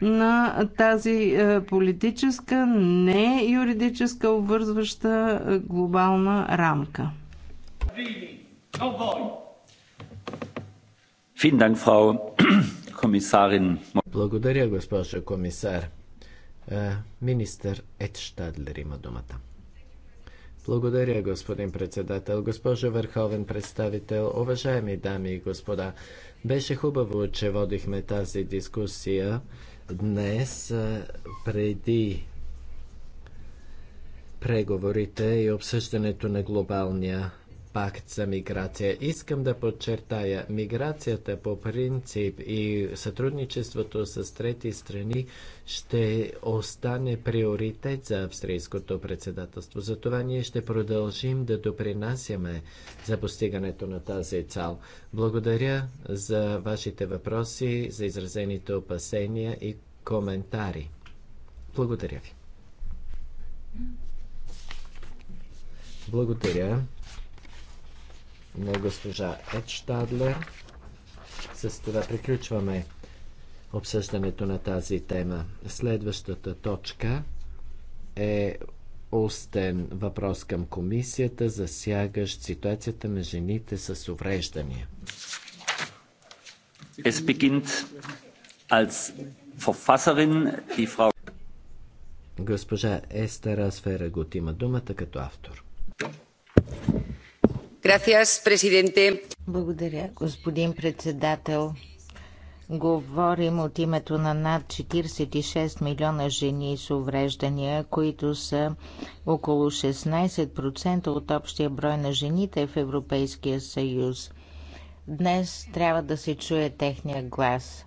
на тази е, политическа, не юридическа, обвързваща е, глобална рамка. Благодаря, госпожо комисар. Е, министър Етштадлер има думата. Благодаря, господин председател, госпожо върховен представител, уважаеми дами и господа. Беше хубаво, че водихме тази дискусия Днес, преди преговорите и обсъждането на глобалния пакт за миграция. Искам да подчертая, миграцията по принцип и сътрудничеството с трети страни ще остане приоритет за австрийското председателство. Затова ние ще продължим да допринасяме за постигането на тази цел. Благодаря за вашите въпроси, за изразените опасения и коментари. Благодаря ви. Благодаря на госпожа Едштадлер. С това приключваме обсъждането на тази тема. Следващата точка е устен въпрос към комисията, засягащ ситуацията на жените с увреждания. Es beginnt als Verfasserin die Frau Госпожа Естера Сферагот има думата като автор. Благодаря, господин председател. Говорим от името на над 46 милиона жени с увреждания, които са около 16% от общия брой на жените в Европейския съюз. Днес трябва да се чуе техния глас.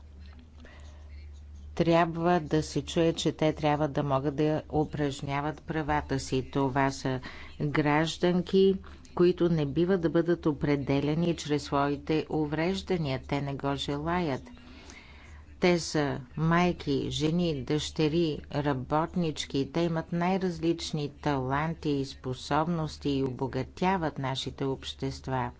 Трябва да се чуе, че те трябва да могат да упражняват правата си. Това са гражданки, които не бива да бъдат определени чрез своите увреждания. Те не го желаят. Те са майки, жени, дъщери, работнички. Те имат най-различни таланти и способности и обогатяват нашите общества.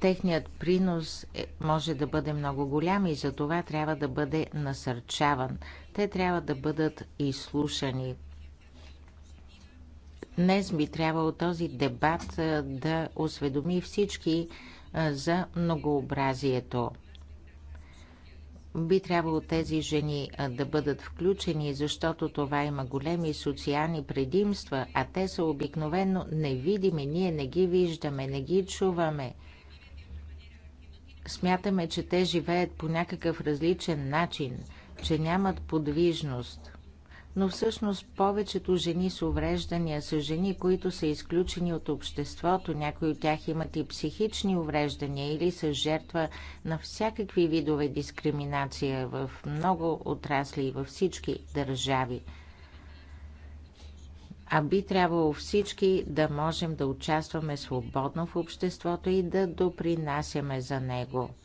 Техният принос е, може да бъде много голям и за това трябва да бъде насърчаван. Те трябва да бъдат изслушани. Днес би трябвало този дебат да осведоми всички за многообразието. Би трябвало тези жени да бъдат включени, защото това има големи социални предимства, а те са обикновено невидими. Ние не ги виждаме, не ги чуваме. Смятаме, че те живеят по някакъв различен начин, че нямат подвижност – но всъщност повечето жени с увреждания са жени, които са изключени от обществото. Някои от тях имат и психични увреждания или са жертва на всякакви видове дискриминация в много отрасли и във всички държави. А би трябвало всички да можем да участваме свободно в обществото и да допринасяме за него –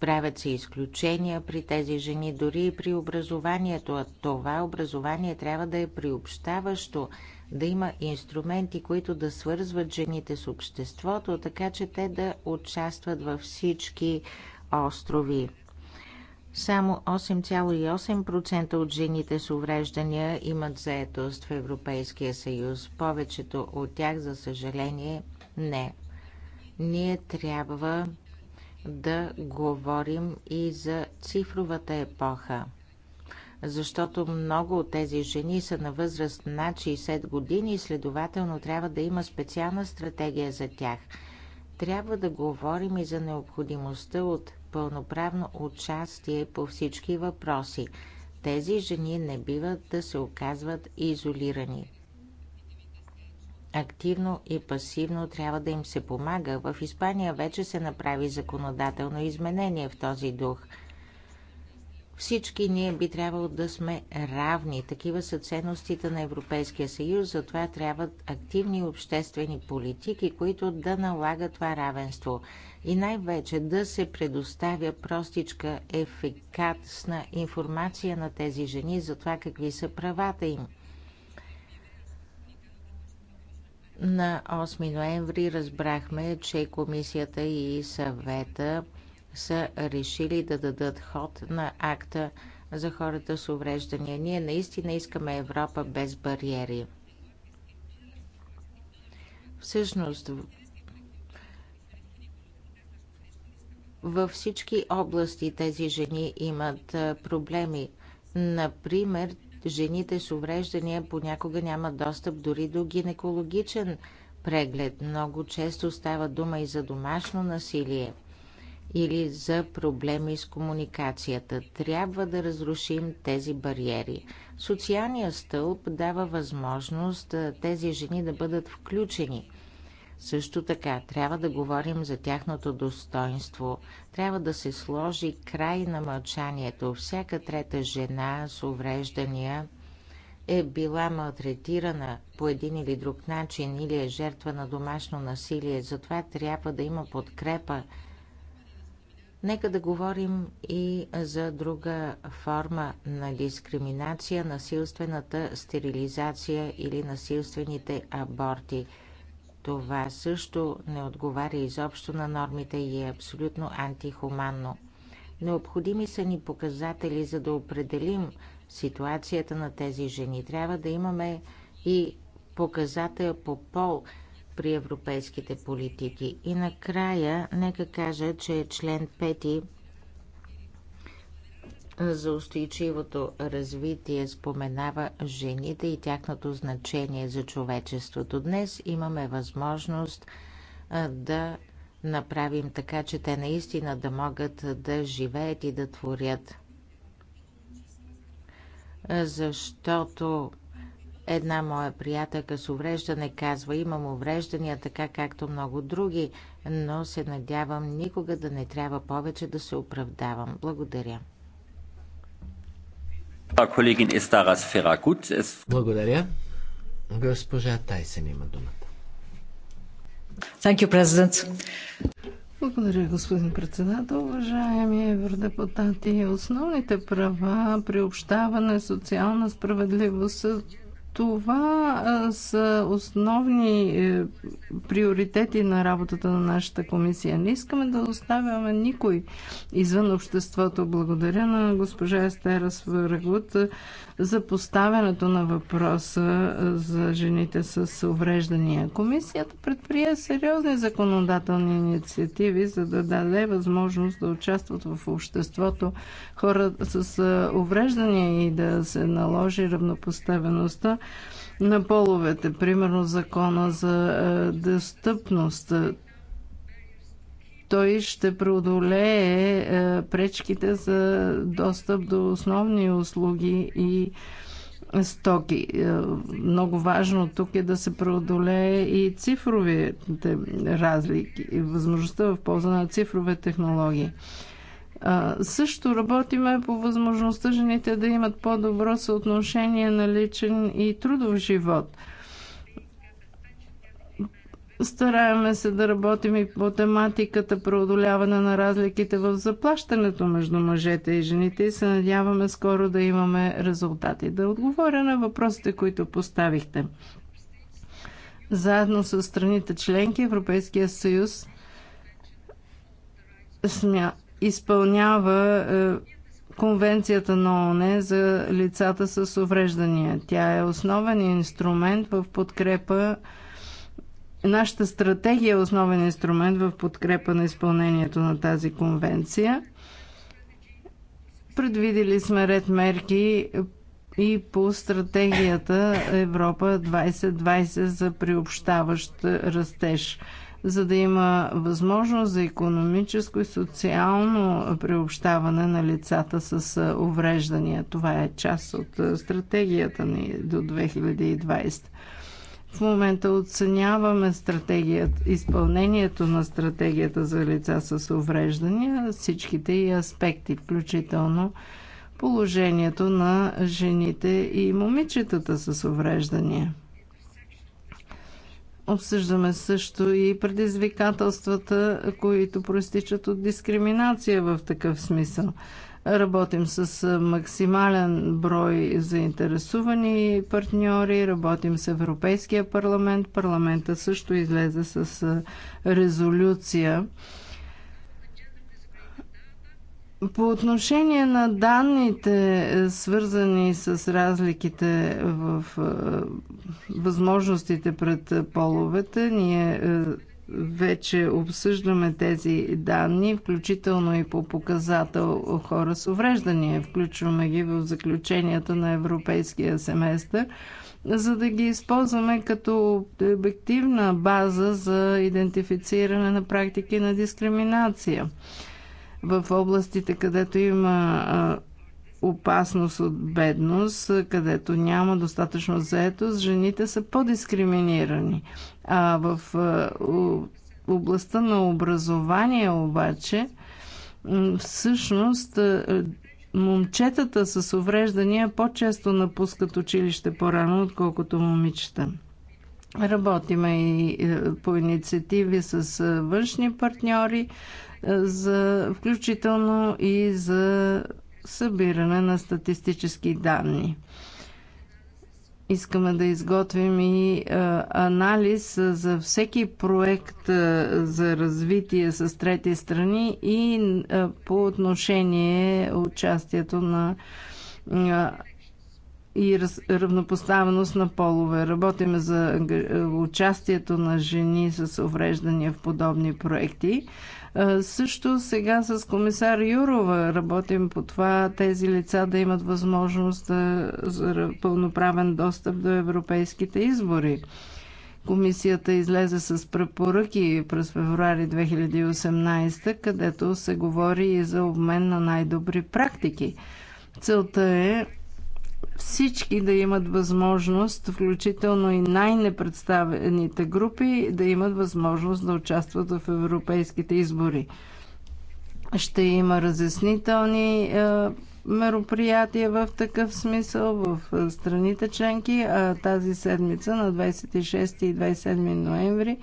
Правят се изключения при тези жени, дори и при образованието. А това образование трябва да е приобщаващо, да има инструменти, които да свързват жените с обществото, така че те да участват във всички острови. Само 8,8% от жените с увреждания имат заетост в Европейския съюз. Повечето от тях, за съжаление, не. Ние трябва да говорим и за цифровата епоха. Защото много от тези жени са на възраст над 60 години и следователно трябва да има специална стратегия за тях. Трябва да говорим и за необходимостта от пълноправно участие по всички въпроси. Тези жени не биват да се оказват изолирани активно и пасивно трябва да им се помага. В Испания вече се направи законодателно изменение в този дух. Всички ние би трябвало да сме равни. Такива са ценностите на Европейския съюз, затова трябват активни обществени политики, които да налагат това равенство. И най-вече да се предоставя простичка, ефикасна информация на тези жени за това какви са правата им. На 8 ноември разбрахме, че комисията и съвета са решили да дадат ход на акта за хората с увреждания. Ние наистина искаме Европа без бариери. Всъщност, във всички области тези жени имат проблеми. Например, жените с увреждания понякога нямат достъп дори до гинекологичен преглед. Много често става дума и за домашно насилие или за проблеми с комуникацията. Трябва да разрушим тези бариери. Социалният стълб дава възможност тези жени да бъдат включени също така трябва да говорим за тяхното достоинство. Трябва да се сложи край на мълчанието. Всяка трета жена с увреждания е била малтретирана по един или друг начин или е жертва на домашно насилие. Затова трябва да има подкрепа. Нека да говорим и за друга форма на дискриминация, насилствената стерилизация или насилствените аборти – това също не отговаря изобщо на нормите и е абсолютно антихуманно. Необходими са ни показатели, за да определим ситуацията на тези жени. Трябва да имаме и показател по пол при европейските политики. И накрая, нека кажа, че член 5 за устойчивото развитие споменава жените и тяхното значение за човечеството. Днес имаме възможност да направим така, че те наистина да могат да живеят и да творят. Защото една моя приятелка с увреждане казва, имам увреждания така както много други, но се надявам никога да не трябва повече да се оправдавам. Благодаря. Е Благодаря. Госпожа Тайсен има думата. Thank you, President. Благодаря, господин председател. Уважаеми евродепутати, основните права, приобщаване, социална справедливост са това са основни е, приоритети на работата на нашата комисия. Не искаме да оставяме никой извън обществото. Благодаря на госпожа Естера Свъргут за поставянето на въпроса за жените с увреждания. Комисията предприе сериозни законодателни инициативи, за да даде възможност да участват в обществото хора с увреждания и да се наложи равнопоставеността на половете, примерно закона за достъпност той ще преодолее е, пречките за достъп до основни услуги и стоки. Е, много важно тук е да се преодолее и цифровите разлики, възможността в полза на цифрове технологии. Е, също работиме по възможността жените да имат по-добро съотношение на личен и трудов живот – Стараеме се да работим и по тематиката преодоляване на разликите в заплащането между мъжете и жените и се надяваме скоро да имаме резултати. Да отговоря на въпросите, които поставихте. Заедно с страните членки Европейския съюз смя... изпълнява е, Конвенцията на ООН за лицата с увреждания. Тя е основен инструмент в подкрепа Нашата стратегия е основен инструмент в подкрепа на изпълнението на тази конвенция. Предвидели сме ред мерки и по стратегията Европа 2020 за приобщаващ растеж за да има възможност за економическо и социално приобщаване на лицата с увреждания. Това е част от стратегията ни до 2020. В момента оценяваме изпълнението на стратегията за лица с увреждания, всичките и аспекти, включително положението на жените и момичетата с увреждания. Обсъждаме също и предизвикателствата, които проистичат от дискриминация в такъв смисъл. Работим с максимален брой заинтересувани партньори, работим с Европейския парламент. Парламента също излезе с резолюция. По отношение на данните, е, свързани с разликите в възможностите пред половете, ние е, вече обсъждаме тези данни, включително и по показател хора с увреждания. Включваме ги в заключенията на европейския семестър, за да ги използваме като обективна база за идентифициране на практики на дискриминация в областите, където има опасност от бедност, където няма достатъчно заетост, жените са по-дискриминирани. А в областта на образование обаче, всъщност момчетата с увреждания по-често напускат училище по-рано, отколкото момичета. Работиме и е, по инициативи с е, външни партньори, е, за, включително и за събиране на статистически данни. Искаме да изготвим и е, анализ за всеки проект е, за развитие с трети страни и е, по отношение участието на и равнопоставеност на полове. Работим за участието на жени с увреждания в подобни проекти. Също сега с комисар Юрова работим по това тези лица да имат възможност да, за пълноправен достъп до европейските избори. Комисията излезе с препоръки през февруари 2018, където се говори и за обмен на най-добри практики. Целта е всички да имат възможност, включително и най-непредставените групи, да имат възможност да участват в европейските избори. Ще има разяснителни е, мероприятия в такъв смисъл в е, страните членки. А тази седмица на 26 и 27 ноември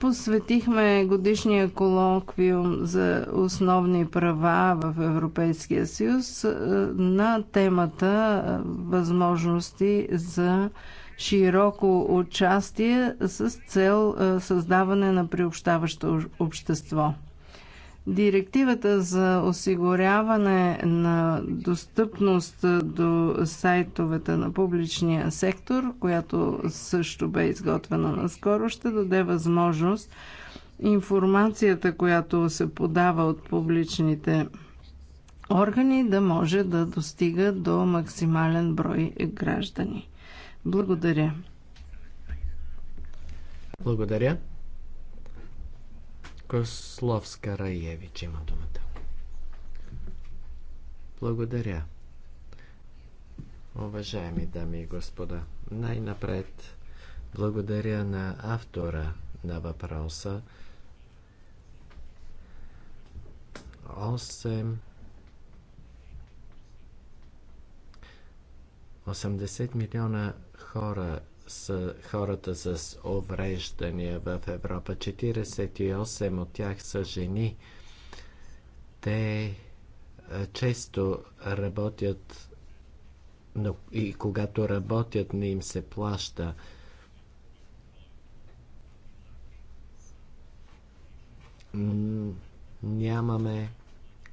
посветихме годишния колоквиум за основни права в Европейския съюз е, на темата е, възможности за широко участие с цел е, създаване на приобщаващо общество. Директивата за осигуряване на достъпност до сайтовете на публичния сектор, която също бе изготвена наскоро, ще даде възможност информацията, която се подава от публичните органи, да може да достига до максимален брой граждани. Благодаря. Благодаря. Кословска Раевич има думата. Благодаря. Уважаеми дами и господа, най-напред благодаря на автора на въпроса. 8 80 милиона хора с хората с увреждания в Европа. 48 от тях са жени. Те често работят, но и когато работят, не им се плаща. Нямаме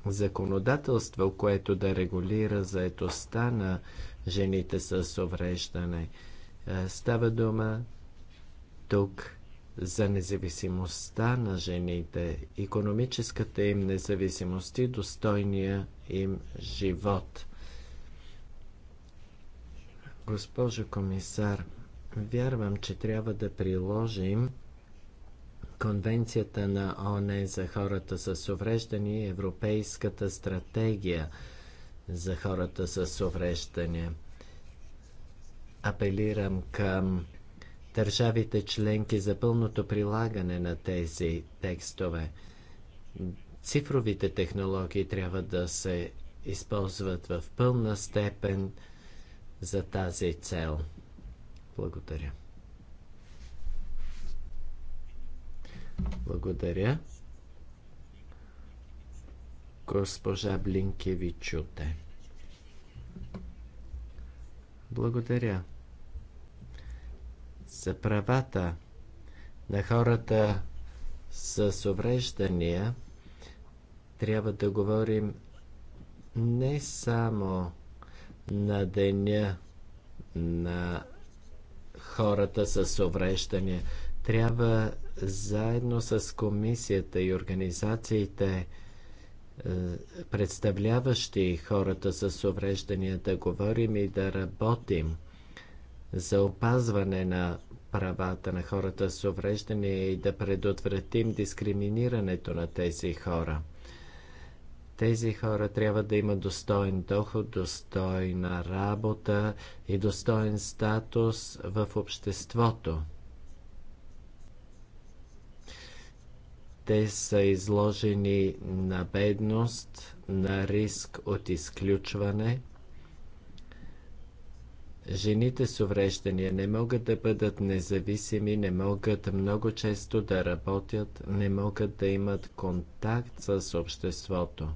законодателство, което да регулира заетостта на жените с увреждане. Е, става дума тук за независимостта на жените, економическата им независимост и достойния им живот. Госпожо комисар, вярвам, че трябва да приложим Конвенцията на ООН за хората с увреждания и Европейската стратегия за хората с увреждания – апелирам към държавите членки за пълното прилагане на тези текстове. Цифровите технологии трябва да се използват в пълна степен за тази цел. Благодаря. Благодаря. Госпожа Блинкевичуте. Благодаря за правата на хората с увреждания, трябва да говорим не само на деня на хората с увреждания. Трябва заедно с комисията и организациите, е, представляващи хората с увреждания, да говорим и да работим за опазване на правата на хората с увреждане и да предотвратим дискриминирането на тези хора. Тези хора трябва да имат достоен доход, достойна работа и достоен статус в обществото. Те са изложени на бедност, на риск от изключване – Жените с увреждания не могат да бъдат независими, не могат много често да работят, не могат да имат контакт с обществото.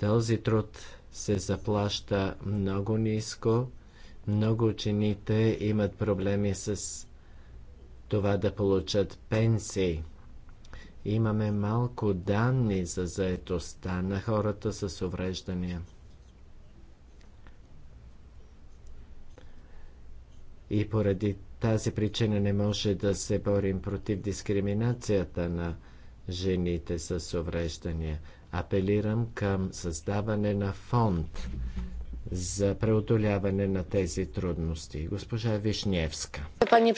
Този труд се заплаща много ниско. Много учените имат проблеми с това да получат пенсии. Имаме малко данни за заетостта на хората с увреждания. и поради тази причина не може да се борим против дискриминацията на жените с увреждания. Апелирам към създаване на фонд за преодоляване на тези трудности. Госпожа Вишневска. Пани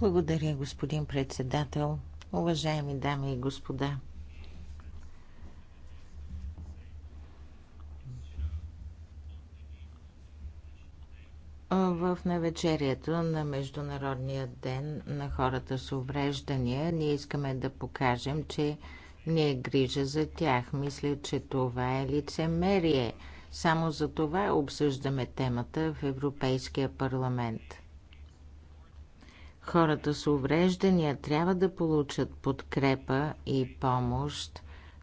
Благодаря, господин председател. Уважаеми дами и господа. В навечерието на Международния ден на хората с увреждания ние искаме да покажем, че не е грижа за тях. Мисля, че това е лицемерие. Само за това обсъждаме темата в Европейския парламент. Хората с увреждания трябва да получат подкрепа и помощ.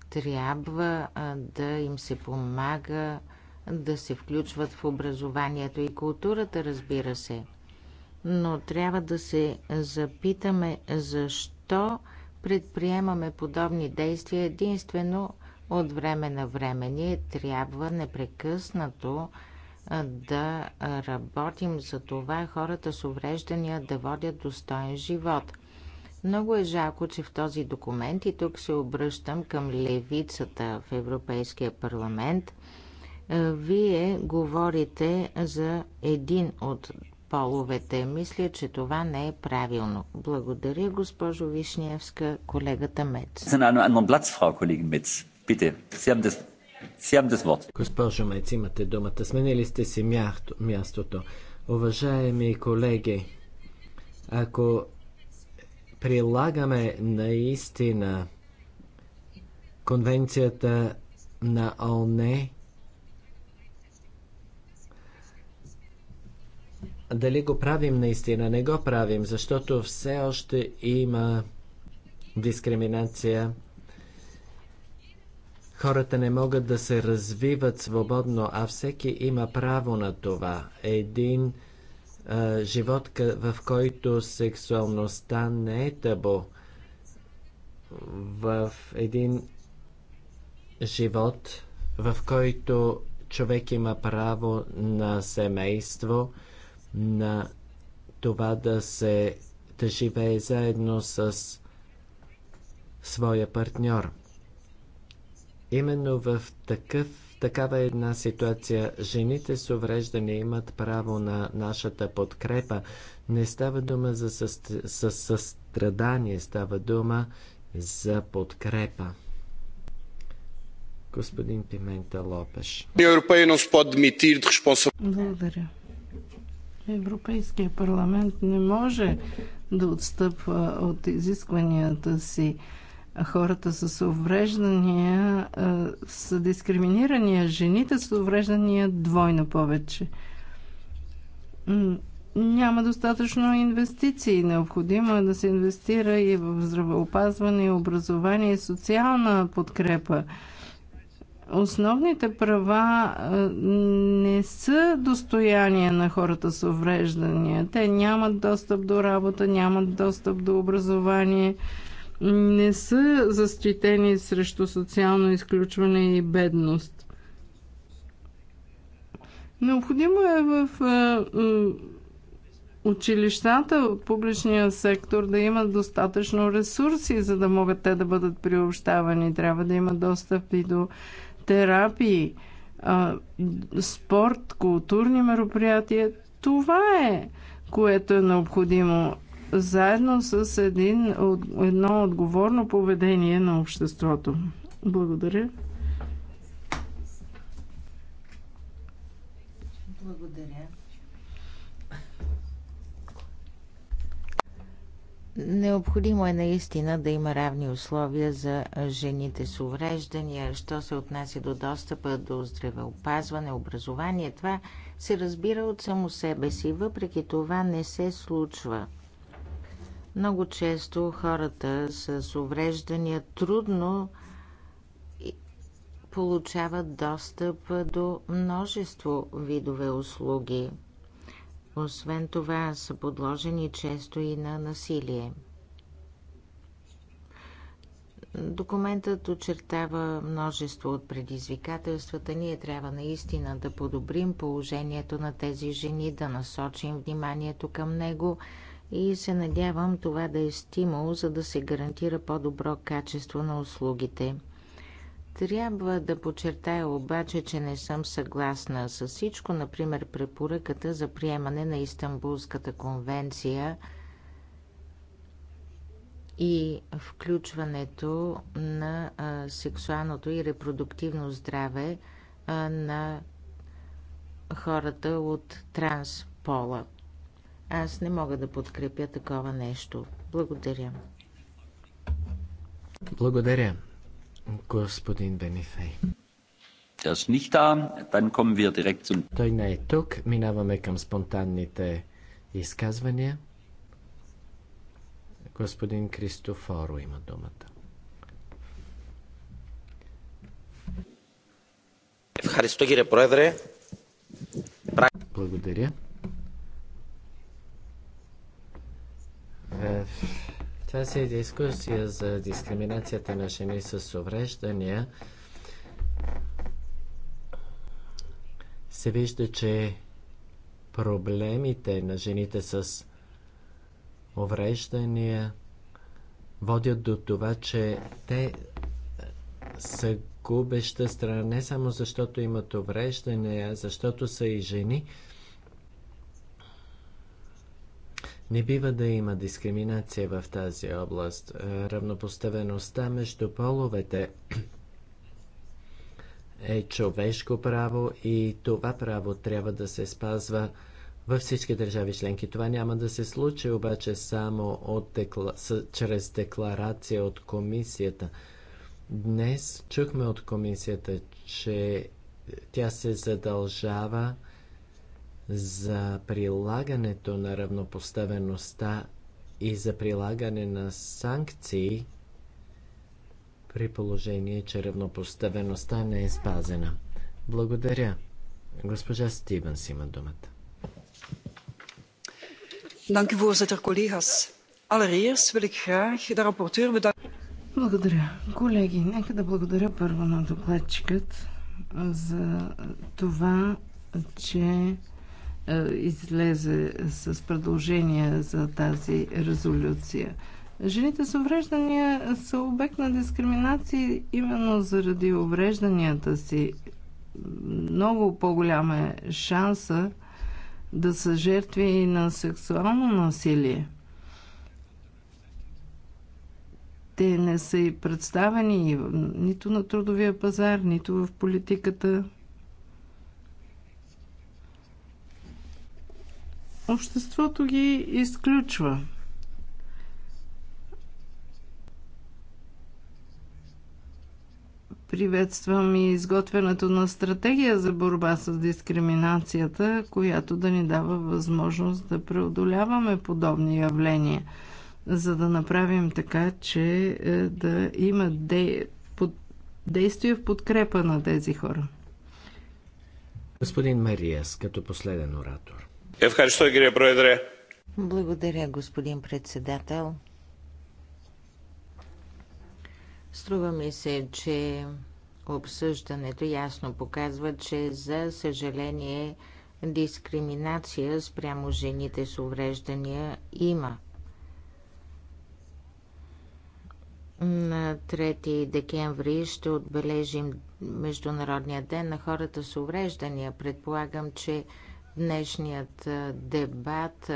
Трябва да им се помага да се включват в образованието и културата, разбира се. Но трябва да се запитаме защо предприемаме подобни действия единствено от време на време. Ние трябва непрекъснато да работим за това хората с увреждания да водят достоен живот. Много е жалко, че в този документ и тук се обръщам към левицата в Европейския парламент е, вие говорите за един от половете. Мисля, че това не е правилно. Благодаря, госпожо Вишневска, колегата Мец. Госпожо Мец, имате думата. Сменили сте си мястото. Уважаеми колеги, ако прилагаме наистина конвенцията на ОНЕ, дали го правим наистина, не го правим, защото все още има дискриминация. Хората не могат да се развиват свободно, а всеки има право на това. Един а, живот, в който сексуалността не е табу. В един живот, в който човек има право на семейство, на това да се да живее заедно с своя партньор. Именно в такъв, такава една ситуация жените с увреждане имат право на нашата подкрепа. Не става дума за със състрадание, става дума за подкрепа. Господин Пимента Лопеш. Е Благодаря. Европейския парламент не може да отстъпва от изискванията си. Хората с увреждания са дискриминирани, а жените с увреждания двойно повече. Няма достатъчно инвестиции. Необходимо е да се инвестира и в здравеопазване, образование и социална подкрепа Основните права не са достояние на хората с увреждания. Те нямат достъп до работа, нямат достъп до образование, не са защитени срещу социално изключване и бедност. Необходимо е в училищата от публичния сектор да имат достатъчно ресурси, за да могат те да бъдат приобщавани. Трябва да има достъп и до терапии, спорт, културни мероприятия. Това е, което е необходимо заедно с един, едно отговорно поведение на обществото. Благодаря. Благодаря. Необходимо е наистина да има равни условия за жените с увреждания, що се отнася до достъпа до здравеопазване, образование. Това се разбира от само себе си, въпреки това не се случва. Много често хората с увреждания трудно получават достъп до множество видове услуги – освен това са подложени често и на насилие. Документът очертава множество от предизвикателствата. Ние трябва наистина да подобрим положението на тези жени, да насочим вниманието към него и се надявам това да е стимул, за да се гарантира по-добро качество на услугите. Трябва да подчертая обаче, че не съм съгласна с всичко, например препоръката за приемане на Истанбулската конвенция и включването на сексуалното и репродуктивно здраве на хората от транспола. Аз не мога да подкрепя такова нещо. Благодаря. Благодаря. Господин Бенифей. Е Той не е тук. Минаваме към спонтанните изказвания. Господин Кристофоро има думата. Благодаря. Е, това си е дискусия за дискриминацията на жени с увреждания. Се вижда, че проблемите на жените с увреждания водят до това, че те са губеща страна не само защото имат увреждания, а защото са и жени – Не бива да има дискриминация в тази област. Е, равнопоставеността между половете е човешко право и това право трябва да се спазва във всички държави членки. Това няма да се случи обаче само от декла... С... чрез декларация от комисията. Днес чухме от комисията, че тя се задължава за прилагането на равнопоставеността и за прилагане на санкции при положение, че равнопоставеността не е спазена. Благодаря. Госпожа Стивенс има думата. voorzitter, Allereerst wil ik graag de rapporteur bedanken. Благодаря. Колеги, нека да благодаря първо на докладчикът за това, че е, излезе с предложение за тази резолюция. Жените с увреждания са обект на дискриминации именно заради уврежданията си. Много по-голяма е шанса да са жертви и на сексуално насилие. Те не са и представени нито на трудовия пазар, нито в политиката. обществото ги изключва. Приветствам и изготвянето на стратегия за борба с дискриминацията, която да ни дава възможност да преодоляваме подобни явления, за да направим така, че е, да има де... под... в подкрепа на тези хора. Господин Мариас, като последен оратор. Ευχαριστώ, κύριε Πρόεδρε. Благодаря, господин председател. Струва ми се, че обсъждането ясно показва, че за съжаление дискриминация спрямо жените с увреждания има. На 3 декември ще отбележим Международния ден на хората с увреждания. Предполагам, че Днешният дебат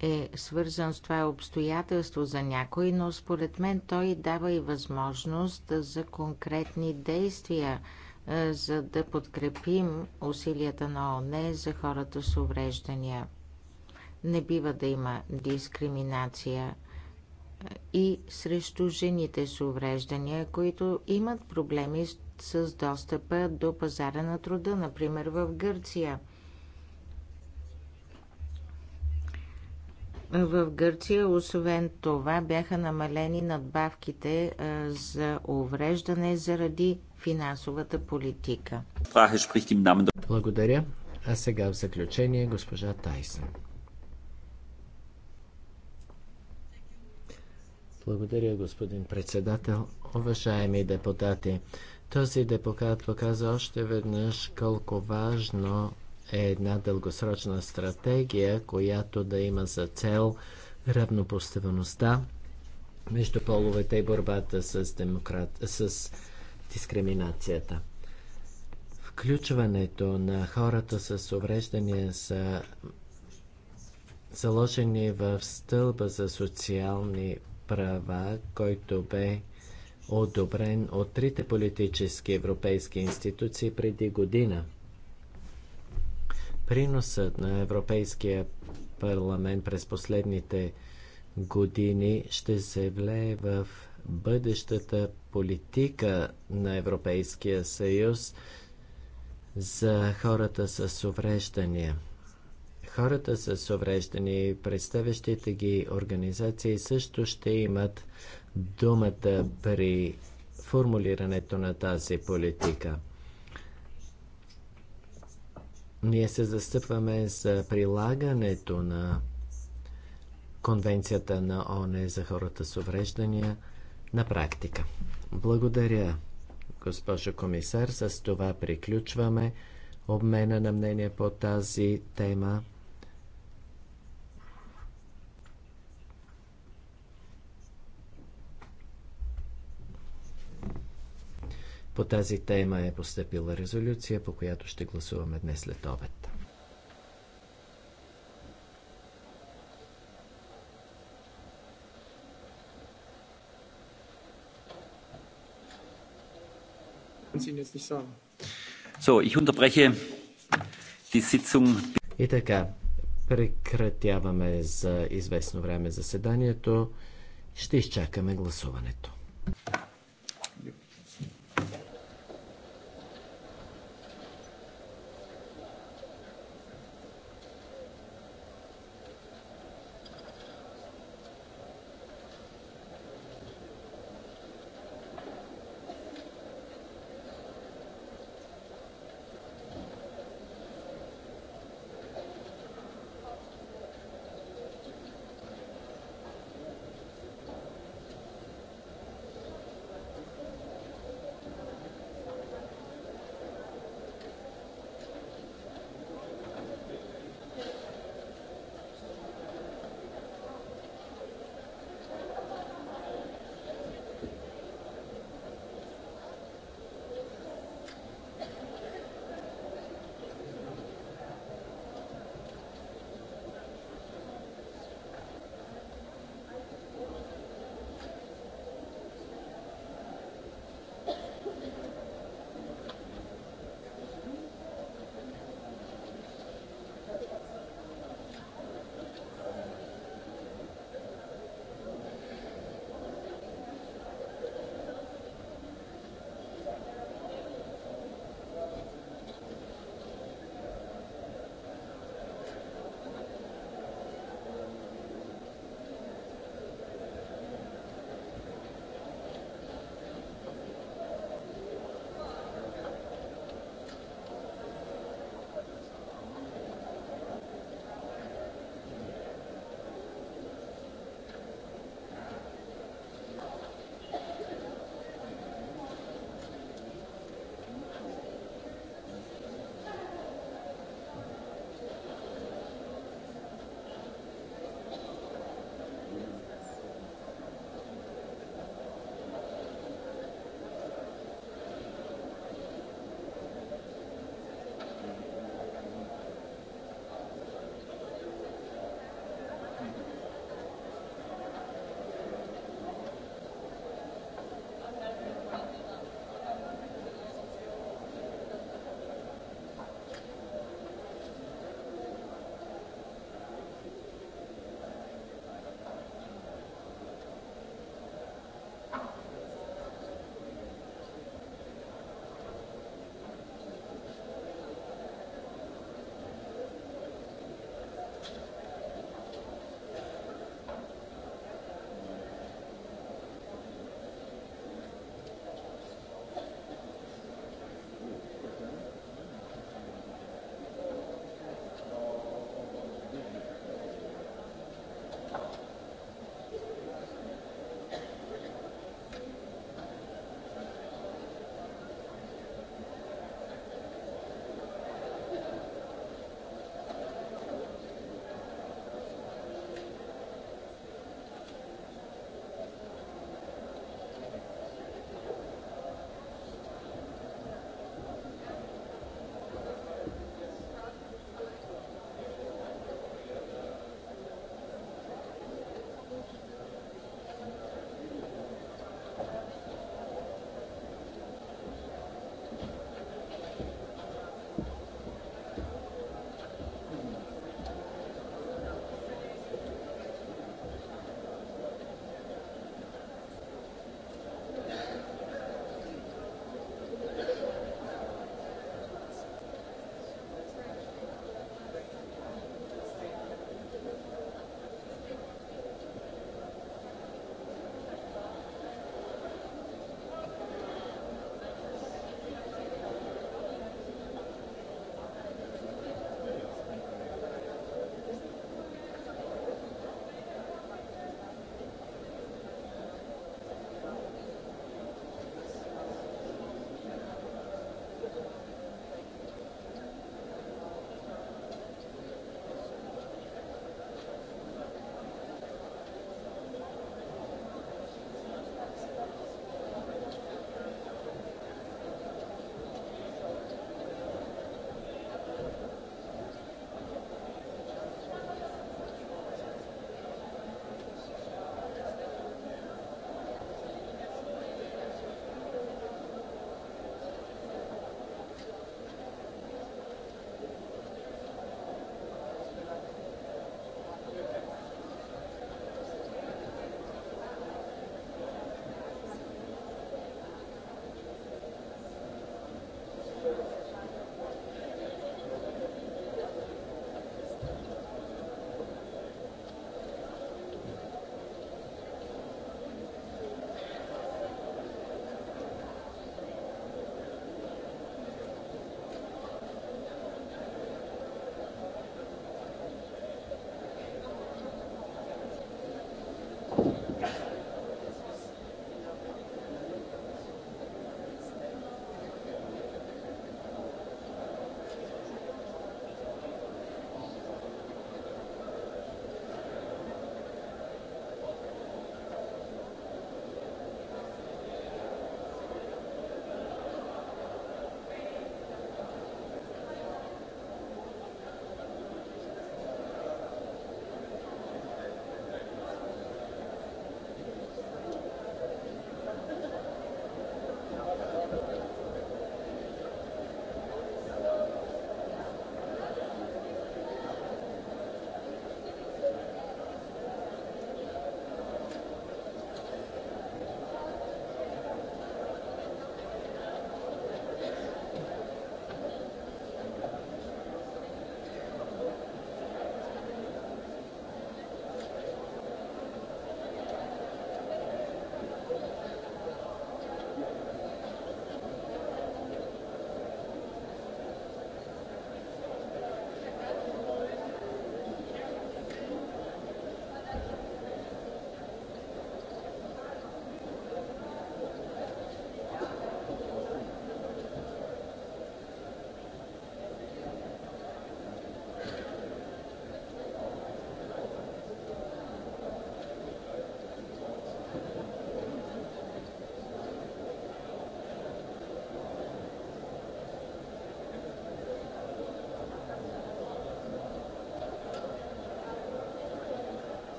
е свързан с това обстоятелство за някой, но според мен той дава и възможност за конкретни действия, за да подкрепим усилията на ОНЕ за хората с увреждания. Не бива да има дискриминация и срещу жените с увреждания, които имат проблеми с достъпа до пазара на труда, например в Гърция – В Гърция, освен това, бяха намалени надбавките за увреждане заради финансовата политика. Благодаря. А сега в заключение госпожа Тайсън. Благодаря, господин председател. Уважаеми депутати, този депутат показа още веднъж колко важно е една дългосрочна стратегия, която да има за цел равнопоставеността между половете и борбата с, демократ... с дискриминацията. Включването на хората с увреждания са заложени в стълба за социални права, който бе одобрен от трите политически европейски институции преди година – Приносът на Европейския парламент през последните години ще се влее в бъдещата политика на Европейския съюз за хората с увреждания. Хората с увреждания и представящите ги организации също ще имат думата при формулирането на тази политика. Ние се застъпваме за прилагането на Конвенцията на ОНЕ за хората с увреждания на практика. Благодаря, госпожо комисар. С това приключваме обмена на мнение по тази тема. По тази тема е поступила резолюция, по която ще гласуваме днес след обед. И така, прекратяваме за известно време заседанието. Ще изчакаме гласуването.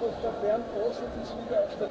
Wolfgang Bern vorsitzend der Stadt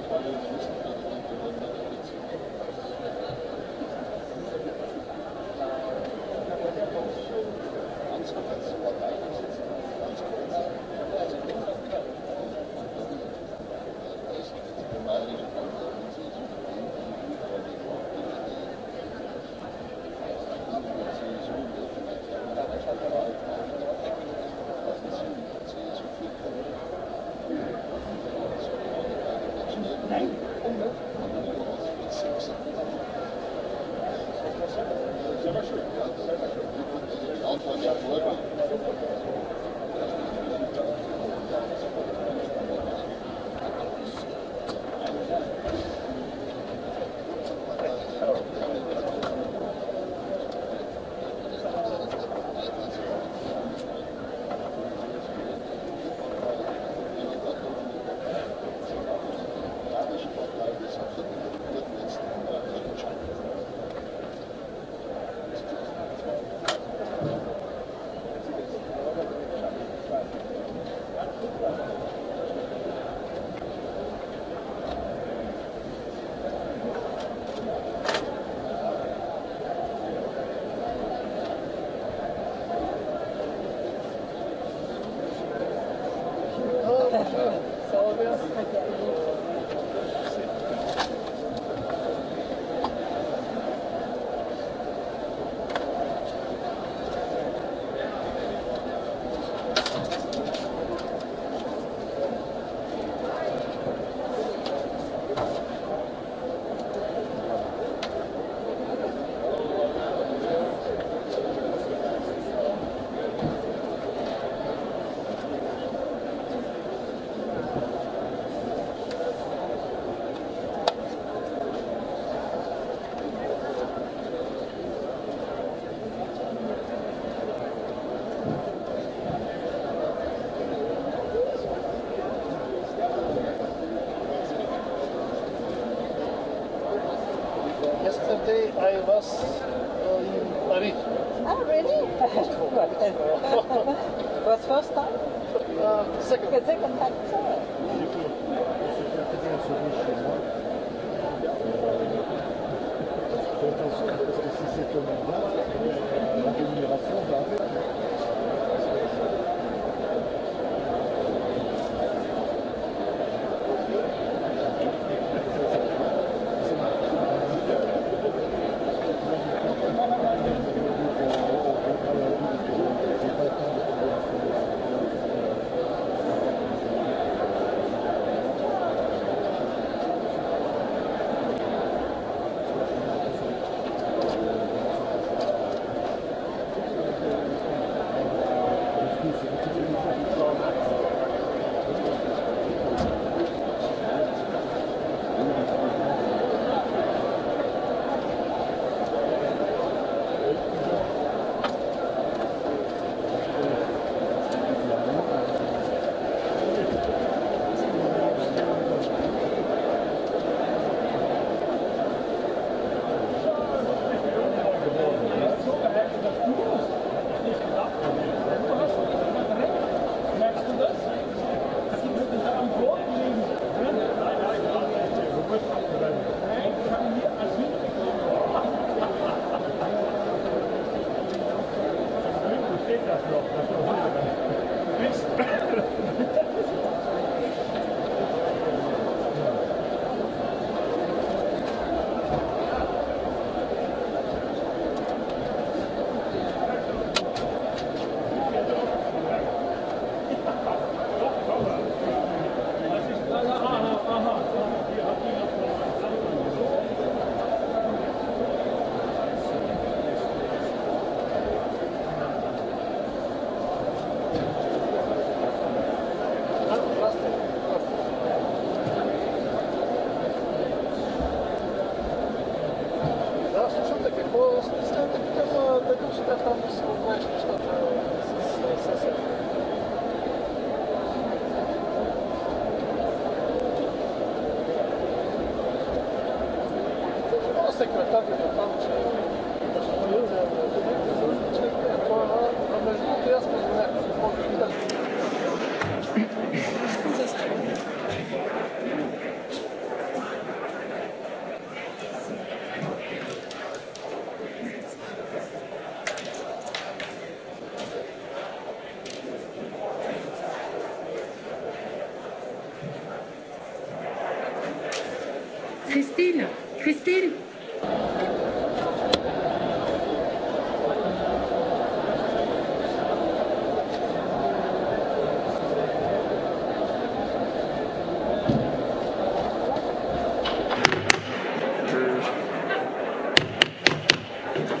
въпрос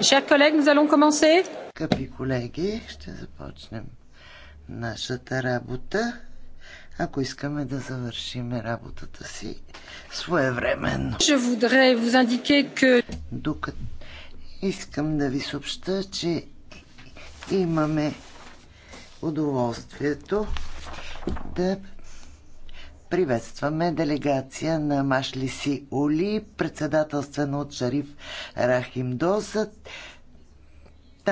Chers collègues, nous allons commencer. Скъпи колеги, ще започнем нашата работа, ако искаме да завършим работата си своевременно. Je voudrais vous indiquer que... Докато искам да ви съобща, че имаме удоволствието да приветстваме делегация на Машли Си Оли, председателствена от Шариф Рахим Досът,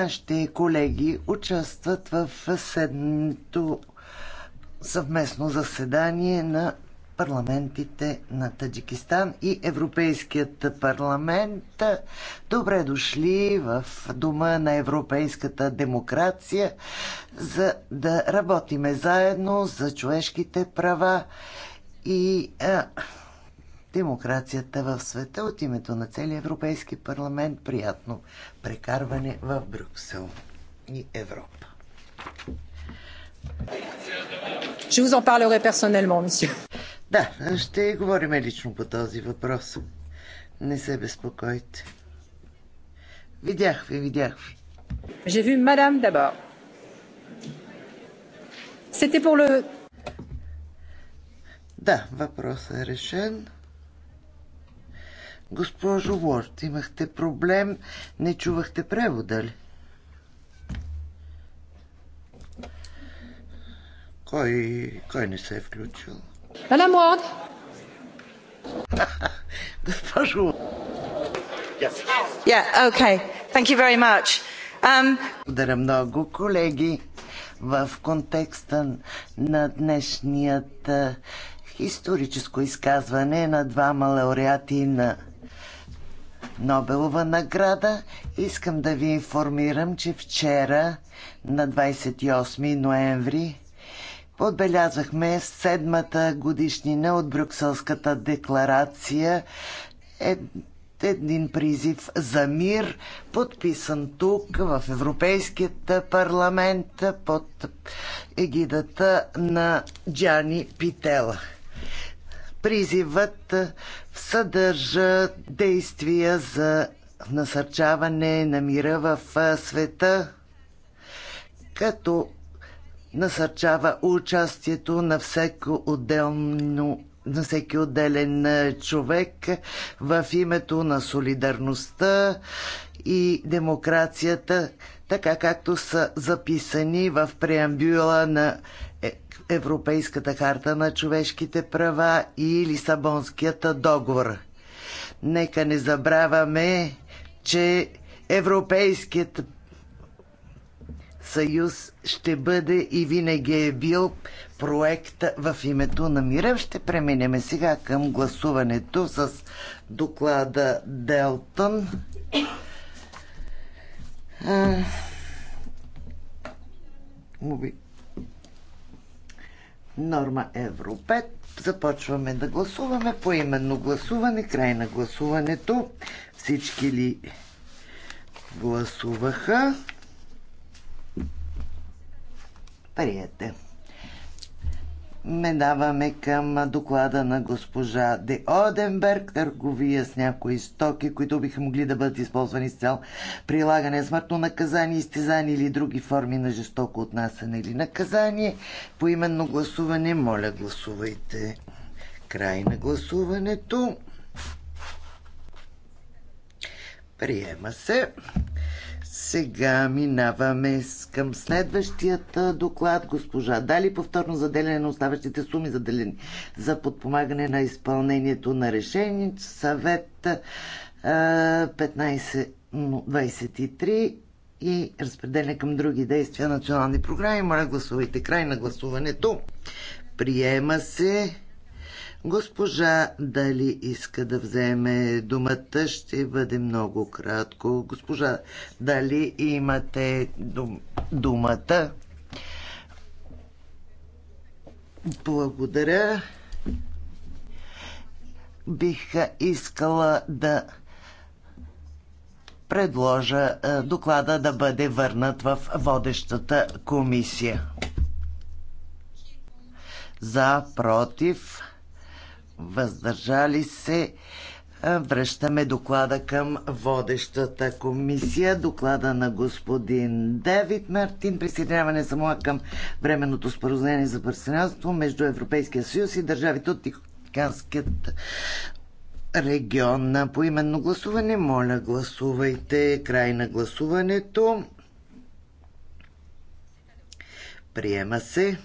Нашите колеги участват в седмото съвместно заседание на парламентите на Таджикистан и Европейският парламент. Добре дошли в Дома на европейската демокрация, за да работиме заедно за човешките права и а, демокрацията в света от името на целия Европейски парламент. Приятно прекарване в Брюксел и Европа. Je vous en parlerai personnellement, monsieur. Да, ще говорим лично по този въпрос. Не се безпокойте. Видях ви, видях ви. J'ai vu madame d'abord. C'était pour le... Да, въпросът е решен. Госпожо Уорд, имахте проблем. Не чувахте превода ли? Кой, кой не се е включил? Мадам Уорд! Госпожо Уорд! Yes. Yeah, okay. Thank you very much. Um... Благодаря много, колеги. В контекста на днешният историческо изказване на двама лауреати на Нобелова награда. Искам да ви информирам, че вчера на 28 ноември отбелязахме седмата годишнина от Брюкселската декларация е един призив за мир, подписан тук в Европейският парламент под егидата на Джани Питела призивът съдържа действия за насърчаване на мира в света, като насърчава участието на всеки отделно на всеки отделен човек в името на солидарността и демокрацията, така както са записани в преамбюла на е, Европейската харта на човешките права и Лисабонският договор. Нека не забравяме, че Европейският съюз ще бъде и винаги е бил проект в името на мира. Ще преминем сега към гласуването с доклада Делтън норма Евро 5. Започваме да гласуваме по именно гласуване, край на гласуването. Всички ли гласуваха? Приятел. Минаваме към доклада на госпожа Де Оденберг, търговия с някои стоки, които биха могли да бъдат използвани с цел прилагане смъртно наказание, изтезание или други форми на жестоко отнасяне или наказание. По именно гласуване, моля гласувайте. Край на гласуването. Приема се. Сега минаваме към следващият доклад. Госпожа Дали, повторно заделяне на оставащите суми заделени за подпомагане на изпълнението на решение. Съвет 1523 и разпределение към други действия национални програми. Моля, гласувайте край на гласуването. Приема се Госпожа Дали иска да вземе думата. Ще бъде много кратко. Госпожа Дали, имате дум... думата. Благодаря. Бих искала да предложа е, доклада да бъде върнат в водещата комисия. За, против въздържали се. Връщаме доклада към водещата комисия. Доклада на господин Давид Мартин. Присъединяване само към временното споразумение за партньорство между Европейския съюз и държавите от Тихоканският регион. На поименно гласуване, моля, гласувайте. Край на гласуването. Приема се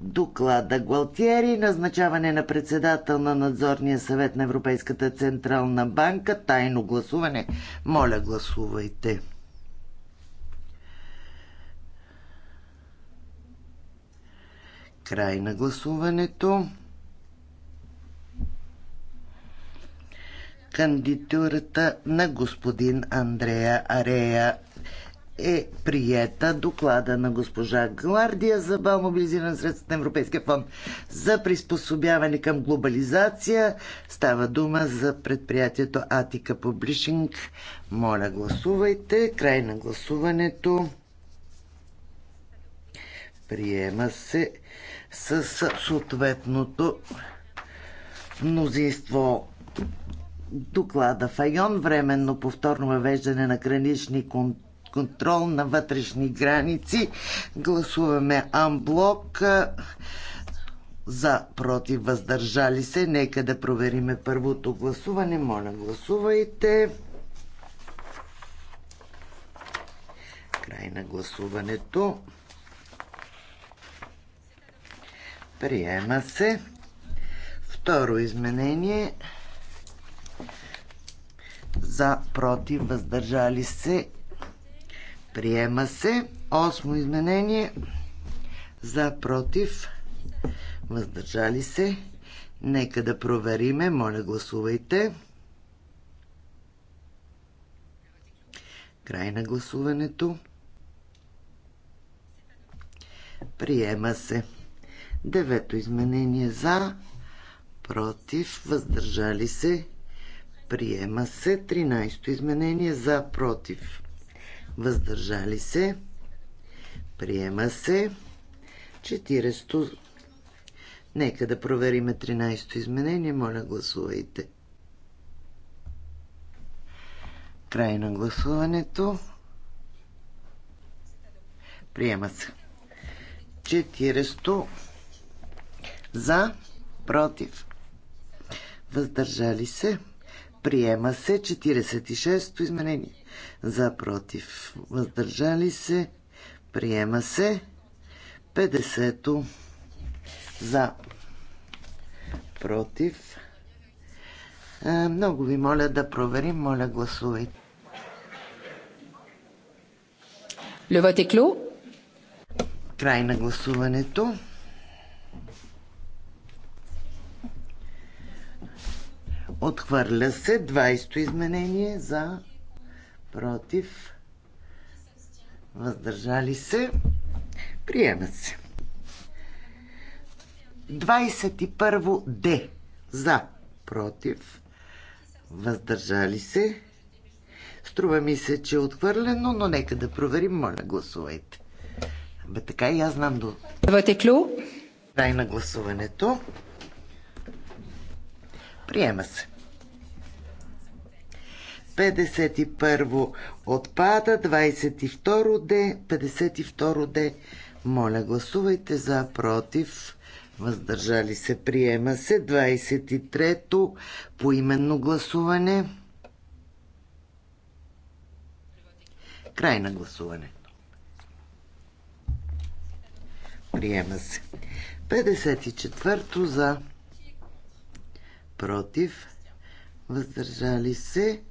доклада Гуалтиери, назначаване на председател на надзорния съвет на Европейската централна банка, тайно гласуване. Моля, гласувайте. Край на гласуването. Кандидатурата на господин Андрея Арея е приета доклада на госпожа Гвардия за бал на средства на Европейския фонд за приспособяване към глобализация. Става дума за предприятието Атика Публишинг. Моля, гласувайте. Край на гласуването. Приема се с съответното мнозинство доклада Файон, временно повторно въвеждане на гранични контакти контрол на вътрешни граници. Гласуваме амблок за против въздържали се. Нека да провериме първото гласуване. Моля, гласувайте. Край на гласуването. Приема се. Второ изменение за против въздържали се Приема се. Осмо изменение. За, против, въздържали се. Нека да провериме. Моля, гласувайте. Край на гласуването. Приема се. Девето изменение за, против, въздържали се. Приема се. Тринайсто изменение за, против, въздържали се, приема се. 40 Нека да проверим 13-то изменение. Моля, гласувайте. Край на гласуването. Приема се. 400 за, против, въздържали се. Приема се 46-то изменение за против. Въздържали се. Приема се. 50 за против. Много ви моля да проверим. Моля, гласувайте. Le vote est clos. Край на гласуването. Отхвърля се 20-то изменение за против, въздържали се, приема се. 21 Д за, против, въздържали се. Струва ми се, че е отхвърлено, но нека да проверим. Моля, гласувайте. Бе така и аз знам до... клю. Дай на гласуването. Приема се. 51 отпада, 22 де, 52 де. Моля, гласувайте за, против, въздържали се, приема се. 23-то поименно гласуване. Край на гласуване. Приема се. 54-то за, против, въздържали се,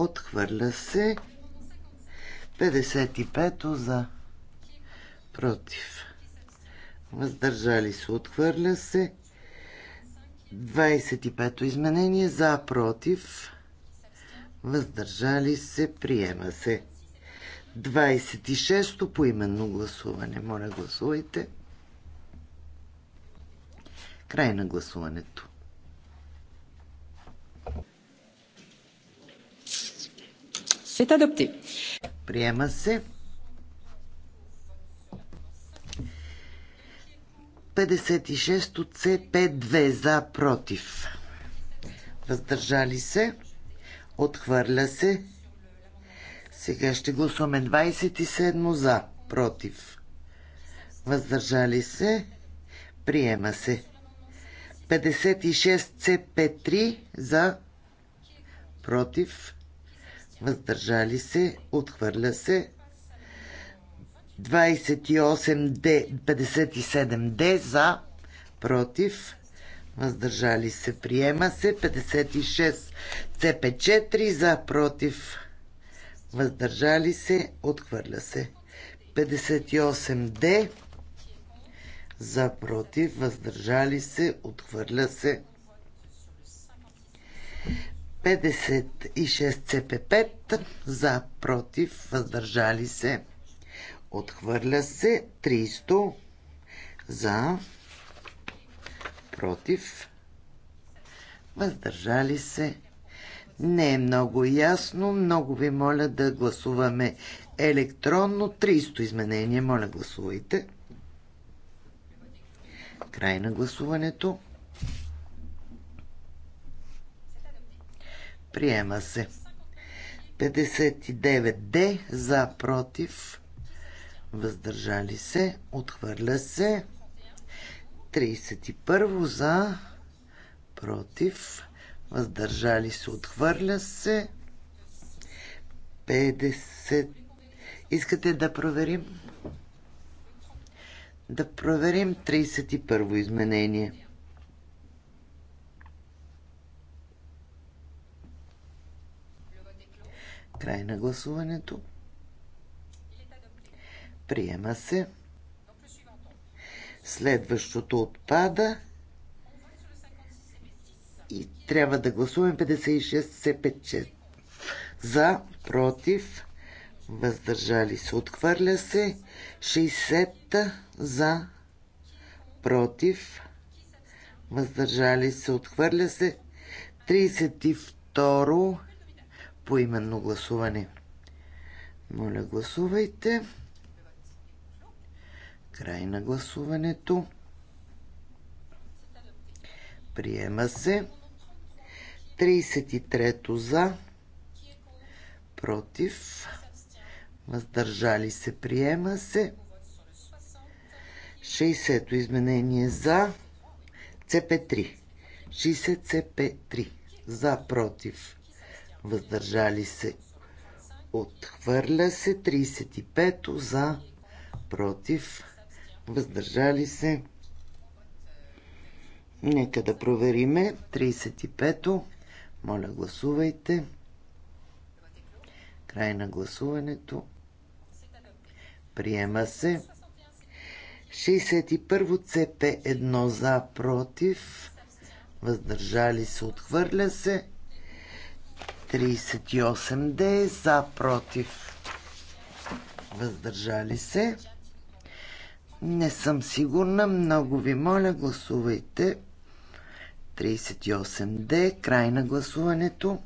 Отхвърля се. 55 за. Против. Въздържали се. Отхвърля се. 25 изменение за. Против. Въздържали се. Приема се. 26-то по именно гласуване. Моля, гласувайте. Край на гласуването. C'est adopté. Приема се. 56 от СП2 за против. Въздържали се. Отхвърля се. Сега ще гласуваме 27 за против. Въздържали се. Приема се. 56 СП3 за против въздържали се, отхвърля се. 28D, 57D за, против, въздържали се, приема се. 56 CP4 за, против, въздържали се, отхвърля се. 58D за, против, въздържали се, отхвърля се. 56 ЦПП за, против, въздържали се. Отхвърля се 300 за, против, въздържали се. Не е много ясно. Много ви моля да гласуваме електронно. 300 изменения. Моля, гласувайте. Край на гласуването. Приема се. 59D за против. Въздържали се. Отхвърля се. 31 за против. Въздържали се. Отхвърля се. 50. Искате да проверим? Да проверим 31 изменение. Край на гласуването. Приема се. Следващото отпада. И трябва да гласуваме 56 C56. За, против, въздържали се, отхвърля се. 60 за, против, въздържали се, отхвърля се. 32 поименно гласуване. Моля, гласувайте. Край на гласуването. Приема се. 33-то за. Против. Въздържали се. Приема се. 60-то изменение за. ЦП3. 60 ЦП3. За. Против въздържали се, отхвърля се. 35 за, против, въздържали се. Нека да провериме. 35-то. Моля, гласувайте. Край на гласуването. Приема се. 61-во ЦП 1 за против. Въздържали се. Отхвърля се. 38 де за против въздържали се. Не съм сигурна. Много ви моля, гласувайте. 38 де, Край на гласуването.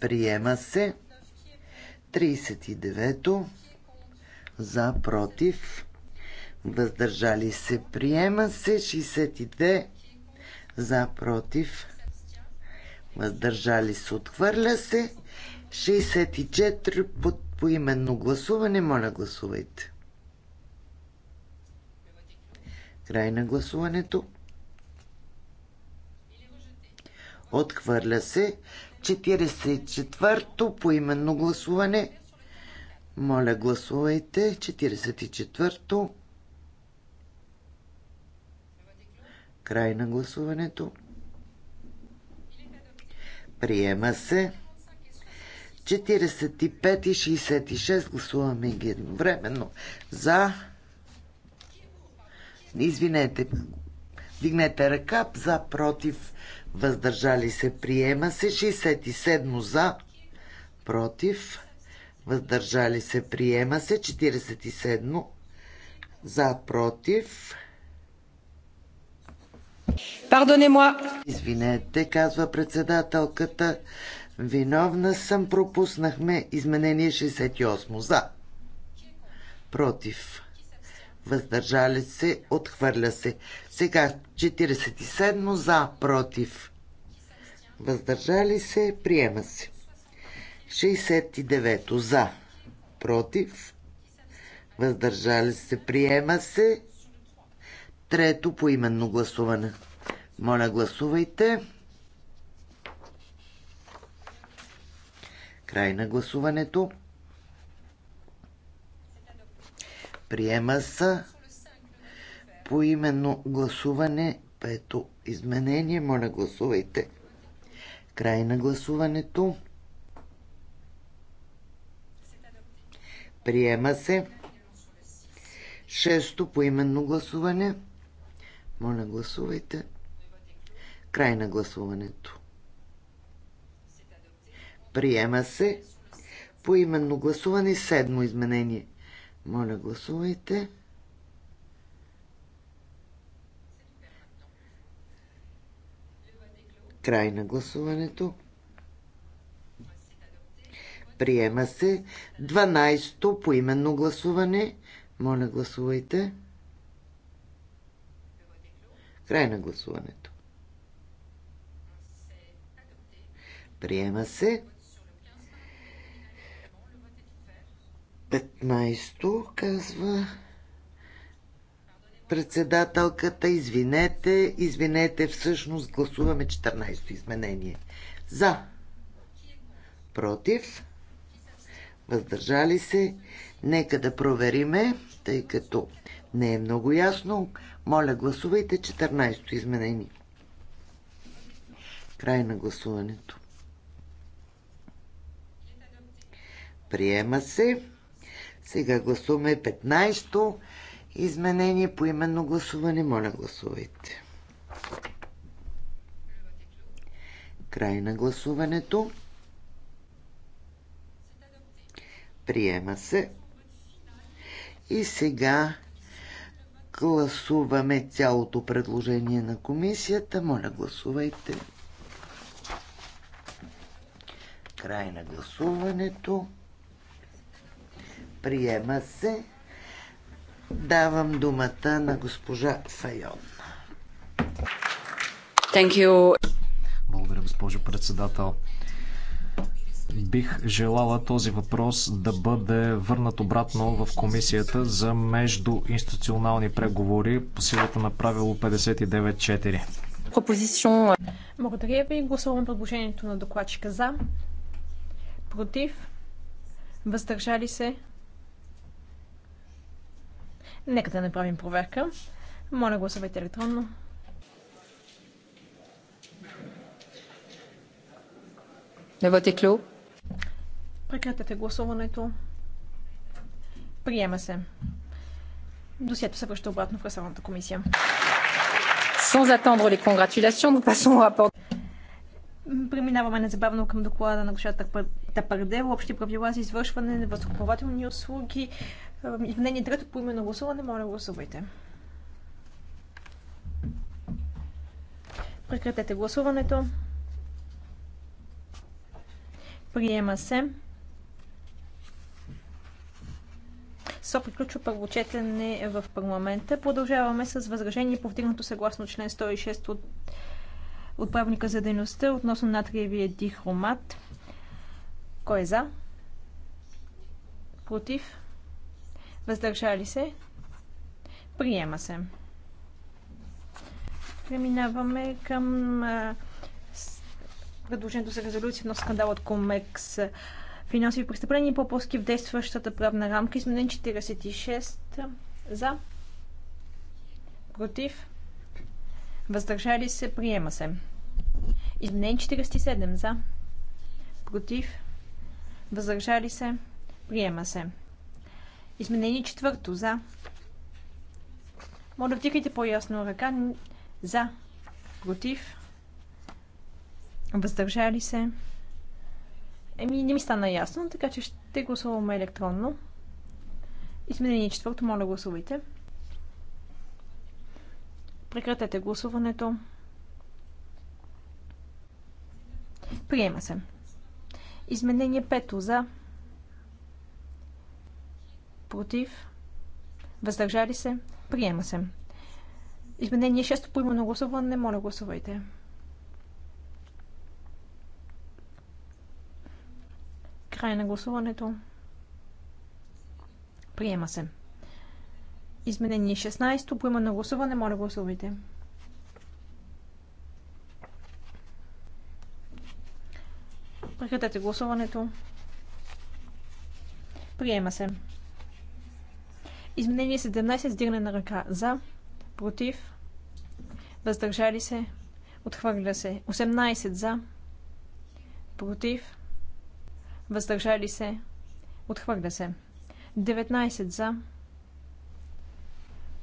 Приема се. 39-то. За, против. Въздържали се. Приема се. 62 за против, въздържали се, отхвърля се. 64 под поименно гласуване. Моля, гласувайте. Край на гласуването. Отхвърля се. 44-то поименно гласуване. Моля, гласувайте. 44-то. Край на гласуването. Приема се. 45 и 66 гласуваме ги едновременно. За. Извинете. Дигнете ръка. За, против, въздържали се. Приема се. 67 за. Против. Въздържали се. Приема се. 47 за, против Пардонемо. Извинете, казва председателката. Виновна съм, пропуснахме изменение 68. За. Против. Въздържали се, отхвърля се. Сега 47 за, против. Въздържали се, приема се. 69 за, против. Въздържали се, приема се. Трето по именно гласуване. Моля, гласувайте. Край на гласуването. Приема са по именно гласуване. Пето изменение. Моля, гласувайте. Край на гласуването. Приема се. Шесто поименно гласуване. Моля, гласувайте. Край на гласуването. Приема се по именно гласуване седмо изменение. Моля, гласувайте. Край на гласуването. Приема се 12-то по именно гласуване. Моля, гласувайте. Край на гласуването. Приема се. 15 казва председателката, извинете, извинете, всъщност гласуваме 14-то изменение. За, против, въздържали се, нека да провериме, тъй като не е много ясно. Моля, гласувайте 14-то изменение. Край на гласуването. Приема се. Сега гласуваме 15-то изменение по именно гласуване. Моля, гласувайте. Край на гласуването. Приема се. И сега гласуваме цялото предложение на комисията. Моля, гласувайте. Край на гласуването. Приема се. Давам думата на госпожа Файон. Thank you. Благодаря, госпожо председател бих желала този въпрос да бъде върнат обратно в комисията за междуинституционални преговори по силата на правило 59.4. Благодаря ви. Гласувам предложението на докладчика за. Против. Въздържали се. Нека да направим проверка. Моля, гласувайте електронно. Le vote est clos. Прекратете гласуването. Приема се. Досието се връща обратно в Касалната комисия. Sans attendre les congratulations, nous passons au rapport. Преминаваме незабавно към доклада на госпожа Тапарде. Общи правила за извършване на възкупователни услуги. Изменение трето по именно гласуване. Моля, гласувайте. Прекратете гласуването. Приема се. СО приключва първо четене в парламента. Продължаваме с възражение, повдигнато съгласно член 106 от, от правника за дейността относно натриевия дихромат. Кой е за? Против? Въздържали се? Приема се. Преминаваме към предложението за резолюция на скандал от Комекс финансови престъпления по плоски в действащата правна рамка. Изменен 46 за. Против. Въздържали се. Приема се. Изменен 47 за. Против. Въздържали се. Приема се. Изменение четвърто за. Моля, вдигайте по-ясно ръка. За. Против. Въздържали се. Еми, не ми стана ясно, така че ще гласуваме електронно. Изменение четвърто, моля гласувайте. Прекратете гласуването. Приема се. Изменение пето за. Против. Въздържали се. Приема се. Изменение 6 по именно гласуване. Моля гласувайте. Край на гласуването. Приема се. Изменение 16. то Поема на гласуване. Моля гласувайте. Прекратете гласуването. Приема се. Изменение 17. Сдигане на ръка. За. Против. Въздържали се. Отхвърля се. 18. За. Против въздържали се, отхвърля се. 19 за,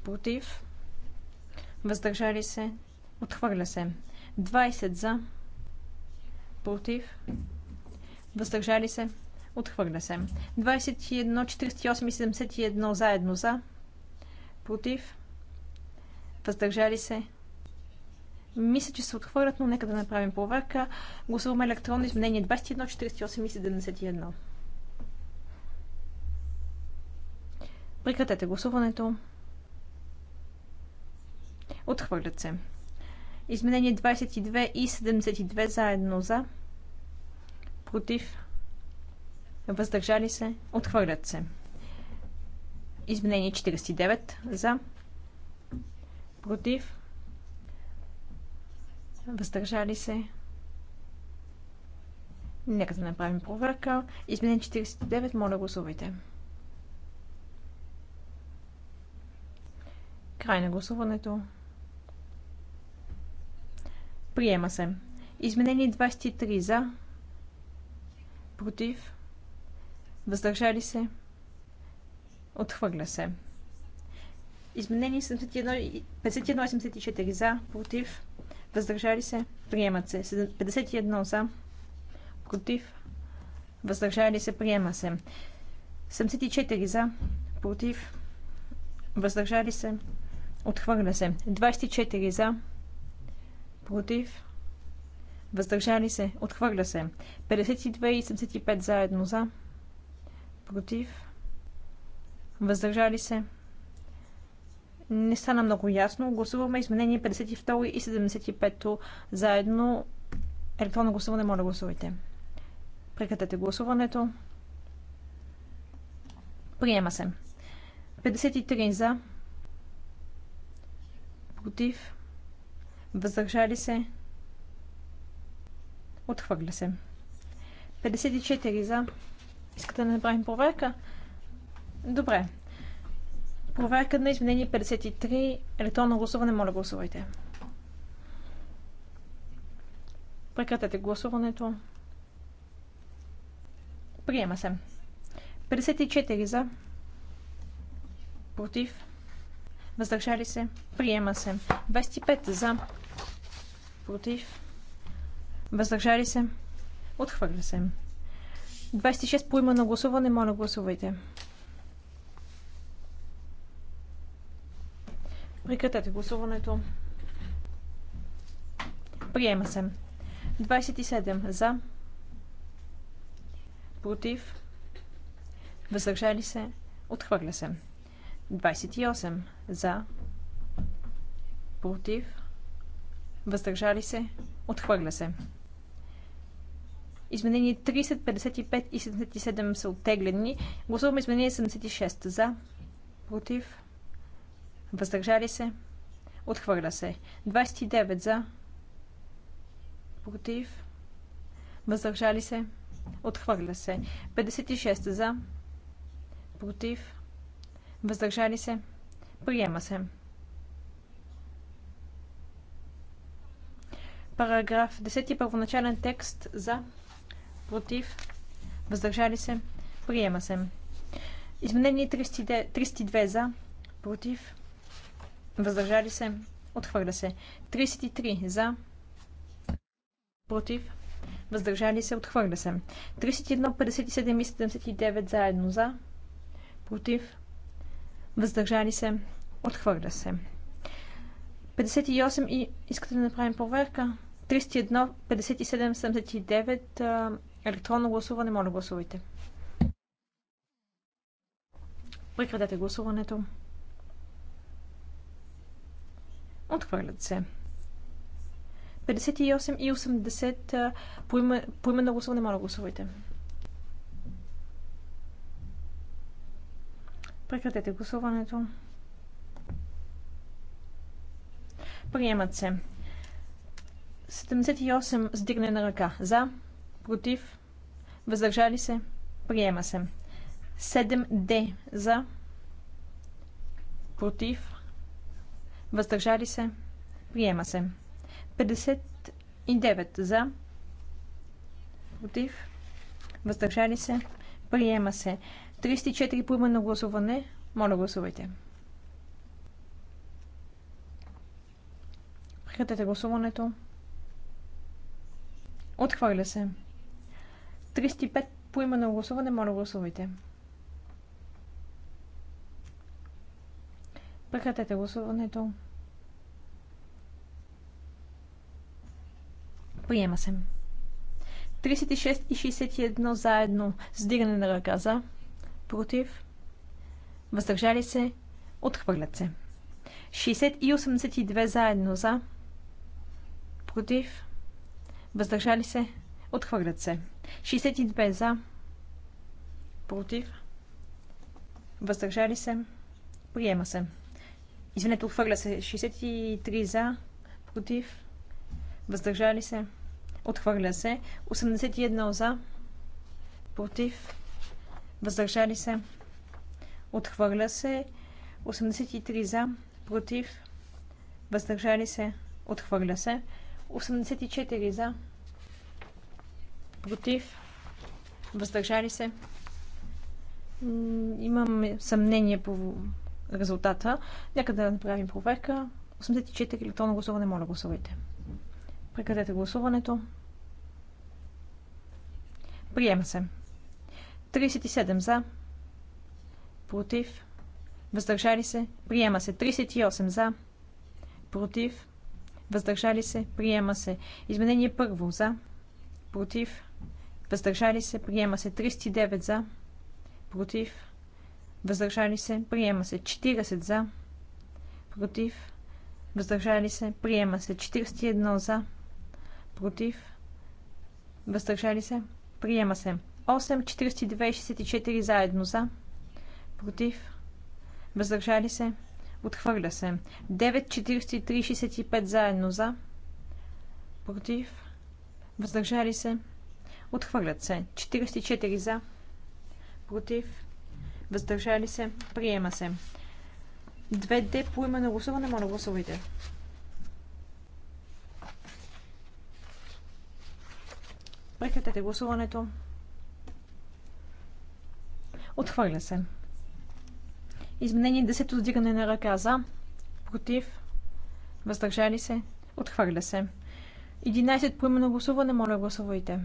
против, въздържали се, отхвърля се. 20 за, против, въздържали се, отхвърля се. 21, 48 и 71 заедно за, против, въздържали се, мисля, че се отхвърлят, но нека да направим проверка. Гласуваме електронно изменение 21, 48 и 71. Прекратете гласуването. Отхвърлят се. Изменение 22 и 72 заедно за. Против. Въздържали се. Отхвърлят се. Изменение 49 за. Против. Въздържали се. Нека да направим проверка. Изменен 49. Моля, гласувайте. Край на гласуването. Приема се. Изменени 23 за. Против. Въздържали се. Отхвърля се. Изменени 71, 51, 84 за. Против въздържали се, приемат се. 51 за, против, въздържали се, приема се. 74 за, против, въздържали се, отхвърля се. 24 за, против, въздържали се, отхвърля се. 52 и 75 заедно за, против, въздържали се, не стана много ясно. Гласуваме изменение 52 и 75 заедно. Електронно гласуване, моля гласувайте. Прекратете гласуването. Приема се. 53 за. Против. Въздържали се. Отхвърля се. 54 за. Искате да направим проверка? Добре. Проверка на изменение 53. Електронно гласуване. Моля гласувайте. Прекратете гласуването. Приема се. 54 за. Против. Въздържали се. Приема се. 25 за. Против. Въздържали се. Отхвърля се. 26 по има на гласуване. Моля гласувайте. Прекратете гласуването. Приема се. 27 за. Против. Въздържали се. Отхвърля се. 28 за. Против. Въздържали се. Отхвърля се. Изменение 30, 55 и 77 са оттеглени. Гласуваме изменение 76 за. Против. Въздържали се? Отхвърля се. 29 за. Против. Въздържали се? Отхвърля се. 56 за. Против. Въздържали се? Приема се. Параграф 10. Първоначален текст за. Против. Въздържали се? Приема се. Изменение 32 за. Против. Въздържали се. Отхвърля се. 33 за. Против. Въздържали се. Отхвърля се. 31, 57 и 79 заедно за. Против. Въздържали се. Отхвърля се. 58 и искате да направим проверка? 31, 57, 79 електронно гласуване. Моля гласувайте. Прекратете гласуването. Отхвърлят се. 58 и 80 по име на гласуване, моля гласувайте. Прекратете гласуването. Приемат се. 78 сдигне на ръка. За, против, въздържали се, приема се. 7D за, против, въздържали се, приема се. 59 за, против, въздържали се, приема се. 34 по именно гласуване, моля гласувайте. Прекратете гласуването. Отхвърля се. 35 по именно гласуване, моля гласувайте. Прекратете гласуването. Приема се. 36 и 61 заедно с дигане на ръка за, против, въздържали се, отхвърлят се. 60 и 82 заедно за, против, въздържали се, отхвърлят се. 62 за, против, въздържали се, приема се. Извинете, отхвърля се. 63 за, против, въздържали се, отхвърля се. 81 за, против, въздържали се, отхвърля се. 83 за, против, въздържали се, отхвърля се. 84 за, против, въздържали се. Имам съмнение по резултата. Нека да направим проверка. 84 електронно гласуване, моля гласувайте. Прекратете гласуването. Приема се. 37 за. Против. Въздържали се. Приема се. 38 за. Против. Въздържали се. Приема се. Изменение първо за. Против. Въздържали се. Приема се. 39 за. Против въздържали се, приема се 40 за, против, въздържали се, приема се 41 за, против, въздържали се, приема се 8, 42 64 заедно за, против, въздържали се, отхвърля се 9, 43 65 заедно за, против, въздържали се, отхвърлят се 44 за, против, въздържали се, приема се. 2D по име на гласуване, моля гласувайте. Прекратете гласуването. Отхвърля се. Изменение 10 от дигане на ръка за, против, въздържали се, отхвърля се. 11 по на гласуване, моля гласувайте.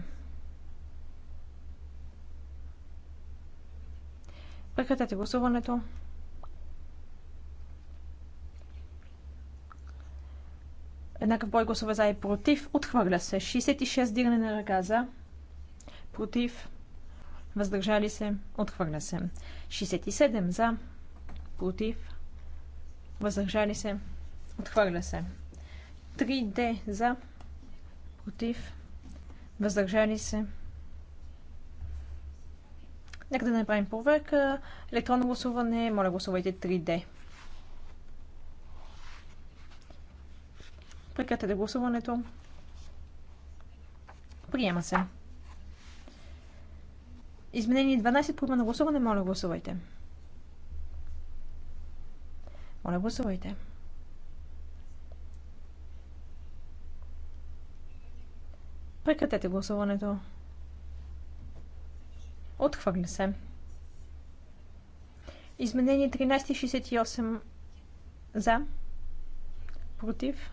Прекратете гласуването. Еднакъв бой гласове за и против. Отхвърля се. 66 дигане на ръка за. Против. Въздържали се. Отхвърля се. 67 за. Против. Въздържали се. Отхвърля се. 3D за. Против. Въздържали се. Нека да направим проверка. Електронно гласуване. Моля, гласувайте 3D. Прекратете гласуването. Приема се. Изменени 12. Пробва на гласуване. Моля, гласувайте. Моля, гласувайте. Прекратете гласуването. Отхвърля се. Изменение 1368 за. Против.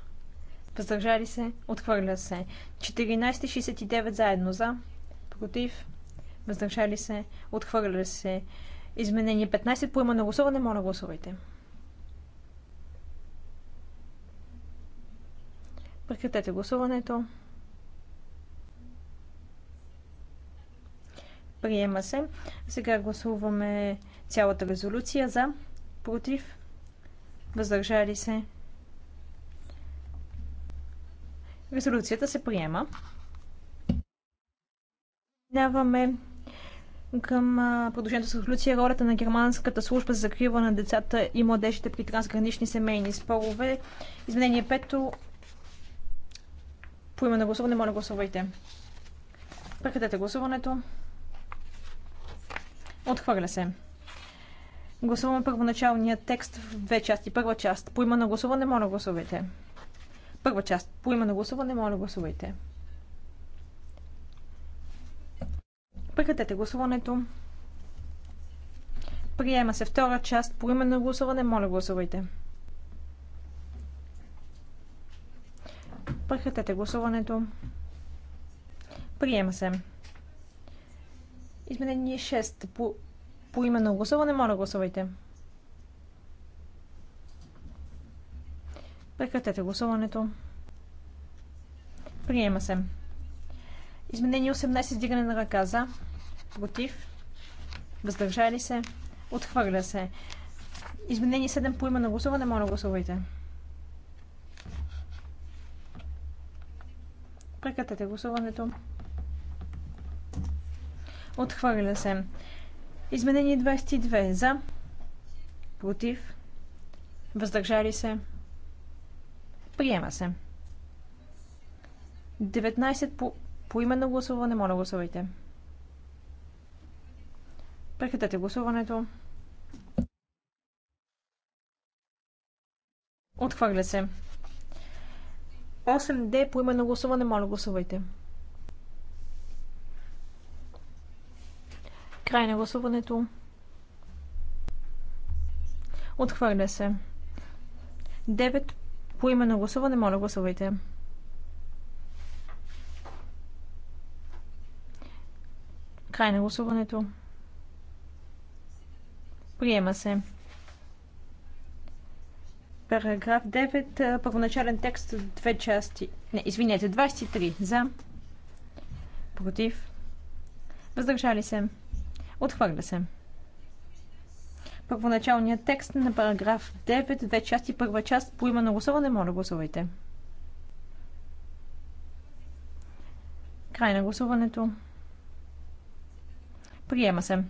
Въздържали се. Отхвърля се. 1469 заедно за. Против. Въздържали се. Отхвърля се. Изменение 15 поема на гласуване. Моля гласувайте. Прекратете гласуването. Приема се. Сега гласуваме цялата резолюция за, против, въздържали се. Резолюцията се приема. Минаваме към продължението с резолюция ролята на Германската служба за закрива на децата и младежите при трансгранични семейни спорове. Изменение 5. По име на гласуване, моля гласувайте. Прекратете гласуването. Отхвърля се. Гласуваме първоначалния текст в две части. Първа част. Поима на гласуване, моля гласувайте. Първа част. Поима на гласуване, моля гласувайте. Прекратете гласуването. Приема се втора част. По име на гласуване, моля гласувайте. Прекратете гласуването. Приема се. Изменение 6. По, по име на гласуване, моля гласувайте. Прекратете гласуването. Приема се. Изменение 18. Издигане на ръка за. Против. Въздържали се. Отхвърля се. Изменение 7 по име на гласуване. Моля гласувайте. Прекратете гласуването. Отхвърля се. Изменение 22. За. Против. Въздържали се. Приема се. 19 по, по име на гласуване. Моля, гласувайте. Прекратете гласуването. Отхвърля се. 8D по име на гласуване. Моля, гласувайте. Край на гласуването. Отхвърля се. 9 по име на гласуване. Моля, гласувайте. Край на гласуването. Приема се. Параграф 9. Първоначален текст. Две части. Не, извинете. 23. За. Против. Въздържали се. Отхвърля се. Първоначалният текст на параграф 9, две части, първа част, по има на гласуване, моля гласувайте. Край на гласуването. Приема се.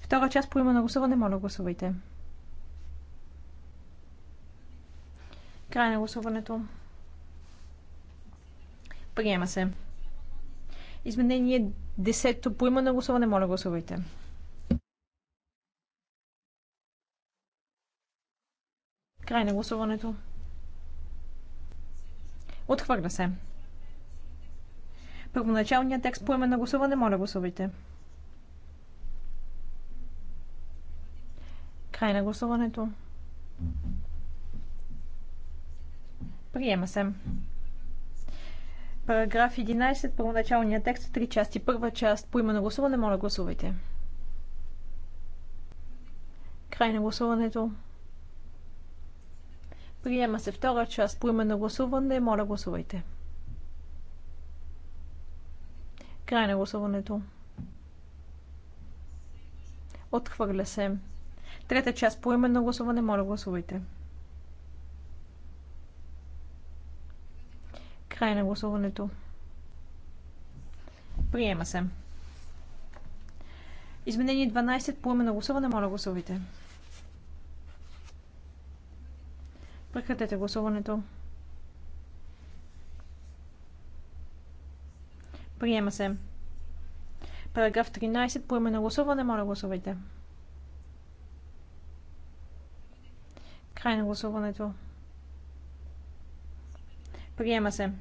Втора част по има на гласуване, моля гласувайте. Край на гласуването. Приема се. Изменение Десето поима на гласуване. Моля, гласувайте. Край на гласуването. Отхвърля се. Първоначалният текст поема на гласуване. Моля, гласувайте. Край на гласуването. Приема се. Параграф 11, първоначалният текст, три части. Първа част по именно гласуване, моля гласувайте. Край на гласуването. Приема се втора част по именно гласуване, моля гласувайте. Край на гласуването. Отхвърля се. Трета част по именно гласуване, моля гласувайте. Край на гласуването. Приема се. Изменение 12. Поеме на гласуване. Моля гласувайте. Прекратете гласуването. Приема се. Параграф 13. Поеме на гласуване. Моля гласувайте. Край на гласуването. Приема се.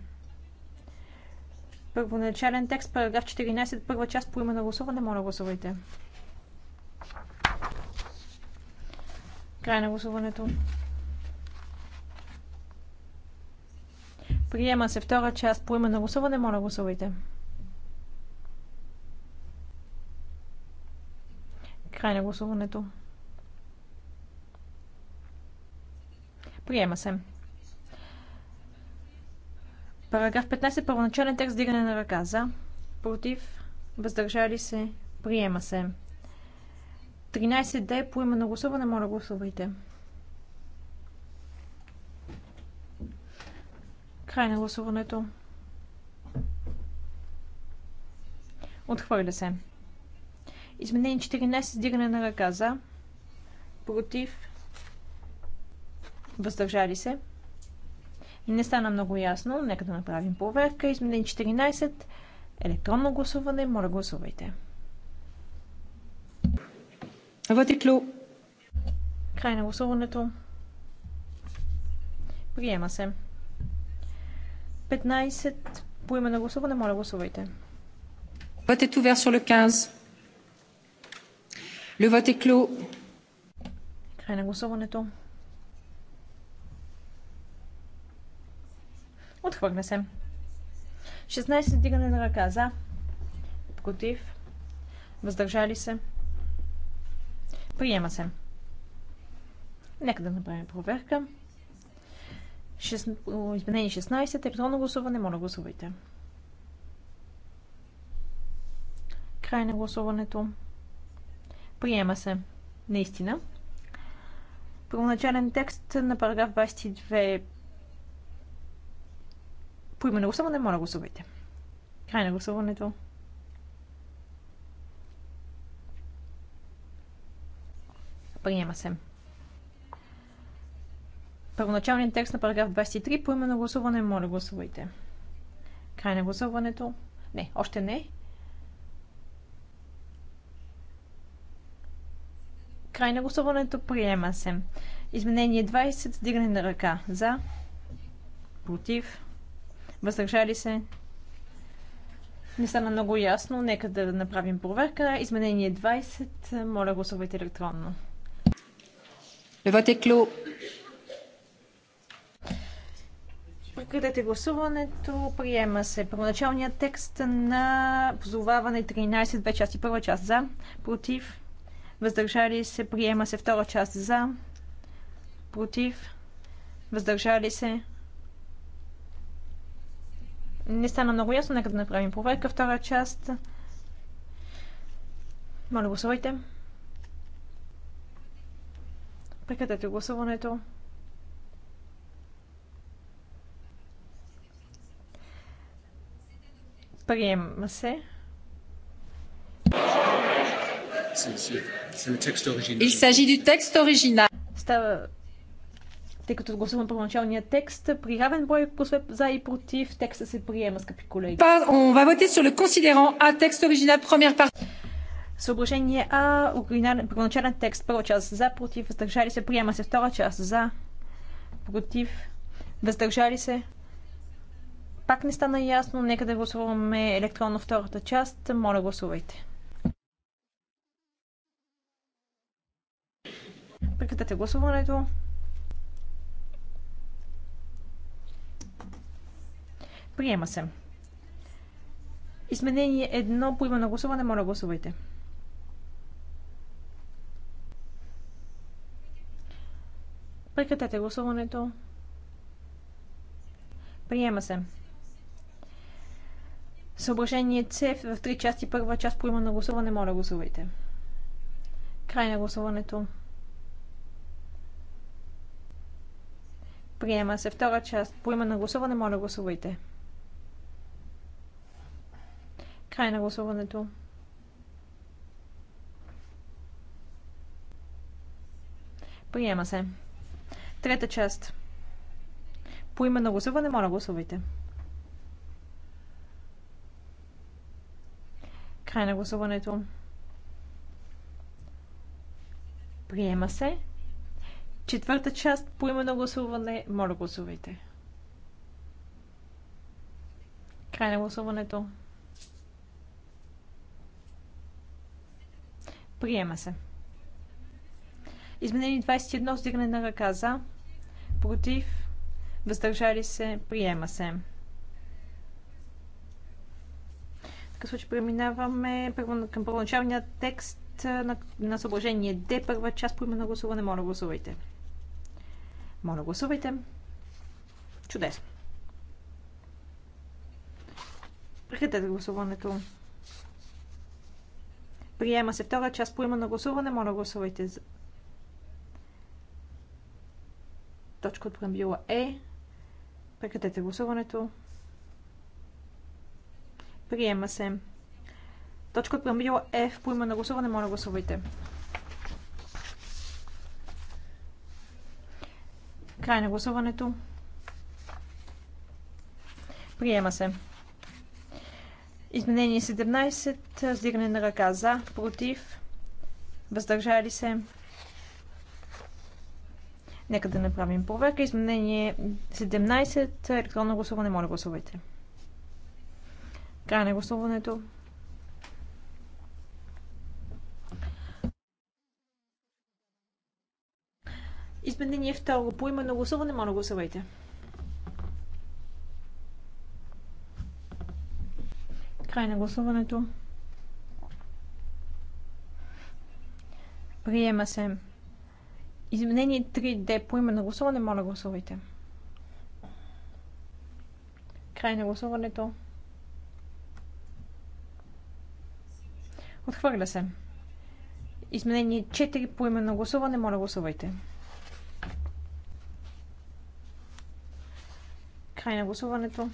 Първоначален текст, параграф 14, първа част по име на гласуване. Моля, гласувайте. Край на гласуването. Приема се втора част по на гласуване. Моля, гласувайте. Край на гласуването. Приема се. Параграф 15. Първоначален текст. Дигане на ръка. За. Против. Въздържали се. Приема се. 13D. По на гласуване. Моля гласувайте. Край на гласуването. Отхвърля се. Изменение 14. Дигане на ръка. За. Против. Въздържали се. Не стана много ясно. Нека да направим проверка. Изменение 14. Електронно гласуване. Моля, гласувайте. Е клю. Край на гласуването. Приема се. 15. По име на гласуване, моля гласувайте. Вътре est ouvert sur le 15. Le vote est clos. Край на гласуването. Отхвърля се. 16. Дигане на ръка. За. Против. Въздържали се. Приема се. Нека да направим проверка. 6, изменение 16. Електронно гласуване. Моля, гласувайте. Край на гласуването. Приема се. Наистина. Първоначален текст на параграф 22 по име на гласуване, моля гласувайте. Край на гласуването. Приема се. Първоначалният текст на параграф 23. По име на гласуване, моля гласувайте. Край на гласуването. Не, още не. Край на гласуването приема се. Изменение 20. Дигане на ръка. За. Против. Въздържали се? Не стана много ясно. Нека да направим проверка. Изменение 20. Моля, гласувайте електронно. Левате клю. Прекратете гласуването. Приема се първоначалният текст на позоваване 13, две части. Първа част за, против, въздържали се. Приема се втора част за, против, въздържали се не стана много ясно, нека да направим проверка. Втора част. Моля, гласувайте. Прекратете гласуването. Приема се. Il s'agit du texte original. Става тъй като гласувам първоначалния текст, при равен брой гласове за и против, текста се приема, скъпи колеги. On va voter sur le considérant текст оригинал, première partie. Съображение А, първоначален текст, първа част за, против, въздържали се, приема се втора част за, против, въздържали се. Пак не стана ясно, нека да гласуваме електронно втората част. Моля, гласувайте. Прекратете гласуването. Приема се. Изменение едно по на гласуване. Моля, гласувайте. Прекратете гласуването. Приема се. Съображение С в три части. Първа част по на гласуване. Моля, гласувайте. Край на гласуването. Приема се. Втора част по на гласуване. Моля, гласувайте. Край на гласуването. Приема се. Трета част. По име на гласуване, моля гласувайте. Край на гласуването. Приема се. Четвърта част по име на гласуване, моля гласувайте. Край на гласуването. Приема се. Изменени 21. Вздигане на ръка за. Против. Въздържали се. Приема се. Така случай преминаваме първо към първоначалния текст на, на съображение Д, първа част по на гласуване. Моля, гласувайте. Моля, гласувайте. Чудесно. Прекратете гласуването. Приема се втора част по има на гласуване. Моля гласувайте за. Точка от преамбюла Е. Прекратете гласуването. Приема се. Точка от преамбюла F по има на гласуване. Моля гласувайте. Край на гласуването. Приема се. Изменение 17. Сдигане на ръка за, против, въздържали се. Нека да направим проверка. Изменение 17. Електронно гласуване. Моля, гласувайте. Край на гласуването. Изменение второ. По имено гласуване, моля гласувайте. Край на гласуването. Приема се. Изменение 3D по име на гласуване. Моля, гласувайте. Край на гласуването. Отхвърля се. Изменение 4 по име на гласуване. Моля, гласувайте. Край на гласуването.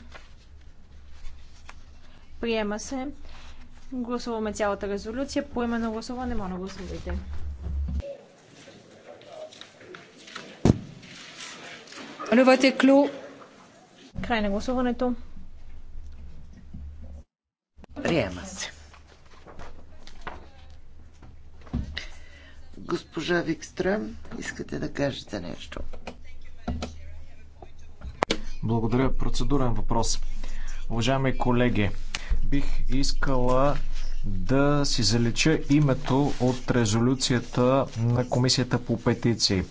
Приема се. Гласуваме цялата резолюция. По именно гласуване, моля гласувайте. Ръвът клю. Край на гласуването. Приема се. Госпожа Викстрам, искате да кажете нещо? Благодаря. Процедурен въпрос. Уважаеми колеги, Бих искала да си залича името от резолюцията на Комисията по петиции.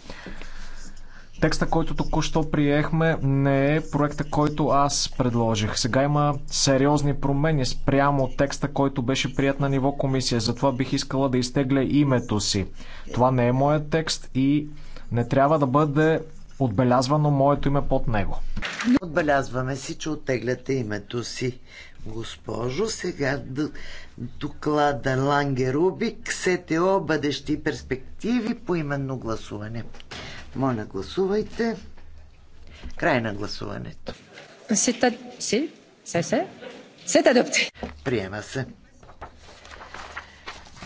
Текста, който току-що приехме, не е проекта, който аз предложих. Сега има сериозни промени спрямо текста, който беше прият на ниво комисия. Затова бих искала да изтегля името си. Това не е моят текст и не трябва да бъде отбелязвано моето име под него. Отбелязваме си, че оттегляте името си госпожо. Сега доклада Лангерубик, Рубик, СТО, бъдещи перспективи по именно гласуване. Моля, гласувайте. Край на гласуването. Се, се, се, се. Приема се.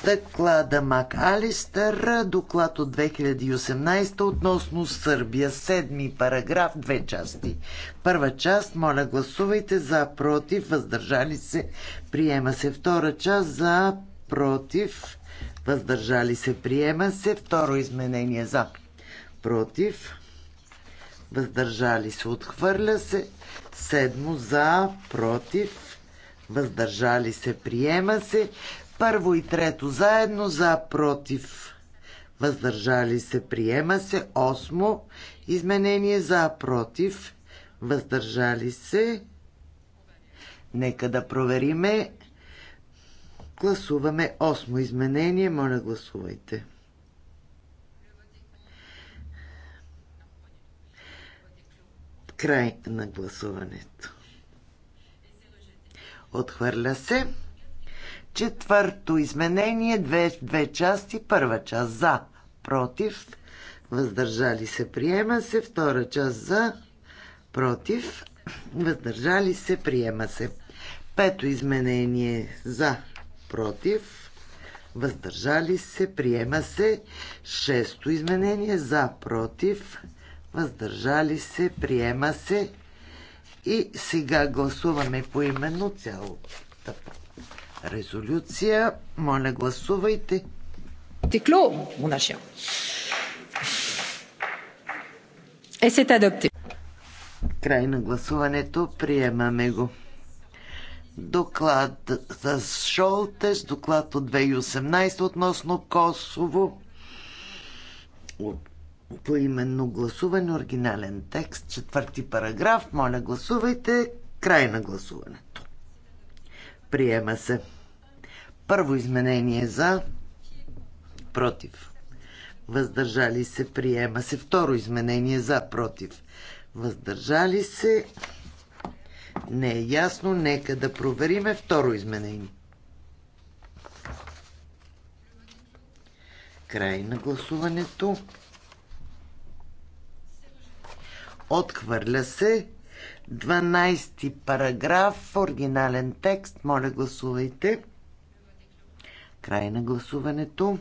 Доклада Мак Алистър, доклад от 2018 относно Сърбия, седми параграф, две части. Първа част, моля гласувайте за, против, въздържали се, приема се. Втора част, за, против, въздържали се, приема се. Второ изменение, за, против, въздържали се, отхвърля се. Седмо, за, против, въздържали се, приема се. Първо и трето заедно за против. Въздържали се приема се. Осмо изменение за против. Въздържали се. Нека да провериме. Гласуваме осмо изменение. Моля, гласувайте. Край на гласуването. Отхвърля се. Четвърто изменение, две, две части. Първа част за, против, въздържали се, приема се. Втора част за, против, въздържали се, приема се. Пето изменение за, против, въздържали се, приема се. Шесто изменение за, против, въздържали се, приема се. И сега гласуваме по именно цялата резолюция. Моля, гласувайте. Текло, монашия. Е, се адопти. Край на гласуването. Приемаме го. Доклад с Шолтес, доклад от 2018 относно Косово. По именно гласуване, оригинален текст, четвърти параграф. Моля, гласувайте. Край на гласуването. Приема се. Първо изменение за. Против. Въздържали се. Приема се. Второ изменение за. Против. Въздържали се. Не е ясно. Нека да провериме второ изменение. Край на гласуването. Отхвърля се. 12 параграф, оригинален текст. Моля, гласувайте. Край на гласуването.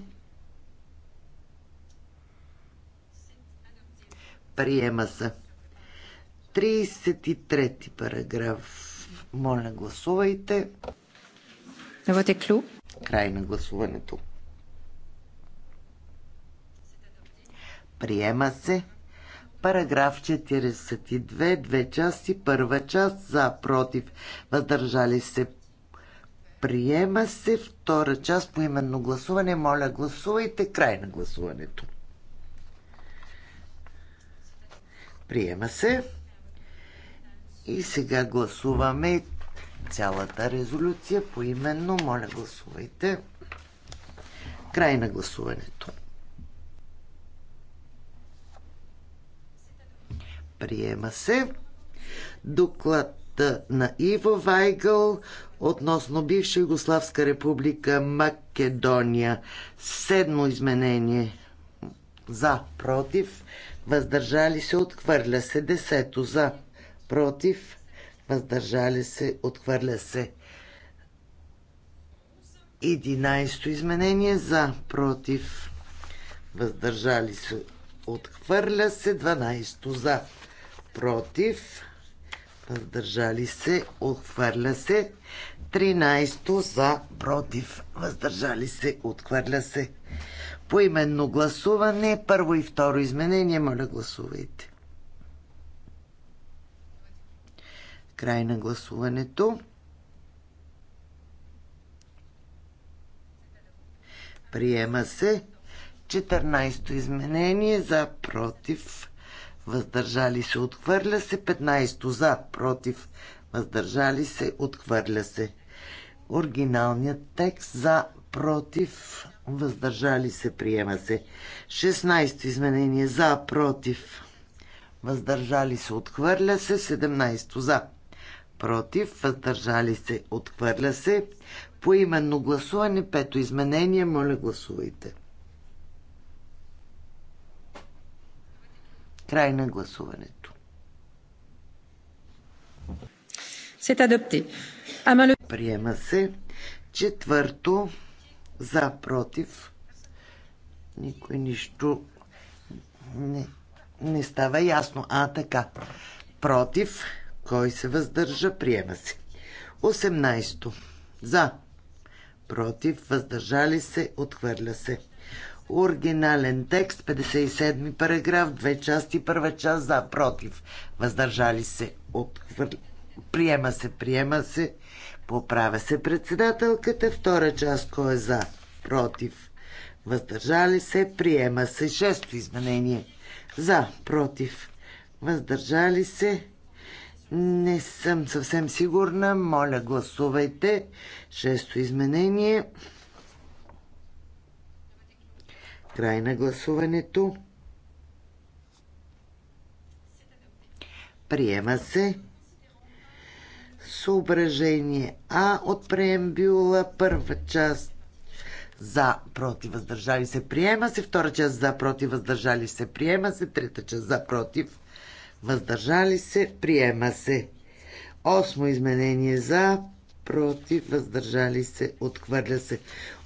Приема се. 33 параграф. Моля, гласувайте. Давате клю. Край на гласуването. Приема се. Параграф 42, две части. Първа част за, против, въздържали се. Приема се втора част по именно гласуване. Моля, гласувайте. Край на гласуването. Приема се. И сега гласуваме цялата резолюция по именно. Моля, гласувайте. Край на гласуването. Приема се. Доклад на Иво Вайгъл относно бивша Югославска република Македония. Седмо изменение. За, против, въздържали се, отхвърля се. Десето за, против, въздържали се, отхвърля се. Единайсто изменение за, против, въздържали се, отхвърля се. Дванайсто за, против, въздържали се, отхвърля се. 13 за, против, въздържали се, отхвърля се. Поименно гласуване, първо и второ изменение, моля гласувайте. Край на гласуването. Приема се. 14 изменение за против въздържали се, отхвърля се. 15 за, против, въздържали се, отхвърля се. Оригиналният текст за, против, въздържали се, приема се. 16 изменение за, против, въздържали се, отхвърля се. 17 за, против, въздържали се, отхвърля се. По именно гласуване, пето изменение, моля гласувайте. Край на гласуването. Се адопти. Приема се. Четвърто. За, против. Никой нищо не, не става ясно. А, така. Против. Кой се въздържа? Приема се. 18. За. Против. Въздържали се. Отхвърля се оригинален текст, 57 параграф, две части, първа част за, против, въздържали се, отхвърли. Приема се, приема се, поправя се председателката, втора част, кой е за, против, въздържали се, приема се, шесто изменение, за, против, въздържали се, не съм съвсем сигурна, моля гласувайте, шесто изменение, Край на гласуването. Приема се. Съображение А от преембюла. Първа част за против въздържали се приема се. Втора част за против въздържали се приема се. Трета част за против въздържали се приема се. Осмо изменение за против, въздържали се, отхвърля се.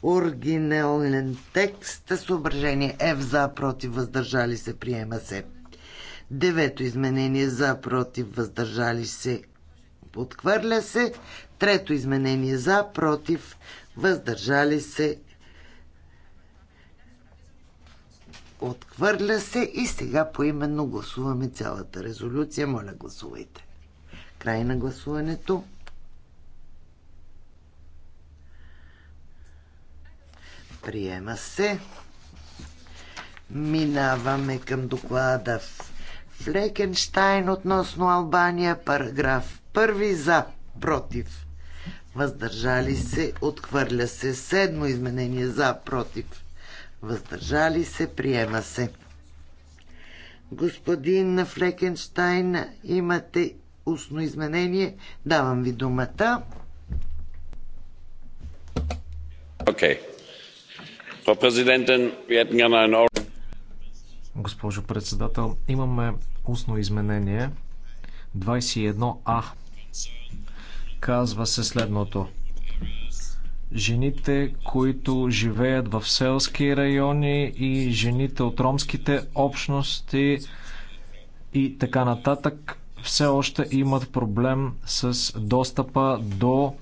Оригинален текст, съображение F за, против, въздържали се, приема се. Девето изменение за, против, въздържали се, отхвърля се. Трето изменение за, против, въздържали се, отхвърля се и сега поименно гласуваме цялата резолюция. Моля, гласувайте. Край на гласуването. Приема се. Минаваме към доклада в Флекенштайн относно Албания, параграф 1 за, против. Въздържали се, отхвърля се. Седмо изменение за, против. Въздържали се, приема се. Господин Флекенштайн, имате устно изменение. Давам ви думата. Okay. Госпожо председател, имаме устно изменение 21А. Казва се следното. Жените, които живеят в селски райони и жените от ромските общности и така нататък, все още имат проблем с достъпа до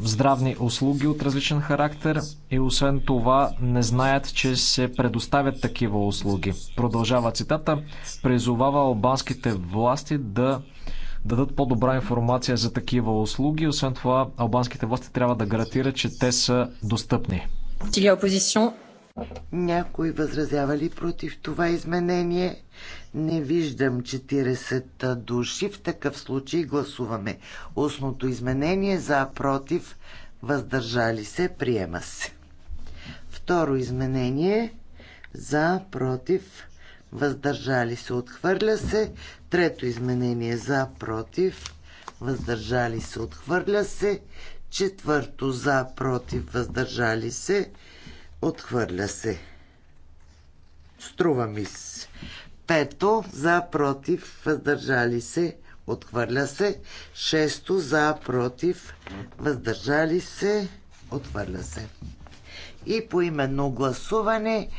здравни услуги от различен характер и освен това не знаят, че се предоставят такива услуги. Продължава цитата. Призовава албанските власти да дадат по-добра информация за такива услуги. Освен това, албанските власти трябва да гарантират, че те са достъпни. Някой възразява ли против това изменение? Не виждам 40 души. В такъв случай гласуваме устното изменение за, против, въздържали се, приема се. Второ изменение за, против, въздържали се, отхвърля се. Трето изменение за, против, въздържали се, отхвърля се. Четвърто за, против, въздържали се, отхвърля се. Струва ми се. Пето за против, въздържали се, отхвърля се. Шесто за против, въздържали се, отхвърля се. И по именно гласуване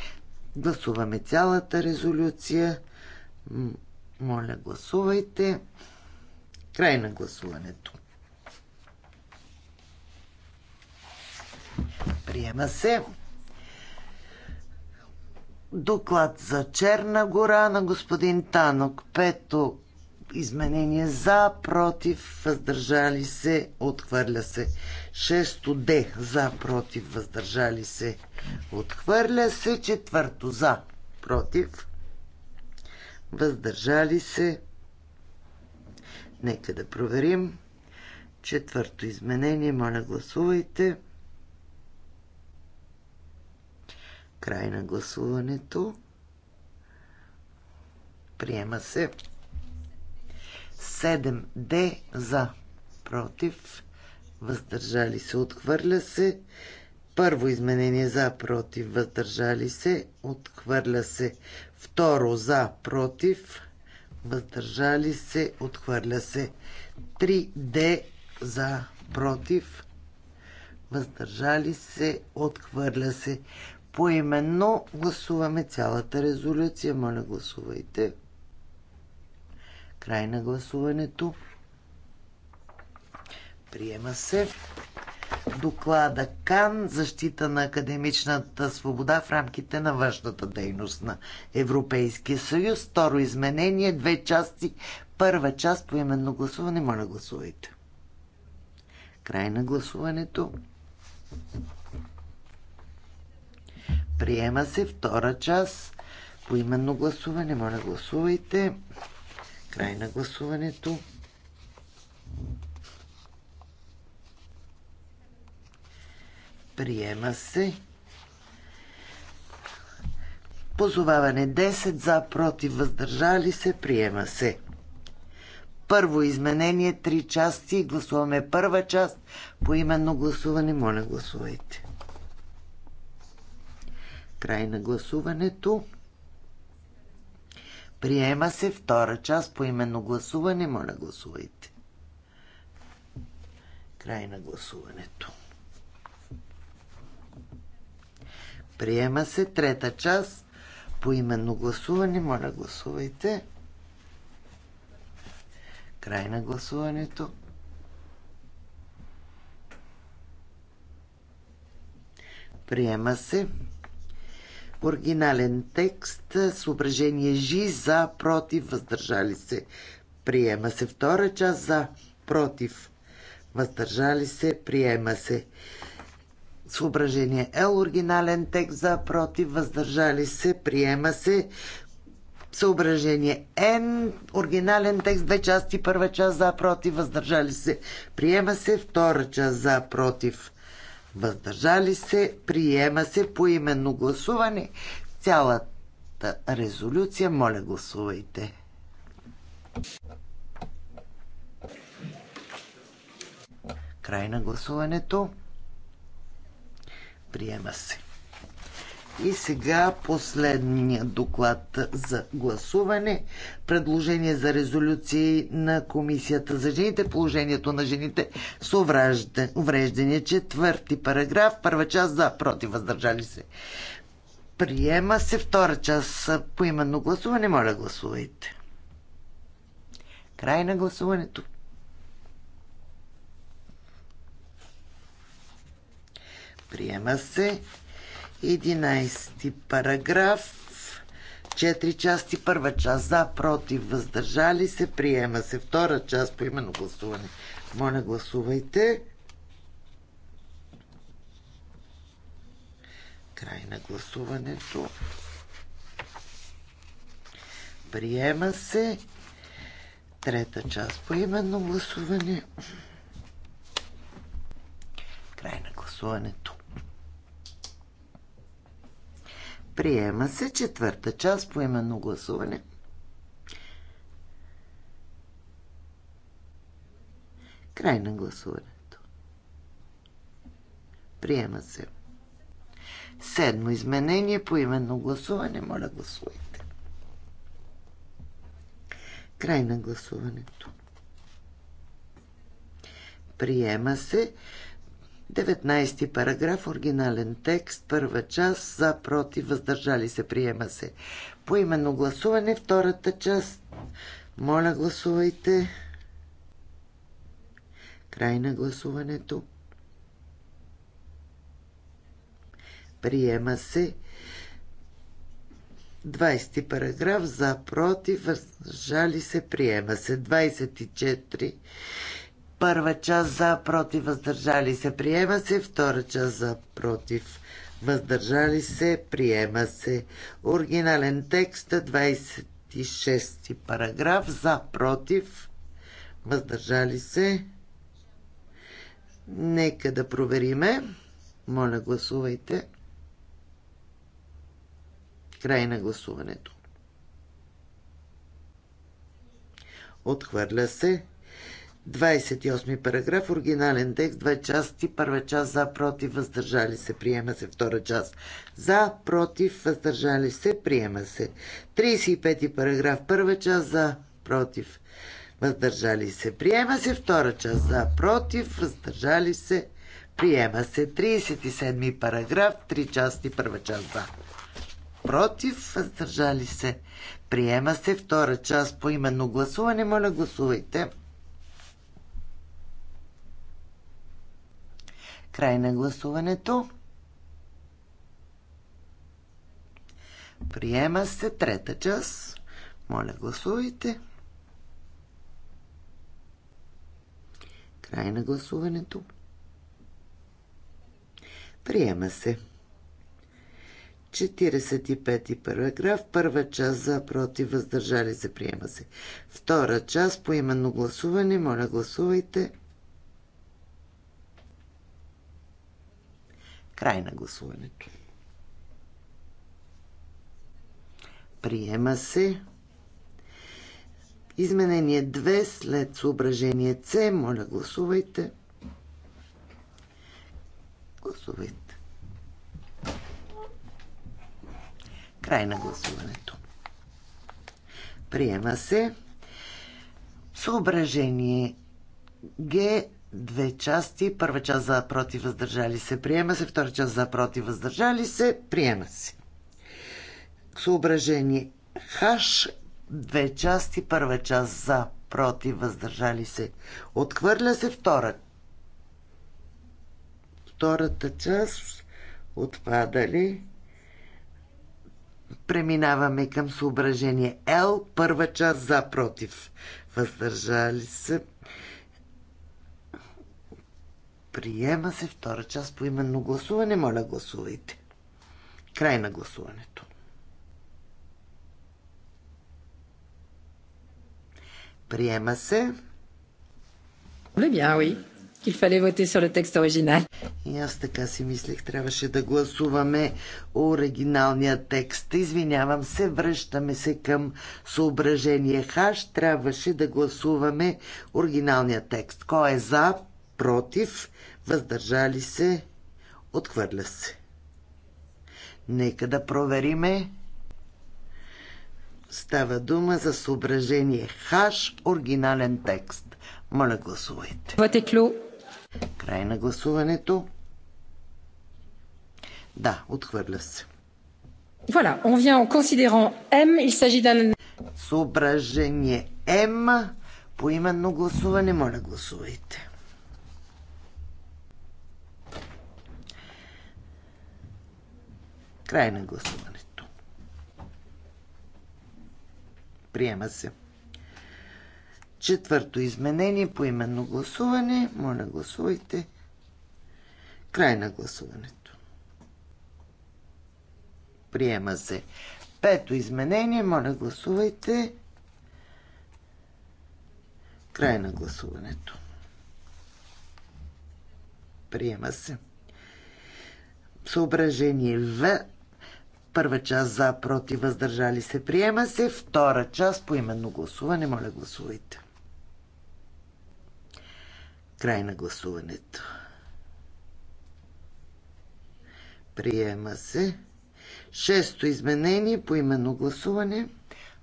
гласуваме цялата резолюция. Моля, гласувайте. Край на гласуването. Приема се. Доклад за Черна гора на господин Танок. Пето изменение за, против, въздържали се, отхвърля се. Шесто Д за, против, въздържали се, отхвърля се. Четвърто за, против, въздържали се. Нека да проверим. Четвърто изменение, моля гласувайте. Край на гласуването. Приема се. 7D за. Против. Въздържали се. Отхвърля се. Първо изменение за. Против. Въздържали се. Отхвърля се. Второ за. Против. Въздържали се. Отхвърля се. 3D за. Против. Въздържали се. Отхвърля се поименно гласуваме цялата резолюция. Моля, гласувайте. Край на гласуването. Приема се. Доклада КАН защита на академичната свобода в рамките на външната дейност на Европейския съюз. Второ изменение, две части. Първа част по именно гласуване. Моля, гласувайте. Край на гласуването. Приема се втора част. По именно гласуване. Моля, гласувайте. Край на гласуването. Приема се. Позоваване 10 за, против, въздържали се. Приема се. Първо изменение, три части. Гласуваме първа част. По именно гласуване, моля гласувайте. Край на гласуването. Приема се втора част по именно гласуване. Моля, гласувайте. Край на гласуването. Приема се трета част по именно гласуване. Моля, гласувайте. Край на гласуването. Приема се Оригинален текст, съображение Жи, за, против, въздържали се. Приема се втора част, за, против, въздържали се, приема се. Съображение Л, оригинален текст, за, против, въздържали се, приема се. Съображение Н, оригинален текст, две части, първа част, за, против, въздържали се, приема се, втора част, за, против, въздържали се, приема се по именно гласуване. Цялата резолюция, моля гласувайте. Край на гласуването. Приема се. И сега последният доклад за гласуване. Предложение за резолюции на Комисията за жените. Положението на жените с увреждане. Четвърти параграф. Първа част за против. Въздържали се. Приема се втора част по именно гласуване. Моля, гласувайте. Край на гласуването. Приема се 11 параграф. Четири части. Първа част за, против, въздържали се. Приема се. Втора част по именно гласуване. Моля, гласувайте. Край на гласуването. Приема се. Трета част по именно гласуване. Край на гласуването. Приема се четвърта част по именно гласуване. Край на гласуването. Приема се. Седмо изменение по именно гласуване. Моля гласувайте. Край на гласуването. Приема се 19 параграф, оригинален текст, първа част, за, против, въздържали се, приема се. По именно гласуване, втората част. Моля, гласувайте. Край на гласуването. Приема се. 20 параграф за, против, въздържали се, приема се. 24 Първа част за, против, въздържали се, приема се. Втора част за, против, въздържали се, приема се. Оригинален текст, 26 параграф, за, против, въздържали се. Нека да провериме. Моля, гласувайте. Край на гласуването. Отхвърля се. 28 параграф, оригинален текст, две части, първа част за, против, въздържали се, приема се, втора част за, против, въздържали се, приема се. 35 параграф, първа част за, против, въздържали се, приема се, втора част за, против, въздържали се, приема се. 37 параграф, три части, първа част за, против, въздържали се, приема се, втора част по именно гласуване, моля гласувайте. Край на гласуването. Приема се трета част. Моля, гласувайте. Край на гласуването. Приема се. 45 параграф. Първа част за против въздържали се. Приема се. Втора част по именно гласуване. Моля, гласувайте. Край на гласуването. Приема се. Изменение 2 след съображение С. Моля, гласувайте. Гласувайте. Край на гласуването. Приема се. Съображение Г две части. Първа част за против въздържали се, приема се. Втора част за против въздържали се, приема се. Съображение Хаш, две части. Първа част за против въздържали се, отхвърля се. Втора втората част отпадали. Преминаваме към съображение Л. Първа част за против. Въздържали се. Приема се втора част по именно гласуване. Моля, гласувайте. Край на гласуването. Приема се. Le bien, oui. Qu'il fallait voter sur le texte original. И аз така си мислех, трябваше да гласуваме оригиналния текст. Извинявам се, връщаме се към съображение Хаш. Трябваше да гласуваме оригиналния текст. Кой е за? против, въздържали се, отхвърля се. Нека да провериме. Става дума за съображение Хаш, оригинален текст. Моля, гласувайте. Ватеклю. Край на гласуването. Да, отхвърля се. Voilà, on vient en considérant M, il s'agit d'un... Съображение М, поименно гласуване, моля гласувайте. Край на гласуването. Приема се. Четвърто изменение по именно гласуване. Моля, гласувайте. Край на гласуването. Приема се. Пето изменение. Моля, гласувайте. Край на гласуването. Приема се. Съображение В. Първа част за, против, въздържали се, приема се. Втора част по именно гласуване. Моля, гласувайте. Край на гласуването. Приема се. Шесто изменение по именно гласуване.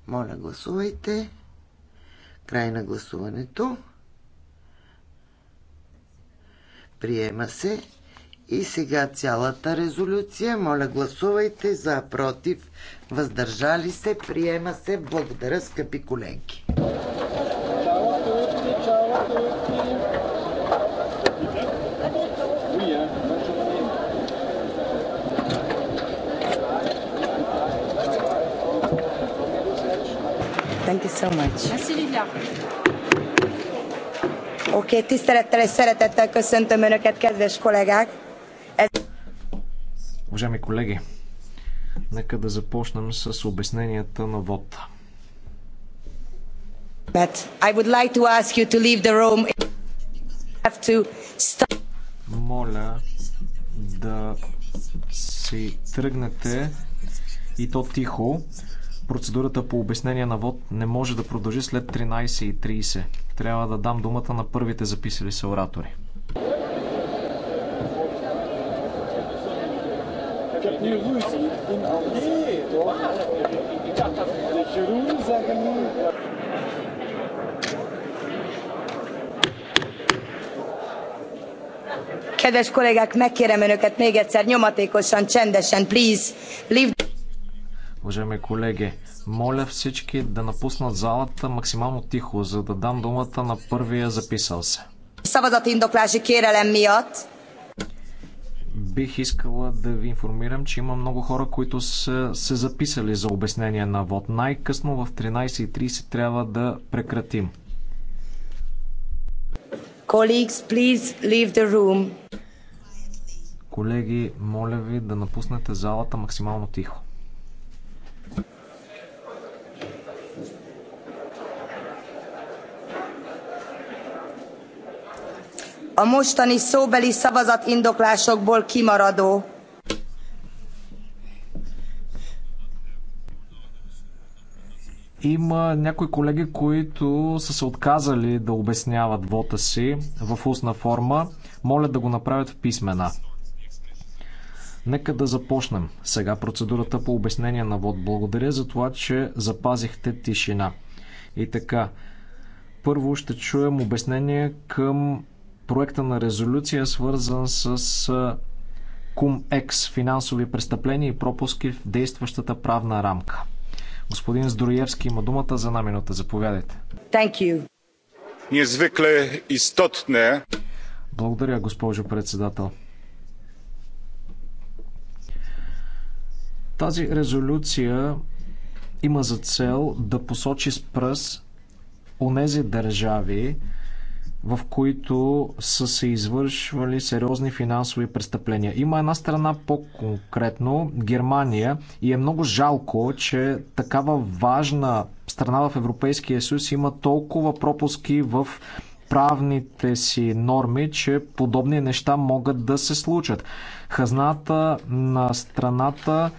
Моля, гласувайте. Край на гласуването. Приема се. И сега цялата резолюция. Моля, гласувайте за против. Въздържали се, приема се. Благодаря, скъпи колеги. Thank you so much. Oké, okay, tiszteletre és szeretettel Уважаеми колеги, нека да започнем с обясненията на вода. Моля да си тръгнете и то тихо. Процедурата по обяснение на вод не може да продължи след 13.30. Трябва да дам думата на първите записали се оратори. Nu rusi in Nee, doch. Ich dachte, das ist Rusi sagen nur. Kedves kollégák, megkérem önöket még egyszer nyomatékosan, csendesen, please, leave. Уважаеми колеги, моля всички да напуснат залата максимално тихо, за да дам думата на първия записал се. Szavazati indoklási kérelem miatt Бих искала да ви информирам, че има много хора, които са се записали за обяснение на вод. Най-късно в 13.30 трябва да прекратим. Колеги, моля ви да напуснете залата максимално тихо. a mostani szóbeli szavazatindoklásokból kimaradó Има някои колеги, които са се отказали да обясняват вота си в устна форма. Моля да го направят в писмена. Нека да започнем сега процедурата по обяснение на вод. Благодаря за това, че запазихте тишина. И така, първо ще чуем обяснение към проекта на резолюция, свързан с КУМ-ЕКС, финансови престъпления и пропуски в действащата правна рамка. Господин Здроевски има думата за една минута. Заповядайте. Thank you. Незвикле истотне. Благодаря, госпожо председател. Тази резолюция има за цел да посочи с пръст онези държави, в които са се извършвали сериозни финансови престъпления. Има една страна по-конкретно, Германия, и е много жалко, че такава важна страна в Европейския съюз има толкова пропуски в правните си норми, че подобни неща могат да се случат. Хазната на страната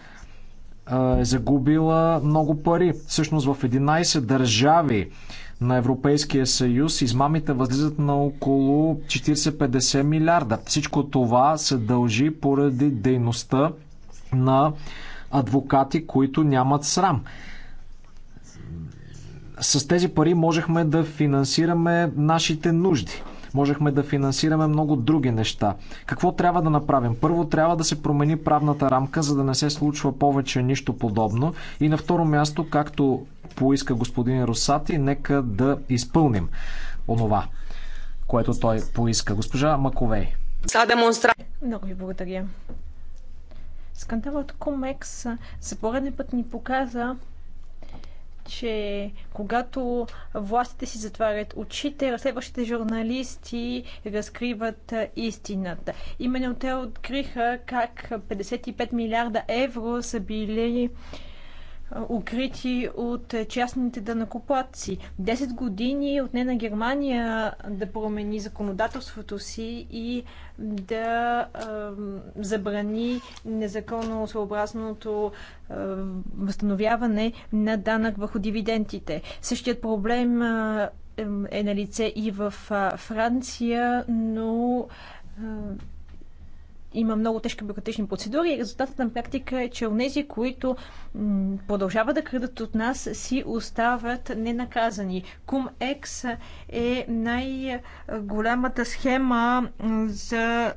е загубила много пари. Всъщност в 11 държави на Европейския съюз, измамите възлизат на около 40-50 милиарда. Всичко това се дължи поради дейността на адвокати, които нямат срам. С тези пари можехме да финансираме нашите нужди. Можехме да финансираме много други неща. Какво трябва да направим? Първо трябва да се промени правната рамка, за да не се случва повече нищо подобно. И на второ място, както поиска господин Росати, нека да изпълним онова, което той поиска. Госпожа Маковей. Много ви благодаря. Скандалът Комекс за пореден път ни показа че когато властите си затварят очите, разследващите журналисти разкриват истината. Именно те откриха как 55 милиарда евро са били укрити от е, частните данакоплатци. Десет години отне на Германия да промени законодателството си и да е, забрани незаконно своеобразното е, възстановяване на данък върху дивидендите. Същият проблем е, е на лице и в Франция, но има много тежки бюрократични процедури. Резултатът на практика е, че онези, които продължават да крадат от нас, си остават ненаказани. Кум-Екс е най-голямата схема за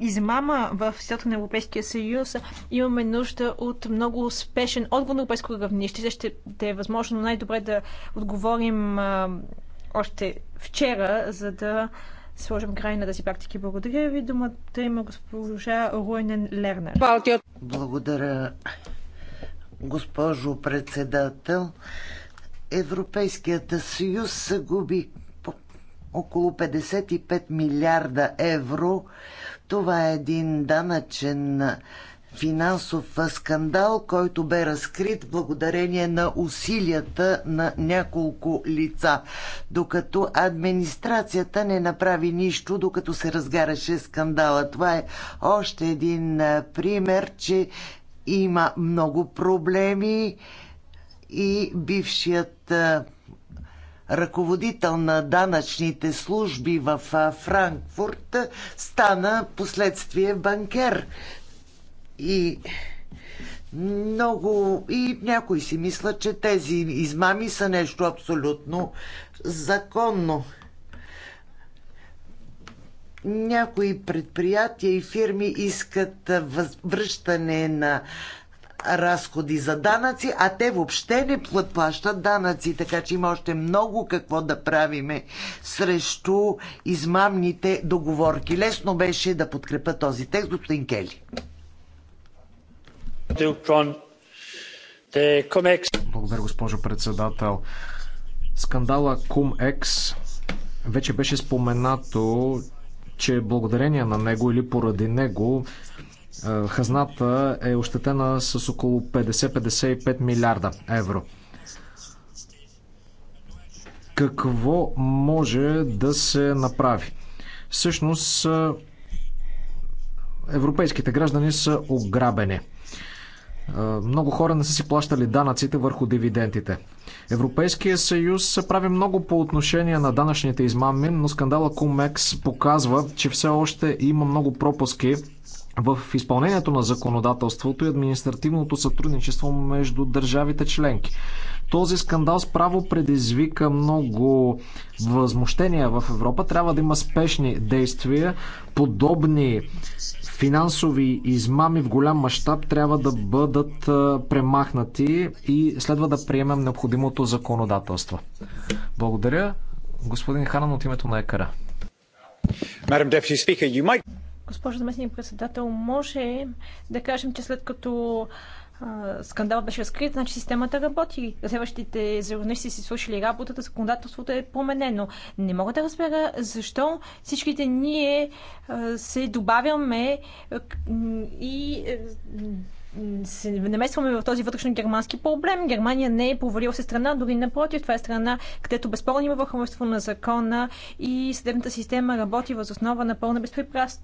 измама в света на Европейския съюз. Имаме нужда от много успешен отговор на европейско равнище. Ще е възможно най-добре да отговорим още вчера, за да сложим край на тази практики. Благодаря ви. Думата има госпожа Руйнен Лернер. Благодаря, госпожо председател. Европейският съюз губи около 55 милиарда евро. Това е един данъчен финансов скандал, който бе разкрит благодарение на усилията на няколко лица, докато администрацията не направи нищо, докато се разгаряше скандала. Това е още един пример, че има много проблеми и бившият ръководител на данъчните служби в Франкфурт, стана последствие банкер. И много и някои си мислят, че тези измами са нещо абсолютно законно. Някои предприятия и фирми искат връщане на разходи за данъци, а те въобще не плащат данъци, така че има още много какво да правиме срещу измамните договорки. Лесно беше да подкрепа този текст, господин Кели. Благодаря, госпожо председател. Скандала CumEx вече беше споменато, че благодарение на него или поради него хазната е ощетена с около 50-55 милиарда евро. Какво може да се направи? Всъщност, европейските граждани са ограбени – много хора не са си плащали данъците върху дивидендите. Европейския съюз прави много по отношение на данъчните измами, но скандала Кумекс показва, че все още има много пропуски в изпълнението на законодателството и административното сътрудничество между държавите членки. Този скандал справо предизвика много възмущения в Европа. Трябва да има спешни действия. Подобни финансови измами в голям мащаб трябва да бъдат премахнати и следва да приемем необходимото законодателство. Благодаря. Господин Ханан от името на ЕКАРА. Госпожо заместник председател, може да кажем, че след като скандалът беше разкрит, значи системата работи. Разследващите журналисти си свършили работата, законодателството е променено. Не мога да разбера защо всичките ние се добавяме и се намесваме в този вътрешно германски проблем. Германия не е провалила се страна, дори напротив, това е страна, където безспорно има върховенство на закона и съдебната система работи въз основа на пълна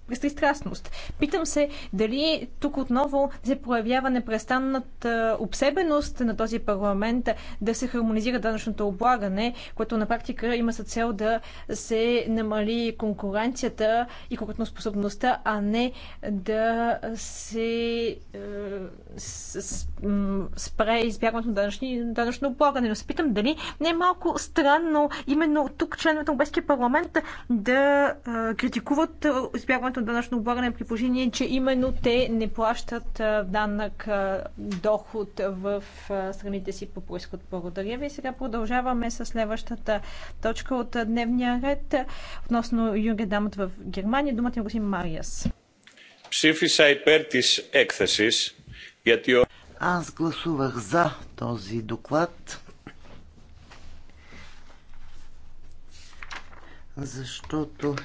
безпристрастност. Питам се дали тук отново се проявява непрестанната обсебеност на този парламент да се хармонизира данъчното облагане, което на практика има за цел да се намали конкуренцията и конкурентоспособността, а не да се спре избягването на данъчно облагане. Но се питам дали не е малко странно именно тук членовете на Обеския парламент да критикуват избягването на данъчно облагане при положение, че именно те не плащат данък доход в страните си по происход. Благодаря ви. Сега продължаваме с следващата точка от дневния ред относно Юнге Дамът в Германия. Думата е господин Мариас. Ψήφισα υπέρ της έκθεσης аз гласувах за този доклад, защото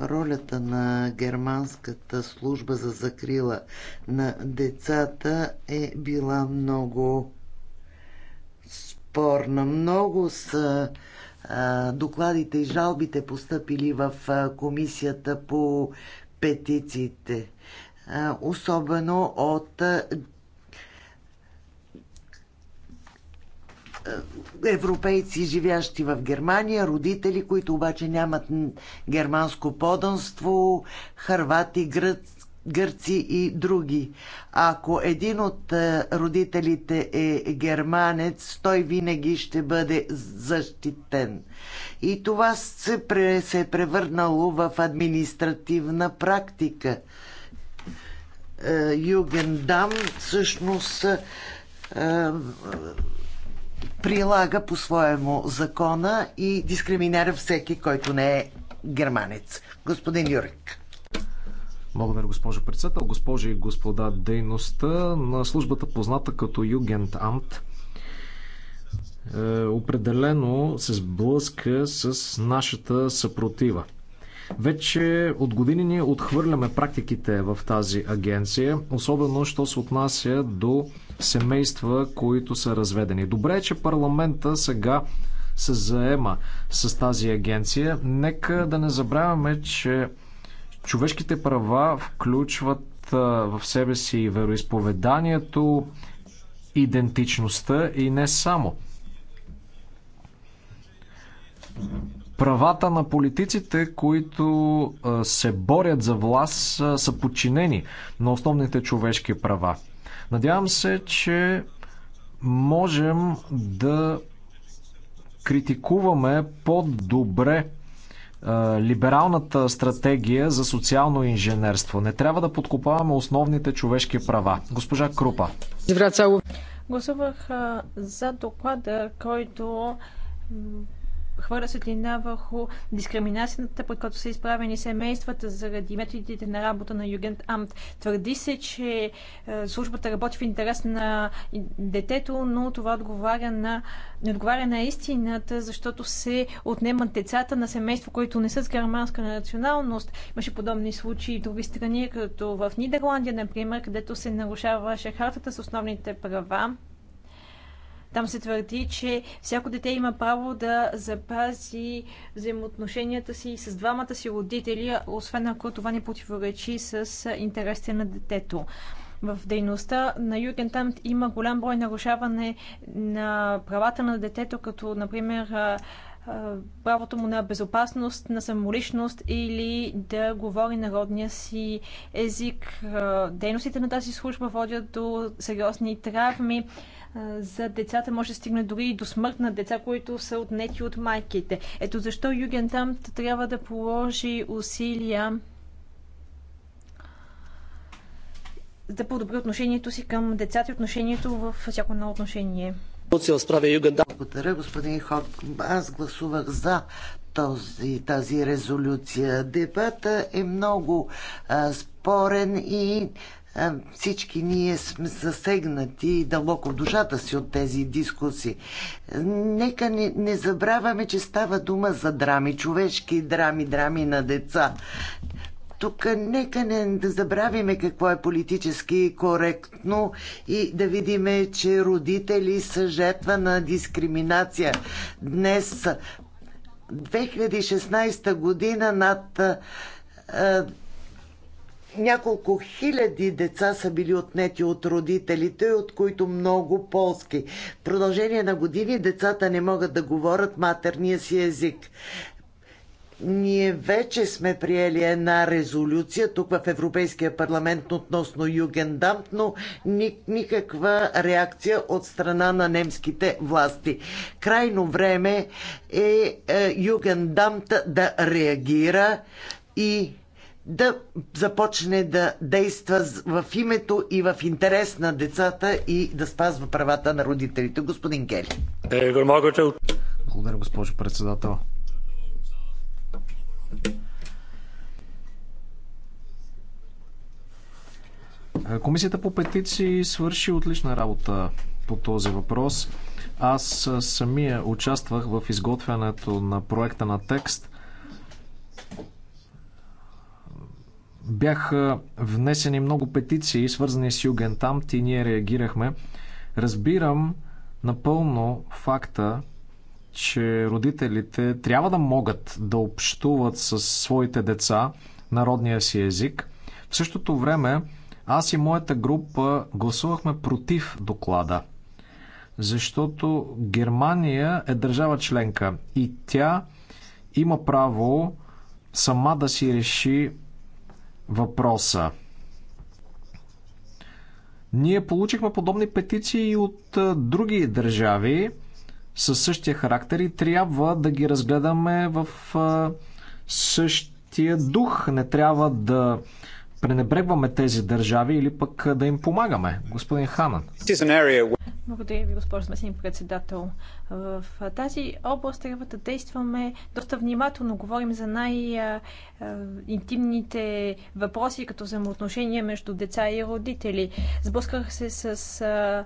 ролята на Германската служба за закрила на децата е била много спорна. Много са а, докладите и жалбите постъпили в а, комисията по петициите особено от европейци, живящи в Германия, родители, които обаче нямат германско поданство, харвати, гръц, гърци и други. Ако един от родителите е германец, той винаги ще бъде защитен. И това се, се е превърнало в административна практика – е, Югендам всъщност е, е, прилага по-своему закона и дискриминира всеки, който не е германец. Господин Юрик. Благодаря, госпожо председател. Госпожи и господа, дейността на службата позната като Югендамт определено се сблъска с нашата съпротива. Вече от години ние отхвърляме практиките в тази агенция, особено що се отнася до семейства, които са разведени. Добре е, че парламента сега се заема с тази агенция. Нека да не забравяме, че човешките права включват в себе си вероисповеданието, идентичността и не само правата на политиците, които се борят за власт, са подчинени на основните човешки права. Надявам се, че можем да критикуваме по-добре либералната стратегия за социално инженерство. Не трябва да подкопаваме основните човешки права. Госпожа Крупа. Гласувах за доклада, който хвърля светлина върху дискриминацията, пред която са изправени семействата заради методите на работа на Югент Амт. Твърди се, че е, службата работи в интерес на детето, но това отговаря на, не отговаря на истината, защото се отнемат децата на семейство, които не са с германска националност. Имаше подобни случаи в други страни, като в Нидерландия, например, където се нарушаваше хартата с основните права там се твърди, че всяко дете има право да запази взаимоотношенията си с двамата си родители, освен ако това не противоречи с интересите на детето в дейността на Югентамт има голям брой нарушаване на правата на детето, като, например, правото му на безопасност, на самоличност или да говори народния си език. Дейностите на тази служба водят до сериозни травми, за децата може да стигне дори и до смърт на деца, които са отнети от майките. Ето защо там трябва да положи усилия да подобри отношението си към децата и отношението в всяко едно отношение. Благодаря, господин Хок. Аз гласувах за този, тази резолюция. Дебата е много а, спорен и всички ние сме засегнати дълбоко в душата си от тези дискусии. Нека не, не забравяме, че става дума за драми, човешки драми, драми на деца. Тук нека не да забравиме какво е политически коректно и да видиме, че родители са жертва на дискриминация. Днес, 2016 година, над няколко хиляди деца са били отнети от родителите, от които много полски. В продължение на години децата не могат да говорят матерния си език. Ние вече сме приели една резолюция тук в Европейския парламент относно Югендамт, но никаква реакция от страна на немските власти. Крайно време е, е Югендамт да реагира и да започне да действа в името и в интерес на децата и да спазва правата на родителите. Господин Гели. Е, Благодаря, госпожо председател. Е, Комисията по петиции свърши отлична работа по този въпрос. Аз е, самия участвах в изготвянето на проекта на текст бяха внесени много петиции, свързани с Югентамт и ние реагирахме. Разбирам напълно факта, че родителите трябва да могат да общуват с своите деца народния си език. В същото време аз и моята група гласувахме против доклада, защото Германия е държава членка и тя има право сама да си реши въпроса. Ние получихме подобни петиции от други държави със същия характер и трябва да ги разгледаме в същия дух. Не трябва да пренебрегваме тези държави или пък да им помагаме. Господин Ханан. Благодаря ви, госпожо заместник председател. В тази област трябва да действаме доста внимателно. Говорим за най-интимните въпроси, като взаимоотношения между деца и родители. Сблъсках се с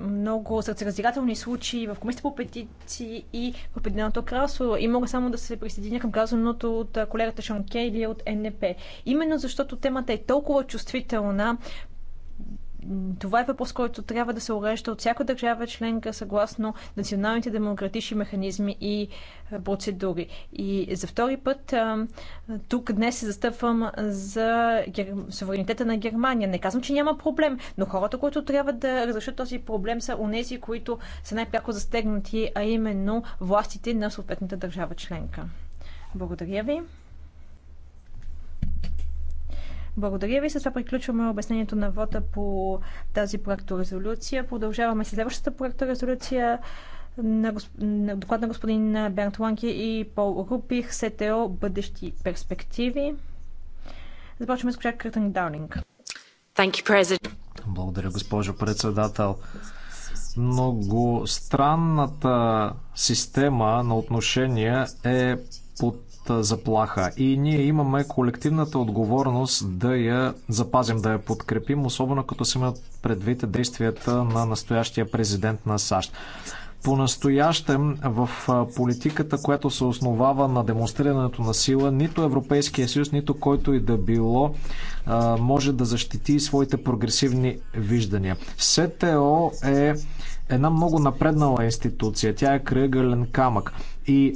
много сърцераздирателни случаи в Комисията по петиции и в Обединеното кралство и мога само да се присъединя към казаното от колегата Шон Кейли от НП. Именно защото темата е толкова чувствителна, това е въпрос, който трябва да се урежда от всяка държава членка съгласно националните демократични механизми и е, процедури. И за втори път е, тук днес се застъпвам за суверенитета на Германия. Не казвам, че няма проблем, но хората, които трябва да разрешат този проблем са унези, които са най-пряко застегнати, а именно властите на съответната държава членка. Благодаря ви. Благодаря ви. С това приключваме обяснението на вота по тази проекторезолюция. Продължаваме с следващата проекторезолюция на, госп... на доклад на господин Бернт Ланки и Пол Рупих, СТО Бъдещи перспективи. Започваме с госпожа Къртън Даунинг. Благодаря, госпожо председател. Много странната система на отношения е под заплаха и ние имаме колективната отговорност да я запазим, да я подкрепим, особено като се имат предвид действията на настоящия президент на САЩ. По-настоящем в политиката, която се основава на демонстрирането на сила, нито Европейския съюз, нито който и да било може да защити своите прогресивни виждания. СТО е една много напреднала институция. Тя е кръгълен камък. И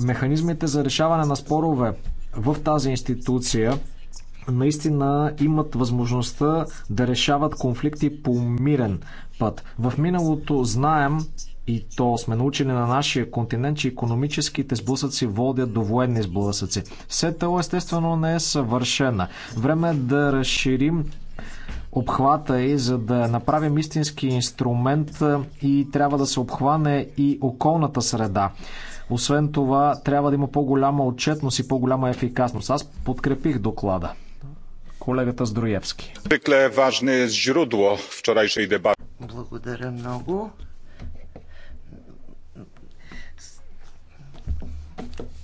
Механизмите за решаване на спорове в тази институция наистина имат възможността да решават конфликти по мирен път. В миналото знаем, и то сме научили на нашия континент, че економическите сблъсъци водят до военни сблъсъци. СТО естествено не е съвършена. Време е да разширим обхвата и за да направим истински инструмент и трябва да се обхване и околната среда. Освен това, трябва да има по-голяма отчетност и по-голяма ефикасност. Аз подкрепих доклада. Колегата Здроевски. Е Благодаря много.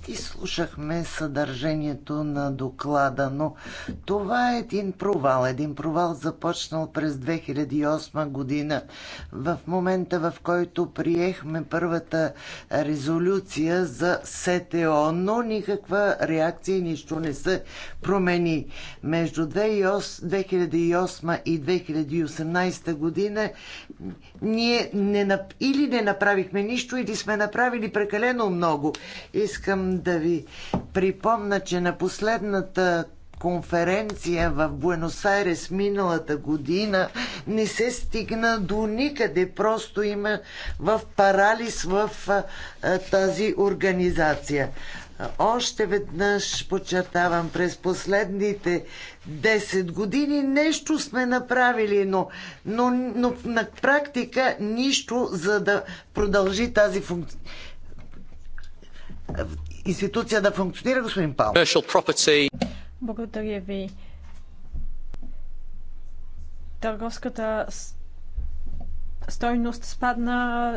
изслушахме съдържанието на доклада, но това е един провал. Един провал започнал през 2008 година. В момента, в който приехме първата резолюция за СТО, но никаква реакция нищо не се промени. Между 2008 и 2018 година ние не, или не направихме нищо, или сме направили прекалено много. Искам да ви припомна, че на последната конференция в Буенос Айрес миналата година не се стигна до никъде. Просто има в парализ в а, тази организация. Още веднъж подчертавам, през последните 10 години нещо сме направили, но, но, но на практика нищо, за да продължи тази функция институция да функционира, господин Пал. Благодаря ви. Търговската стойност спадна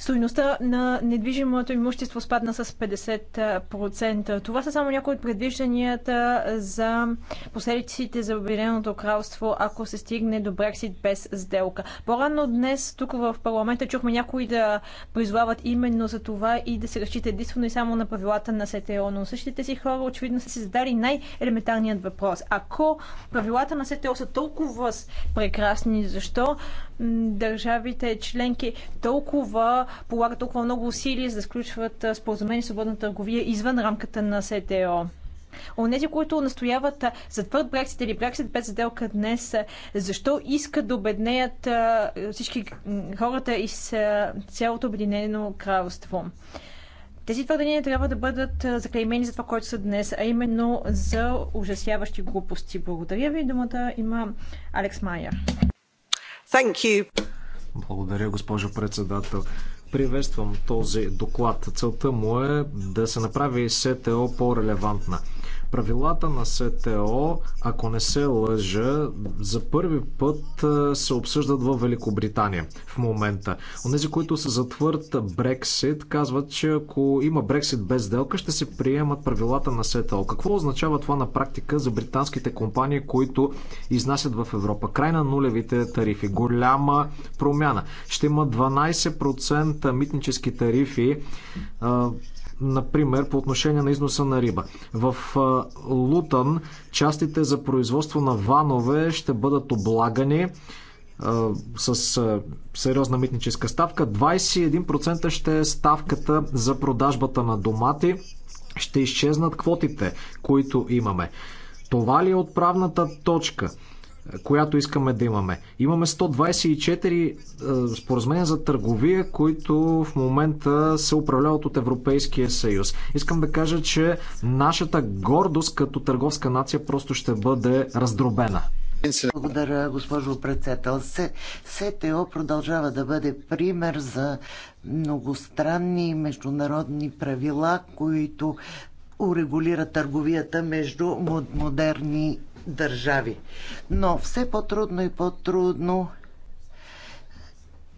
Стоиността на недвижимото имущество спадна с 50%. Това са само някои от предвижданията за последиците за Обединеното кралство, ако се стигне до Брексит без сделка. По-рано днес тук в парламента чухме някои да призвават именно за това и да се разчита единствено и само на правилата на СТО. Но същите си хора очевидно са си задали най-елементарният въпрос. Ако правилата на СТО са толкова прекрасни, защо държавите членки толкова полагат толкова много усилия за да сключват споразумение свободна търговия извън рамката на СТО. Онези, които настояват за твърд Брексит или Брексит без заделка днес, защо искат да обеднеят всички хората и с цялото Обединено кралство? Тези твърдения трябва да бъдат заклеймени за това, което са днес, а именно за ужасяващи глупости. Благодаря ви. Думата има Алекс Майер. Благодаря, госпожо председател. Приветствам този доклад. Целта му е да се направи СТО по-релевантна. Правилата на СТО, ако не се лъжа, за първи път се обсъждат в Великобритания в момента. Онези, които са за твърд Брексит, казват, че ако има Брексит без сделка, ще се приемат правилата на СТО. Какво означава това на практика за британските компании, които изнасят в Европа? Край на нулевите тарифи. Голяма промяна. Ще има 12% митнически тарифи например по отношение на износа на риба. В Лутън частите за производство на ванове ще бъдат облагани с сериозна митническа ставка. 21% ще е ставката за продажбата на домати. Ще изчезнат квотите, които имаме. Това ли е отправната точка? която искаме да имаме. Имаме 124 е, споразумения за търговия, които в момента се управляват от Европейския съюз. Искам да кажа, че нашата гордост като търговска нация просто ще бъде раздробена. Благодаря, госпожо председател. СТО продължава да бъде пример за многостранни международни правила, които урегулира търговията между модерни държави. Но все по-трудно и по-трудно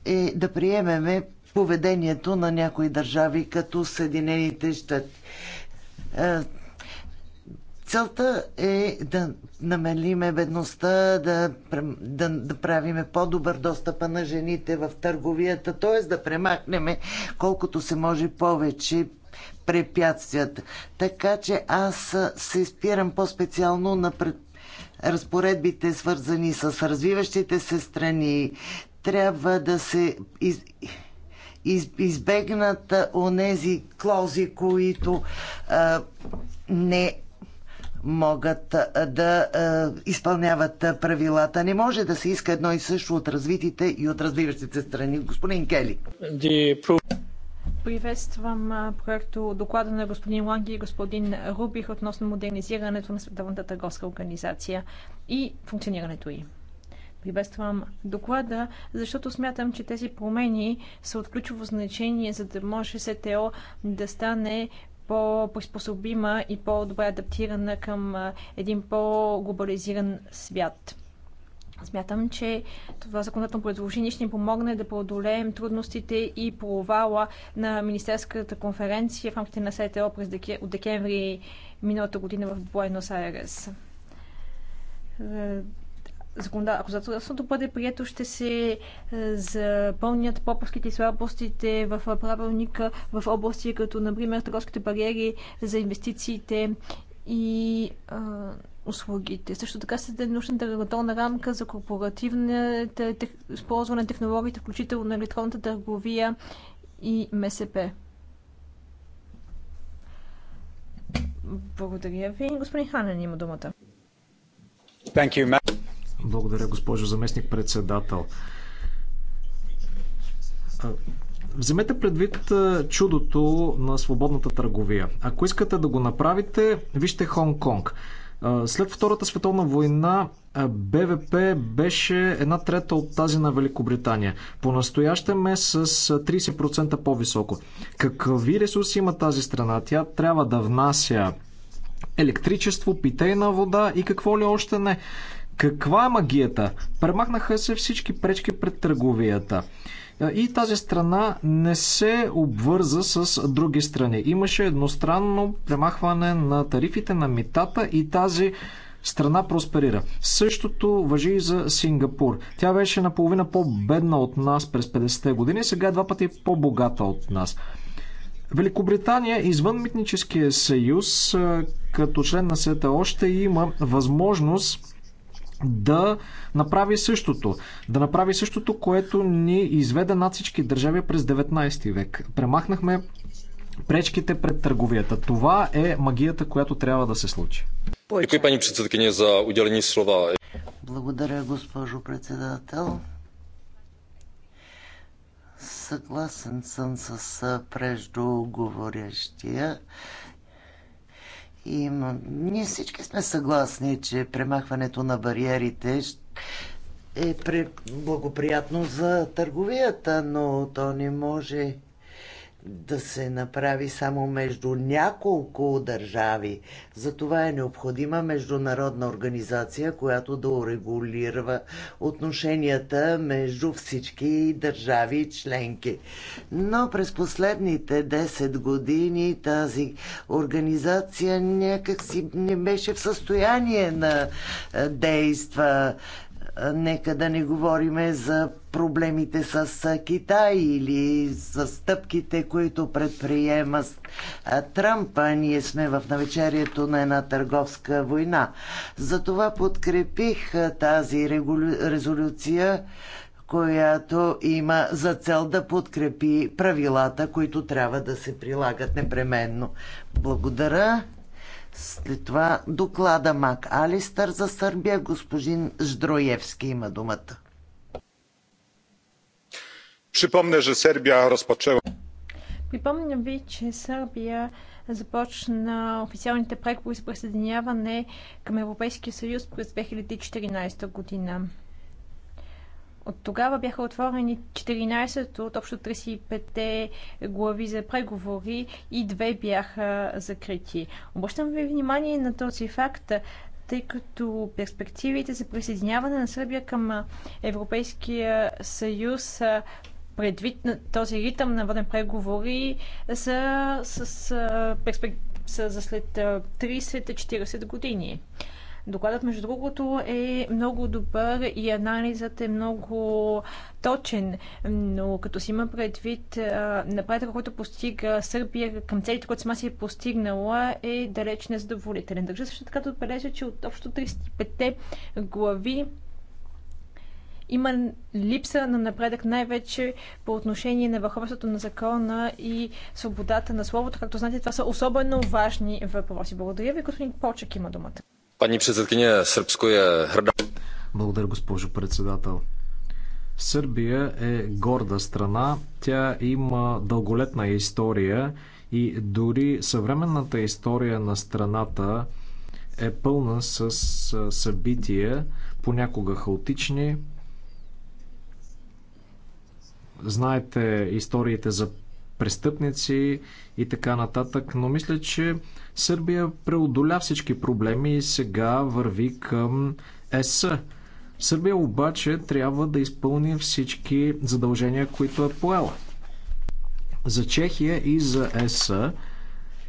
е да приемеме поведението на някои държави, като Съединените щати. Е, целта е да намалиме бедността, да, да, да правиме по-добър достъпа на жените в търговията, т.е. да премахнем колкото се може повече препятствията. Така че аз се спирам по-специално на пред разпоредбите, свързани с развиващите се страни, трябва да се из, из, избегнат онези клози, които а, не могат да а, изпълняват правилата. Не може да се иска едно и също от развитите и от развиващите страни. Господин Кели. Приветствам проекто доклада на господин Ланги и господин Рубих относно модернизирането на Световната търговска организация и функционирането й. Приветствам доклада, защото смятам, че тези промени са от ключово значение, за да може СТО да стане по-приспособима и по-добре адаптирана към един по-глобализиран свят. Смятам, че това законодателно предложение ще ни помогне да преодолеем трудностите и провала на Министерската конференция в рамките на СТО през деке... от декември миналата година в Буенос Айрес. Е, ако законодателството бъде прието, ще се е, запълнят пропуските и слабостите в правилника в области като, например, търговските бариери за инвестициите и услугите. Също така се даде нужната регулаторна рамка за корпоративната тех... използване на технологиите, включително на електронната търговия и МСП. Благодаря ви. Господин Ханен има думата. Благодаря, госпожо заместник председател. Вземете предвид чудото на свободната търговия. Ако искате да го направите, вижте Хонг Конг. След Втората световна война БВП беше една трета от тази на Великобритания. По-настоящем е с 30% по-високо. Какви ресурси има тази страна? Тя трябва да внася електричество, питейна вода и какво ли още не. Каква е магията? Премахнаха се всички пречки пред търговията и тази страна не се обвърза с други страни. Имаше едностранно премахване на тарифите на митата и тази страна просперира. Същото въжи и за Сингапур. Тя беше наполовина по-бедна от нас през 50-те години, сега е два пъти по-богата от нас. Великобритания извън Митническия съюз, като член на света, още има възможност да направи същото. Да направи същото, което ни изведе над всички държави през 19 век. Премахнахме пречките пред търговията. Това е магията, която трябва да се случи. Děkuji пани předsedkyně за udělení слова. Благодаря, госпожо председател. Съгласен съм с преждоговорящия има. Ние всички сме съгласни, че премахването на бариерите е благоприятно за търговията, но то не може да се направи само между няколко държави. За това е необходима международна организация, която да урегулира отношенията между всички държави и членки. Но през последните 10 години тази организация някакси не беше в състояние на действа нека да не говориме за проблемите с Китай или за стъпките, които предприема Трампа. Ние сме в навечерието на една търговска война. Затова подкрепих тази резолюция, която има за цел да подкрепи правилата, които трябва да се прилагат непременно. Благодаря. След това доклада Мак Алистър за Сърбия. Господин Ждроевски има думата. Припомня, че Сърбия разпочева. Припомням ви, че Сърбия започна официалните преговори с присъединяване към Европейския съюз през 2014 година. От тогава бяха отворени 14 от общо 35 глави за преговори и две бяха закрити. Обръщам ви внимание на този факт, тъй като перспективите за присъединяване на Сърбия към Европейския съюз предвид на този ритъм на воден преговори са, с, с, с, са за след 30-40 години. Докладът, между другото, е много добър и анализът е много точен, но като си има предвид напредъка, който постига Сърбия към целите, които сама си е постигнала, е далеч незадоволителен. Държа също така да отбележа, че от общо 35 глави има липса на напредък най-вече по отношение на върховенството на закона и свободата на словото. Както знаете, това са особено важни въпроси. Благодаря ви, господин Почек има думата. Пани председкиня, Сръбско е хрда. Благодаря, госпожо председател. Сърбия е горда страна. Тя има дълголетна история и дори съвременната история на страната е пълна с събития, понякога хаотични. Знаете историите за престъпници и така нататък. Но мисля, че Сърбия преодоля всички проблеми и сега върви към ЕС. Сърбия обаче трябва да изпълни всички задължения, които е поела. За Чехия и за ЕС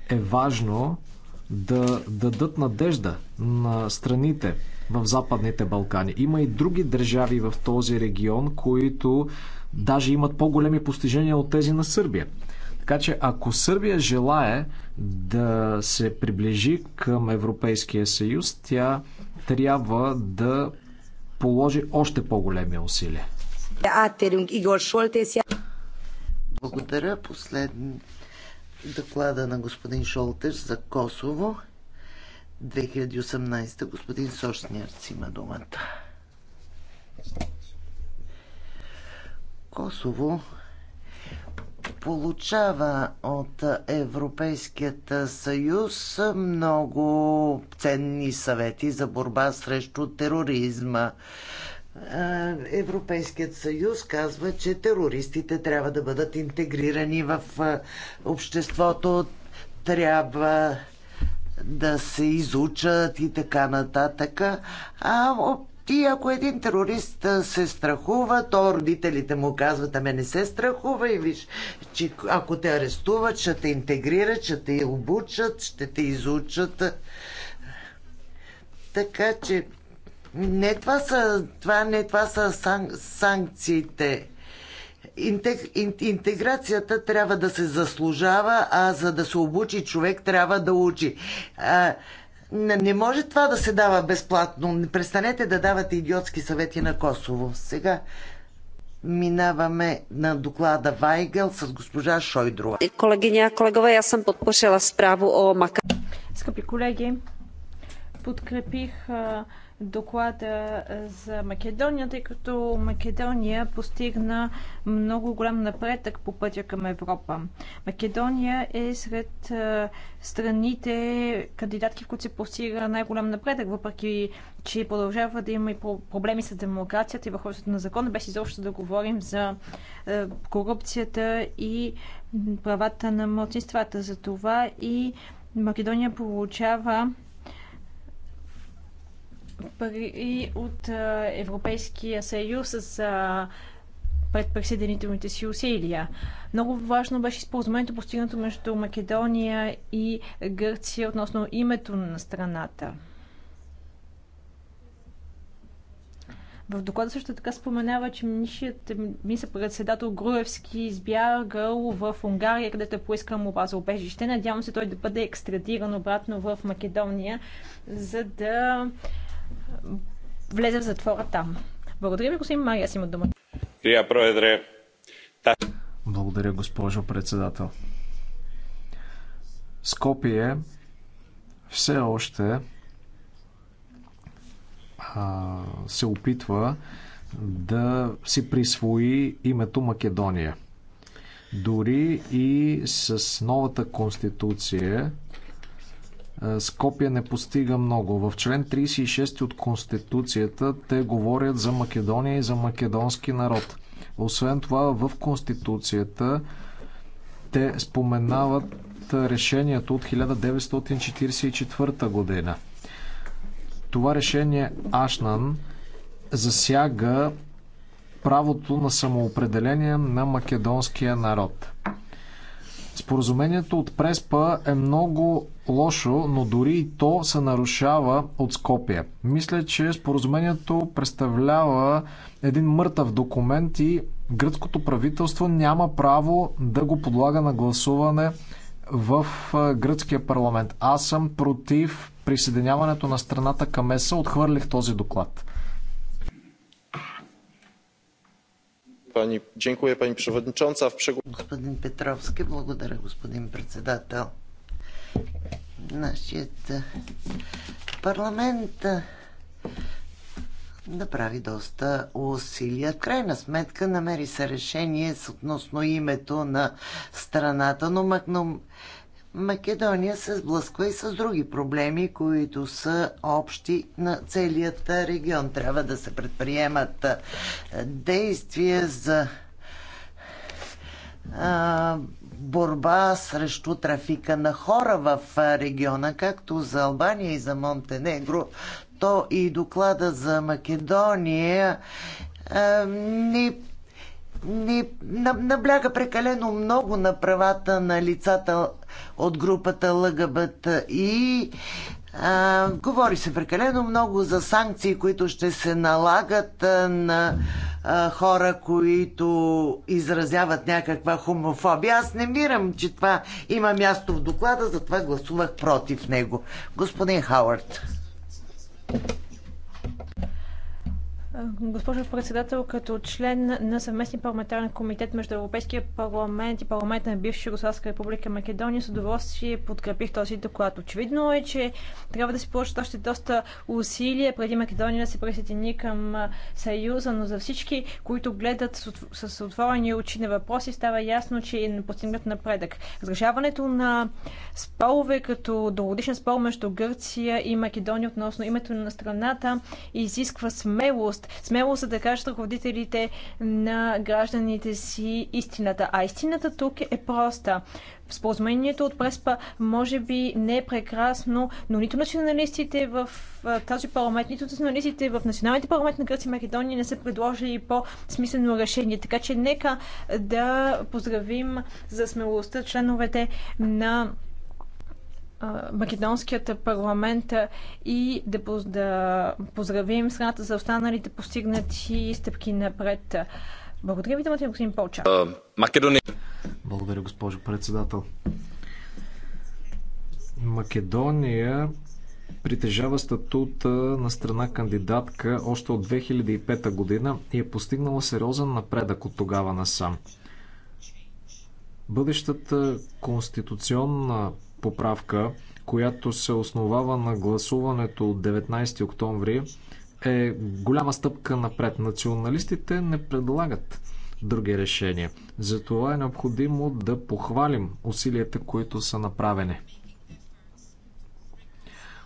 е важно да дадат надежда на страните в Западните Балкани. Има и други държави в този регион, които Даже имат по-големи постижения от тези на Сърбия. Така че ако Сърбия желае да се приближи към Европейския съюз, тя трябва да положи още по-големи усилия. Благодаря. Последен доклада на господин Шолтеш за Косово. 2018 господин Сошниарц има думата. Косово получава от Европейският съюз много ценни съвети за борба срещу тероризма. Европейският съюз казва, че терористите трябва да бъдат интегрирани в обществото, трябва да се изучат и така нататък. А и ако един терорист се страхува, то родителите му казват, ами не се страхува и виж, че ако те арестуват, ще те интегрират, ще те обучат, ще те изучат. Така че не това са, това, не това са сан, санкциите. Интег, ин, интеграцията трябва да се заслужава, а за да се обучи човек трябва да учи. А, не може това да се дава безплатно. Не Престанете да давате идиотски съвети на Косово. Сега минаваме на доклада Вайгел с госпожа Шойдрова. Колегиня, колегове, аз съм подпушила справо о Мака. Скъпи колеги, подкрепих а, доклада за Македония, тъй като Македония постигна много голям напредък по пътя към Европа. Македония е сред страните кандидатки, в които се постига най-голям напредък, въпреки че продължава да има и проблеми с демокрацията и върховството на закона, без изобщо да говорим за корупцията и правата на младсинствата. За това и Македония получава пари от Европейския съюз за предпредседенителните си усилия. Много важно беше споразумението постигнато между Македония и Гърция относно името на страната. В доклада също така споменава, че нишият мисъл председател Груевски избягал в Унгария, където е поискал му база обежище. Надявам се той да бъде екстрадиран обратно в Македония, за да влезе в затвора там. Благодаря ви, господин Мария, аз има дума. Благодаря, госпожо председател. Скопие все още а, се опитва да си присвои името Македония. Дори и с новата конституция е, Скопия не постига много. В член 36 от Конституцията те говорят за Македония и за македонски народ. Освен това, в Конституцията те споменават решението от 1944 година. Това решение Ашнан засяга правото на самоопределение на македонския народ. Споразумението от Преспа е много лошо, но дори и то се нарушава от Скопия. Мисля, че споразумението представлява един мъртъв документ и гръцкото правителство няма право да го подлага на гласуване в гръцкия парламент. Аз съм против присъединяването на страната към ЕСА. Отхвърлих този доклад. Przewodnicząca. Господин Петровски, благодаря, господин председател. Нашият е, парламент е, направи доста усилия. В крайна сметка намери се решение с относно името на страната, но, но Македония се сблъсква и с други проблеми, които са общи на целият регион. Трябва да се предприемат действия за борба срещу трафика на хора в региона, както за Албания и за Монтенегро, то и доклада за Македония не не набляга прекалено много на правата на лицата от групата ЛГБТ и а, говори се прекалено много за санкции, които ще се налагат на а, хора, които изразяват някаква хомофобия. Аз не мирам, че това има място в доклада, затова гласувах против него. Господин Хауърд. Госпожо председател, като член на съвместния парламентарен комитет между Европейския парламент и парламент на бивша Югославска република Македония, с удоволствие подкрепих този доклад. Очевидно е, че трябва да се положат още доста усилия преди Македония да се присъедини към Съюза, но за всички, които гледат с отворени очи на въпроси, става ясно, че не постигнат напредък. Разрешаването на спорове като догодишен спор между Гърция и Македония относно името на страната изисква смелост отговорност. Смело са да кажат ръководителите на гражданите си истината. А истината тук е проста. Споразумението от Преспа може би не е прекрасно, но нито националистите в този парламент, нито националистите в националните парламент на Гърция и Македония не са предложили по-смислено решение. Така че нека да поздравим за смелостта членовете на Македонският парламент и да, да поздравим страната за останалите постигнати стъпки напред. Благодаря ви, думата, господин Полча. Македония. Благодаря, госпожо председател. Македония притежава статута на страна кандидатка още от 2005 година и е постигнала сериозен напредък от тогава насам. Бъдещата конституционна поправка, която се основава на гласуването от 19 октомври, е голяма стъпка напред. Националистите не предлагат други решения. Затова е необходимо да похвалим усилията, които са направени.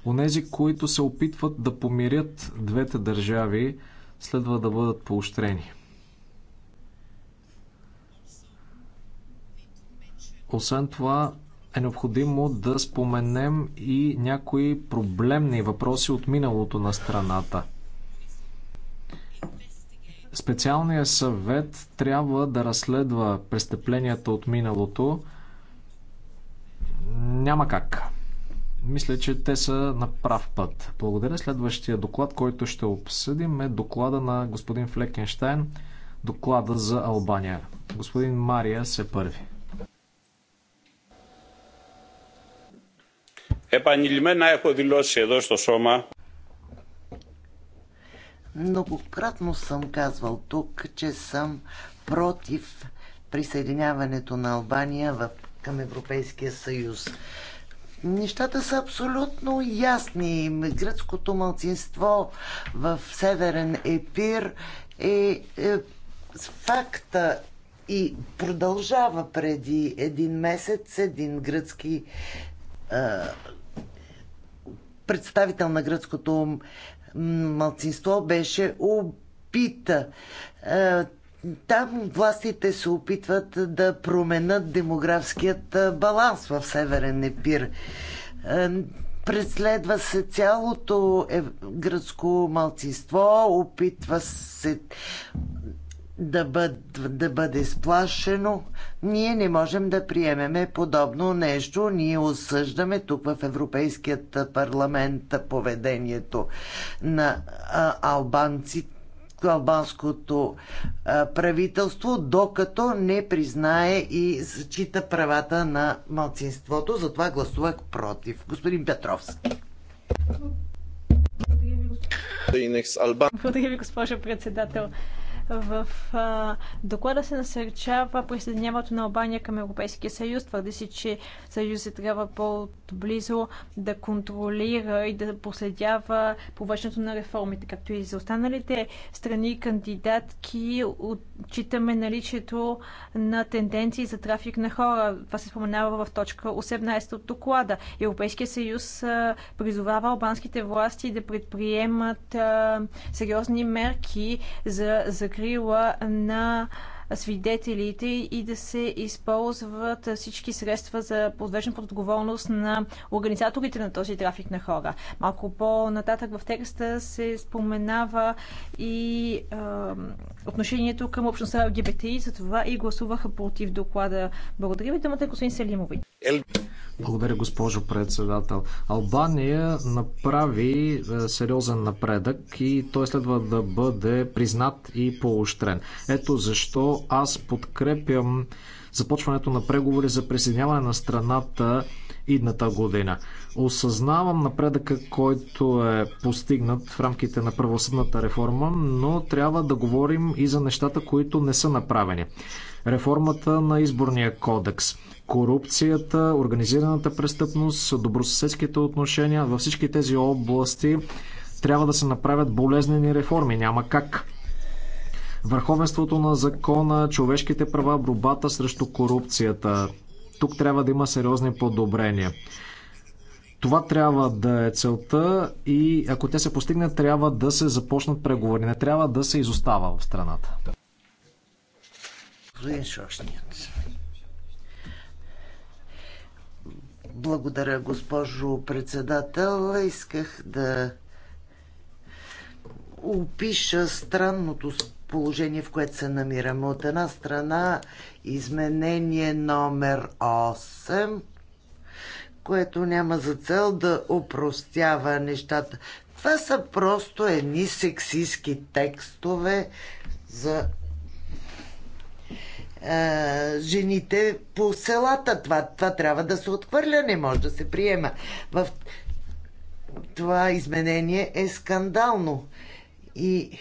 Онези, които се опитват да помирят двете държави, следва да бъдат поощрени. Освен това, е необходимо да споменем и някои проблемни въпроси от миналото на страната. Специалният съвет трябва да разследва престъпленията от миналото. Няма как. Мисля, че те са на прав път. Благодаря. Следващия доклад, който ще обсъдим е доклада на господин Флекенштайн, доклада за Албания. Господин Мария се първи. Επανειλημμένα έχω δηλώσει εδώ στο σώμα Многократно съм казвал тук, че съм против присъединяването на Албания в, към Европейския съюз. Нещата са абсолютно ясни. Гръцкото малцинство в Северен Епир е, е факта и продължава преди един месец един гръцки представител на гръцкото малцинство беше убита. Е, там властите се опитват да променят демографският е, баланс в Северен Епир. Е, преследва се цялото гръцко малцинство, опитва се да, бъд, да бъде сплашено. Ние не можем да приемеме подобно нещо. Ние осъждаме тук в Европейският парламент поведението на а, албанците албанското правителство, докато не признае и зачита правата на малцинството. Затова гласувах против. Господин Петровски. Благодаря ви, госпожо председател. В а, доклада се насърчава присъединяването на Албания към Европейския съюз. Твърди се, че съюзът трябва по-близо да контролира и да последява повършенето на реформите, както и за останалите страни кандидатки. Отчитаме наличието на тенденции за трафик на хора. Това се споменава в точка 18 от доклада. Европейския съюз а, призовава албанските власти да предприемат а, сериозни мерки за, за закрила на свидетелите и да се използват всички средства за подвеждане под отговорност на организаторите на този трафик на хора. Малко по-нататък в текста се споменава и отношението към общността за това, и гласуваха против доклада. Благодаря ви, думата е господин Селимови. Благодаря, госпожо председател. Албания направи е, сериозен напредък и той следва да бъде признат и поощрен. Ето защо аз подкрепям започването на преговори за присъединяване на страната идната година. Осъзнавам напредъка, който е постигнат в рамките на правосъдната реформа, но трябва да говорим и за нещата, които не са направени. Реформата на изборния кодекс корупцията, организираната престъпност, добросъседските отношения. Във всички тези области трябва да се направят болезнени реформи. Няма как. Върховенството на закона, човешките права, борбата срещу корупцията. Тук трябва да има сериозни подобрения. Това трябва да е целта и ако те се постигне, трябва да се започнат преговори. Не трябва да се изостава в страната. Благодаря, госпожо председател. Исках да опиша странното положение, в което се намираме. От една страна Изменение номер 8, което няма за цел да упростява нещата. Това са просто едни сексистски текстове за е, жените по селата. Това, това трябва да се отхвърля, не може да се приема. В това изменение е скандално. И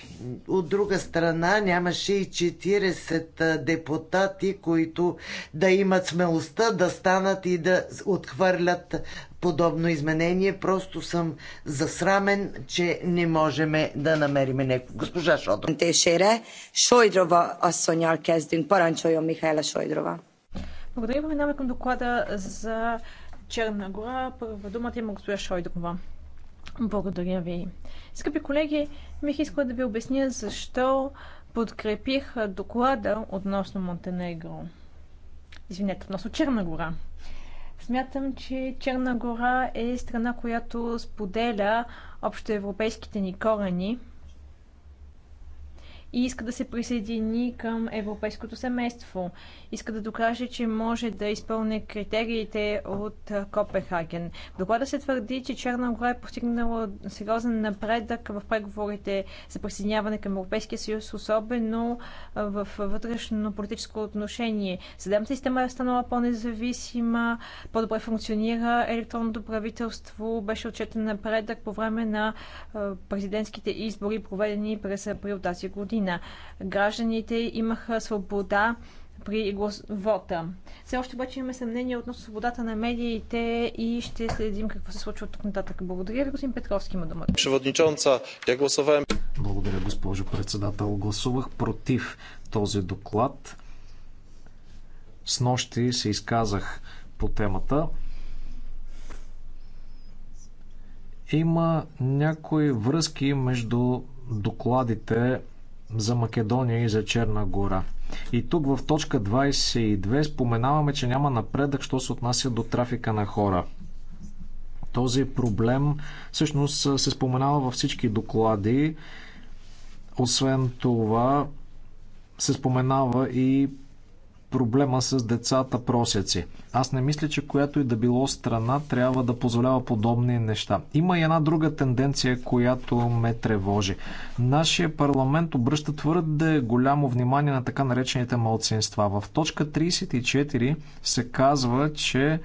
от друга страна нямаше и 40 депутати, които да имат смелостта да станат и да отхвърлят подобно изменение. Просто съм засрамен, че не можем да намерим неко. Госпожа Шодрова. Тешере, Шойдрова, Асонял Кездин, Паранчойо Михайла Шойдрова. Благодаря, преминаваме към доклада за Черна гора. Първа думата има госпожа Шойдрова. Благодаря ви. Скъпи колеги, бих искала да ви обясня защо подкрепих доклада относно Монтенегро. Извинете, относно Черна гора. Смятам, че Черна гора е страна, която споделя общоевропейските ни корени – и иска да се присъедини към европейското семейство. Иска да докаже, че може да изпълни критериите от Копенхаген. В доклада се твърди, че Черна гора е постигнала сериозен напредък в преговорите за присъединяване към Европейския съюз, особено в вътрешно политическо отношение. Съдебната система е станала по-независима, по-добре функционира електронното правителство, беше отчетен напредък по време на президентските избори, проведени през април тази година година. Гражданите имаха свобода при вота. Все още обаче имаме съмнение относно свободата на медиите и ще следим какво се случва от тук нататък. Благодаря ви, господин Петровски, има думата. Шеводничонца, я гласувам. Благодаря, госпожо председател. Гласувах против този доклад. С нощи се изказах по темата. Има някои връзки между докладите за Македония и за Черна гора. И тук в точка 22 споменаваме, че няма напредък, що се отнася до трафика на хора. Този проблем всъщност се споменава във всички доклади. Освен това, се споменава и проблема с децата просяци. Аз не мисля, че която и да било страна трябва да позволява подобни неща. Има и една друга тенденция, която ме тревожи. Нашия парламент обръща твърде голямо внимание на така наречените малцинства. В точка 34 се казва, че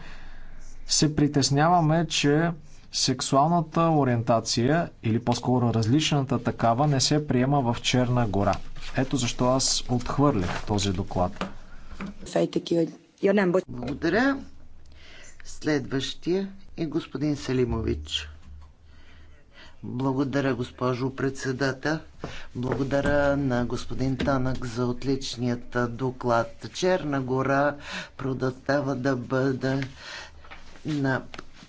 се притесняваме, че сексуалната ориентация или по-скоро различната такава не се приема в Черна гора. Ето защо аз отхвърлях този доклад. Благодаря. Следващия е господин Селимович. Благодаря, госпожо председател. Благодаря на господин Танък за отличният доклад. Черна гора продължава да бъде на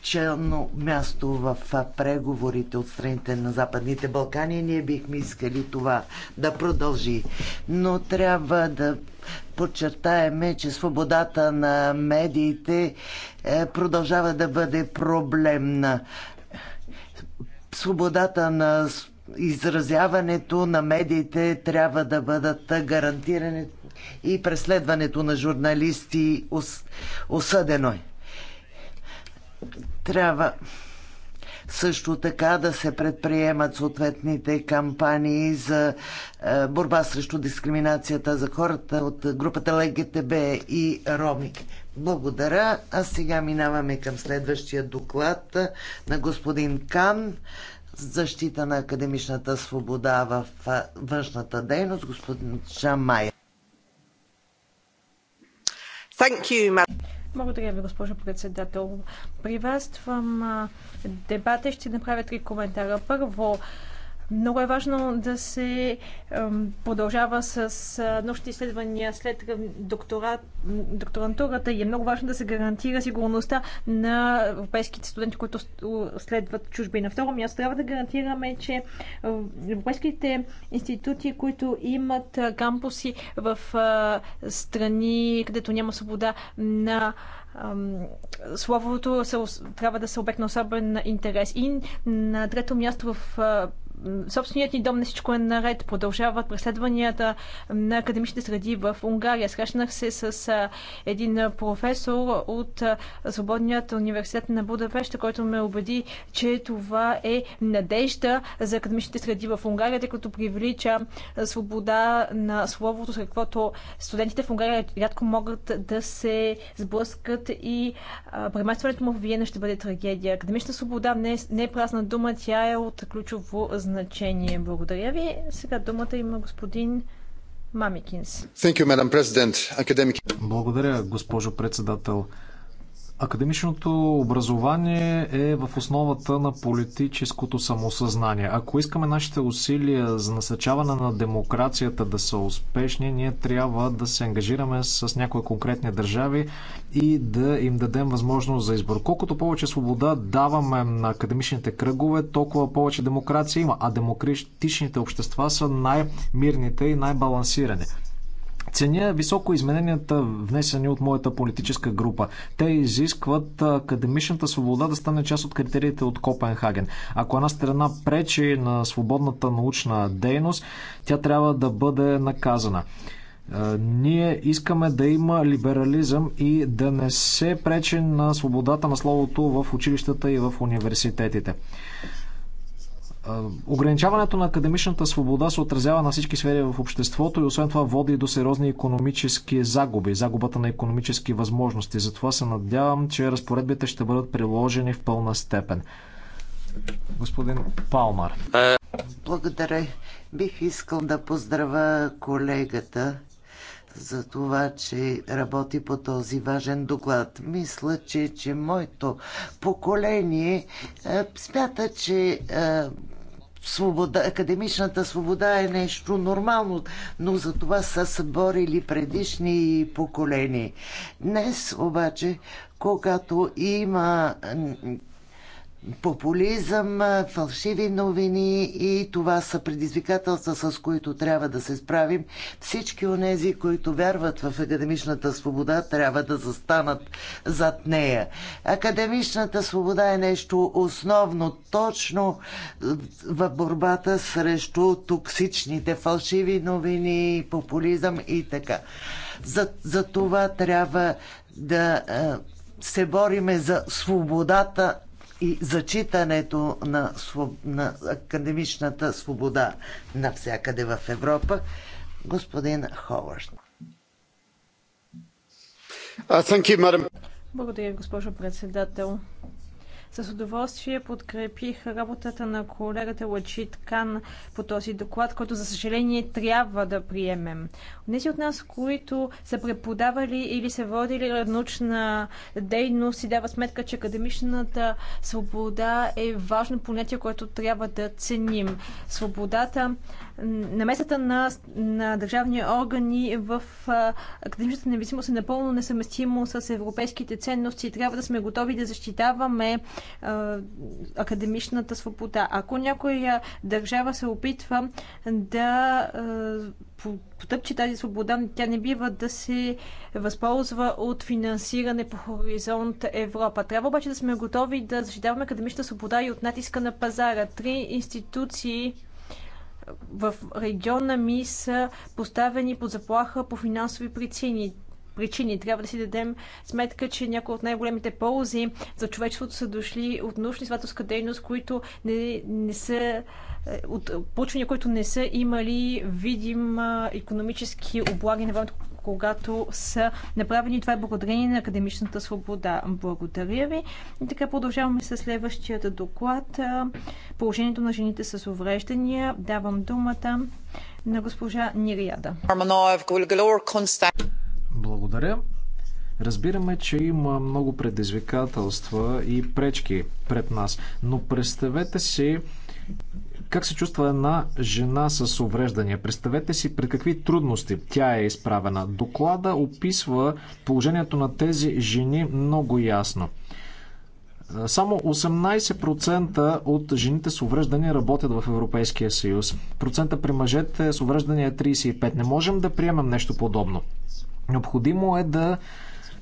челно място в преговорите от страните на Западните Балкани. Ние бихме искали това да продължи. Но трябва да подчертаеме, че свободата на медиите е, продължава да бъде проблемна. Свободата на изразяването на медиите трябва да бъдат гарантирани и преследването на журналисти осъдено е. Трябва също така да се предприемат съответните кампании за е, борба срещу дискриминацията за хората от групата ЛГТБ и Роми. Благодаря. А сега минаваме към следващия доклад на господин Кан защита на академичната свобода в е, външната дейност, господин Шамай. Thank you, благодаря ви, госпожо председател. Приветствам дебата. Ще направя три коментара. Първо, много е важно да се продължава с нощни изследвания след докторат, докторантурата и е много важно да се гарантира сигурността на европейските студенти, които следват чужби. На второ място трябва да гарантираме, че европейските институти, които имат кампуси в страни, където няма свобода на словото трябва да се обект на особен интерес. И на трето място в собственият ни дом на всичко е наред. Продължават преследванията на академичните среди в Унгария. Срещнах се с един професор от Свободният университет на Будапеща, който ме убеди, че това е надежда за академичните среди в Унгария, тъй като привлича свобода на словото, с каквото студентите в Унгария рядко могат да се сблъскат и преместването му в Виена ще бъде трагедия. Академична свобода не е, не е празна дума, тя е от ключово значение значение. Благодаря ви. Сега думата има господин Мамикинс. You, Благодаря, госпожо председател. Академичното образование е в основата на политическото самосъзнание. Ако искаме нашите усилия за насъчаване на демокрацията да са успешни, ние трябва да се ангажираме с някои конкретни държави и да им дадем възможност за избор. Колкото повече свобода даваме на академичните кръгове, толкова повече демокрация има, а демократичните общества са най-мирните и най-балансирани. Ценя високо измененията, внесени от моята политическа група. Те изискват академичната свобода да стане част от критериите от Копенхаген. Ако една страна пречи на свободната научна дейност, тя трябва да бъде наказана. Ние искаме да има либерализъм и да не се пречи на свободата на словото в училищата и в университетите. Ограничаването на академичната свобода се отразява на всички сфери в обществото и освен това води до сериозни економически загуби, загубата на економически възможности. Затова се надявам, че разпоредбите ще бъдат приложени в пълна степен. Господин Палмар. Благодаря. Бих искал да поздравя колегата за това, че работи по този важен доклад. Мисля, че, че моето поколение а, е, смята, че а, е, свобода, академичната свобода е нещо нормално, но за това са се борили предишни поколения. Днес обаче, когато има популизъм, фалшиви новини и това са предизвикателства, с които трябва да се справим. Всички онези, които вярват в академичната свобода, трябва да застанат зад нея. Академичната свобода е нещо основно, точно в борбата срещу токсичните фалшиви новини, популизъм и така. За, за това трябва да се бориме за свободата и зачитането на, своб... на академичната свобода навсякъде в Европа. Господин Ховард. Uh, Благодаря, госпожо председател. С удоволствие подкрепих работата на колегата Лачит Кан по този доклад, който за съжаление трябва да приемем. Днес е от нас, които са преподавали или са водили научна дейност си дава сметка, че академичната свобода е важно понятие, което трябва да ценим. Свободата намесата на, на държавни органи в академичната независимост е напълно несъвместимо с европейските ценности. Трябва да сме готови да защитаваме а, академичната свобода. Ако някоя държава се опитва да а, потъпчи тази свобода, тя не бива да се възползва от финансиране по хоризонт Европа. Трябва обаче да сме готови да защитаваме академичната свобода и от натиска на пазара. Три институции в региона ми са поставени под заплаха по финансови причини причини. Трябва да си дадем сметка, че някои от най-големите ползи за човечеството са дошли от научно-изследователска дейност, които не, не са е, от получвания, които не са имали видим економически облаги на времето, когато са направени. Това е благодарение на академичната свобода. Благодаря ви. И така продължаваме с следващият доклад. Положението на жените с увреждания. Давам думата на госпожа Нирияда. Благодаря. Разбираме, че има много предизвикателства и пречки пред нас, но представете си как се чувства една жена с увреждания? Представете си пред какви трудности тя е изправена. Доклада описва положението на тези жени много ясно. Е, само 18% от жените с увреждания работят в Европейския съюз. Процента при мъжете с увреждания е 35%. Не можем да приемем нещо подобно. Необходимо е да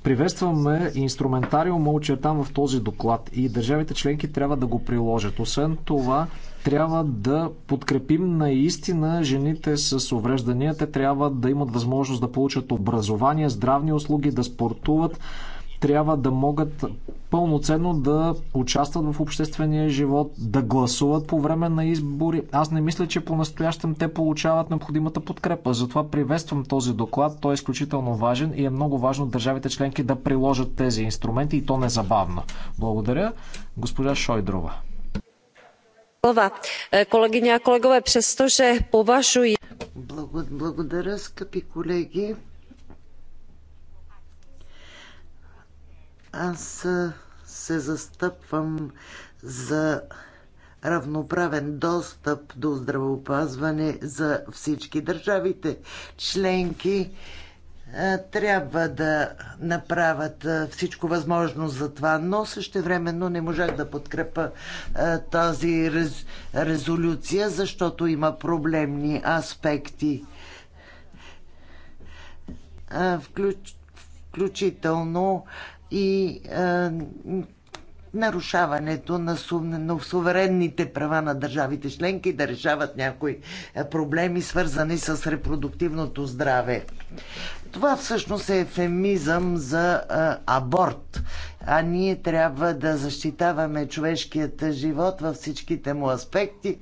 приветстваме инструментариума очертан в този доклад и държавите членки трябва да го приложат. Освен това, трябва да подкрепим наистина жените с увреждания. Те трябва да имат възможност да получат образование, здравни услуги, да спортуват. Трябва да могат пълноценно да участват в обществения живот, да гласуват по време на избори. Аз не мисля, че по-настоящем те получават необходимата подкрепа. Затова приветствам този доклад. Той е изключително важен и е много важно държавите членки да приложат тези инструменти и то незабавно. Благодаря. Госпожа Шойдрова. Eh, kolegyně a kolegové, přestože považuji... Благодаря, скъпи колеги. Аз э, се застъпвам за равноправен достъп до здравеопазване за всички държавите членки е, трябва да направят е, всичко възможно за това, но също времено не можах да подкрепа е, тази рез, резолюция, защото има проблемни аспекти. Включ, включително и нарушаването на, на суверенните права на държавите членки да решават някои проблеми, свързани с репродуктивното здраве. Това всъщност е ефемизъм за а, аборт. А ние трябва да защитаваме човешкият живот във всичките му аспекти,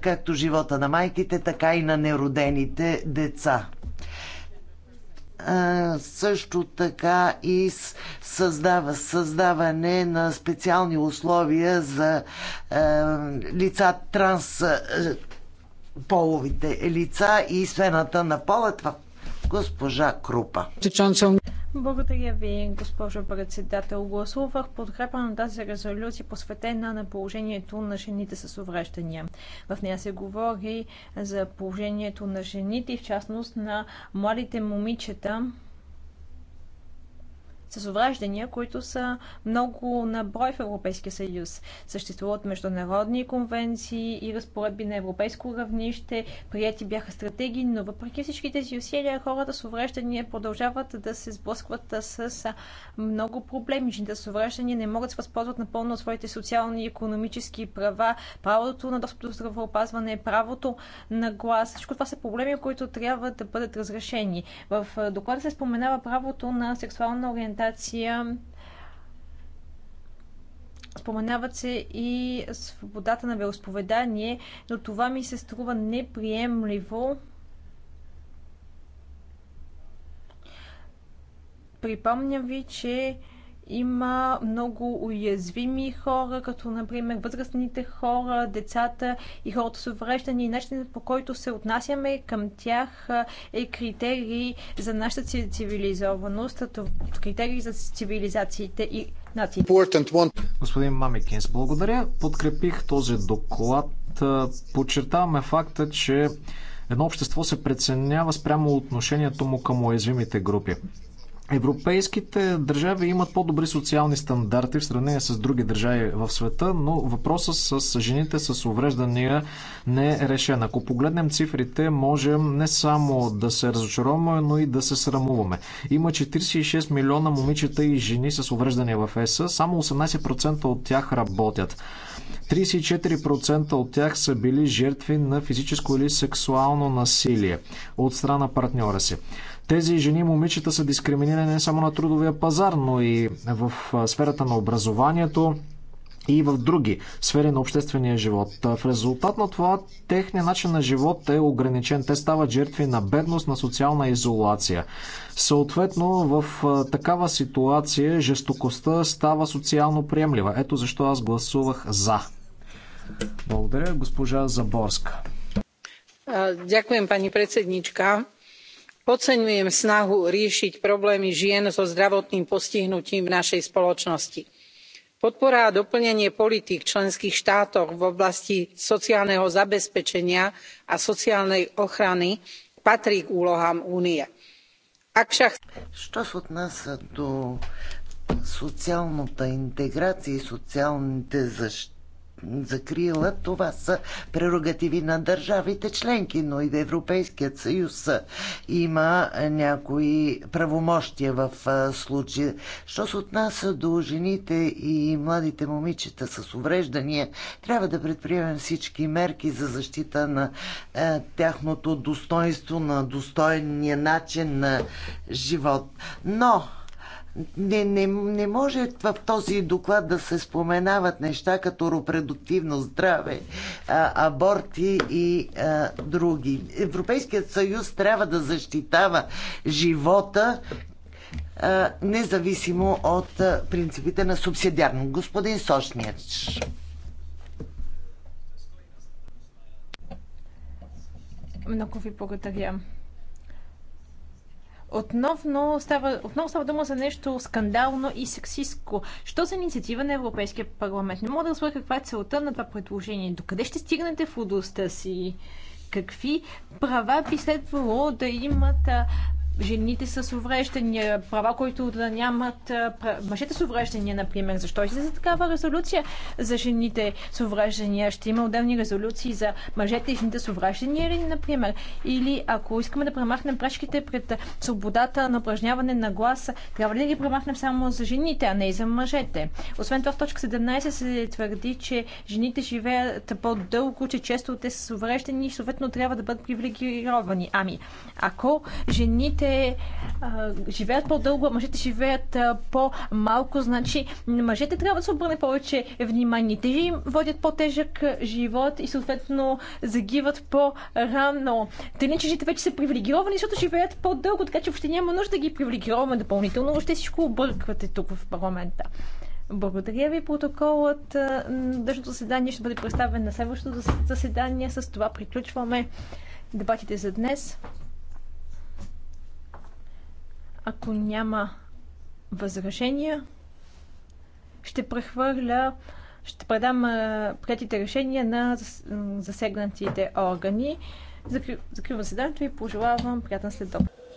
както живота на майките, така и на неродените деца също така и създава, създаване на специални условия за е, лица транс е, половите лица и сфената на пола. Това госпожа Крупа. Благодаря ви, госпожо председател. Гласувах подкрепа на тази резолюция, посветена на положението на жените с увреждания. В нея се говори за положението на жените и в частност на младите момичета, с увреждания, които са много на брой в Европейския съюз. Съществуват международни конвенции и разпоредби на европейско равнище, прияти бяха стратегии, но въпреки всички тези усилия, хората с увреждания продължават да се сблъскват с много проблеми. Жените с увреждания не могат да се възползват напълно от своите социални и економически права, правото на достъп до здравеопазване, правото на глас. Всичко това са проблеми, които трябва да бъдат разрешени. В е, доклада се споменава правото на сексуална ориентация документация. споменават се и свободата на вероисповедание, но това ми се струва неприемливо. Припомням ви, че има много уязвими хора, като например възрастните хора, децата и хората с увреждания. И начинът по който се отнасяме към тях е критерий за нашата цивилизованост, критерий за цивилизациите и нациите. Господин Мамикинс, благодаря. Подкрепих този доклад. Подчертаваме факта, че едно общество се преценява спрямо отношението му към уязвимите групи. Европейските държави имат по-добри социални стандарти в сравнение с други държави в света, но въпросът с жените с увреждания не е решен. Ако погледнем цифрите, можем не само да се разочароваме, но и да се срамуваме. Има 46 милиона момичета и жени с увреждания в ЕСА, само 18% от тях работят. 34% от тях са били жертви на физическо или сексуално насилие от страна партньора си. Тези жени и момичета са дискриминирани не само на трудовия пазар, но и в сферата на образованието и в други сфери на обществения живот. В резултат на това техният начин на живот е ограничен. Те стават жертви на бедност, на социална изолация. Съответно, в такава ситуация жестокостта става социално приемлива. Ето защо аз гласувах за. Благодаря, госпожа Заборска. Дякуем, пани председничка podceňujem snahu riešiť problémy žien so zdravotným postihnutím v našej spoločnosti. podpora a doplnenie politík členských štátov v oblasti sociálneho zabezpečenia a sociálnej ochrany patrí k úlohám únie. Ak však... Що се отнася до социалната интеграция и социалните закрила. Това са прерогативи на държавите членки, но и Европейският съюз има някои правомощия в случая. Що се отнася до жените и младите момичета с увреждания, трябва да предприемем всички мерки за защита на е, тяхното достоинство, на достойния начин на живот. Но не, не, не може в този доклад да се споменават неща като репродуктивно здраве, а, аборти и а, други. Европейският съюз трябва да защитава живота а, независимо от а, принципите на субсидиарно. Господин Сошнияч. Много ви благодаря. Отново става, отново става дума за нещо скандално и сексистко. Що за инициатива на Европейския парламент? Не мога да разбера каква е целта на това предложение. Докъде ще стигнете в удостта си? Какви права би следвало да имат жените с увреждания, права, които да нямат мъжете с увреждания, например. Защо излиза такава резолюция за жените с увреждания? Ще има отделни резолюции за мъжете и жените с увреждания или, например? Или ако искаме да премахнем пречките пред свободата на упражняване на гласа, трябва ли да ги премахнем само за жените, а не и за мъжете? Освен това, в точка 17 се твърди, че жените живеят по-дълго, че често те са увреждани и съответно трябва да бъдат привилегировани. Ами, ако жените мъжете а, живеят по-дълго, а мъжете живеят по-малко. Значи мъжете трябва да се обърне повече внимание. Те им водят по-тежък живот и съответно загиват по-рано. Те не, че вече са привилегировани, защото живеят по-дълго, така че въобще няма нужда да ги привилегироваме допълнително. Въобще всичко обърквате тук в парламента. Благодаря ви. Протоколът на дъжното заседание ще бъде представен на следващото заседание. С това приключваме дебатите за днес. Ако няма възражения, ще прехвърля, ще предам приятите решения на засегнатите органи. Закривам заседанието и пожелавам приятен следобед.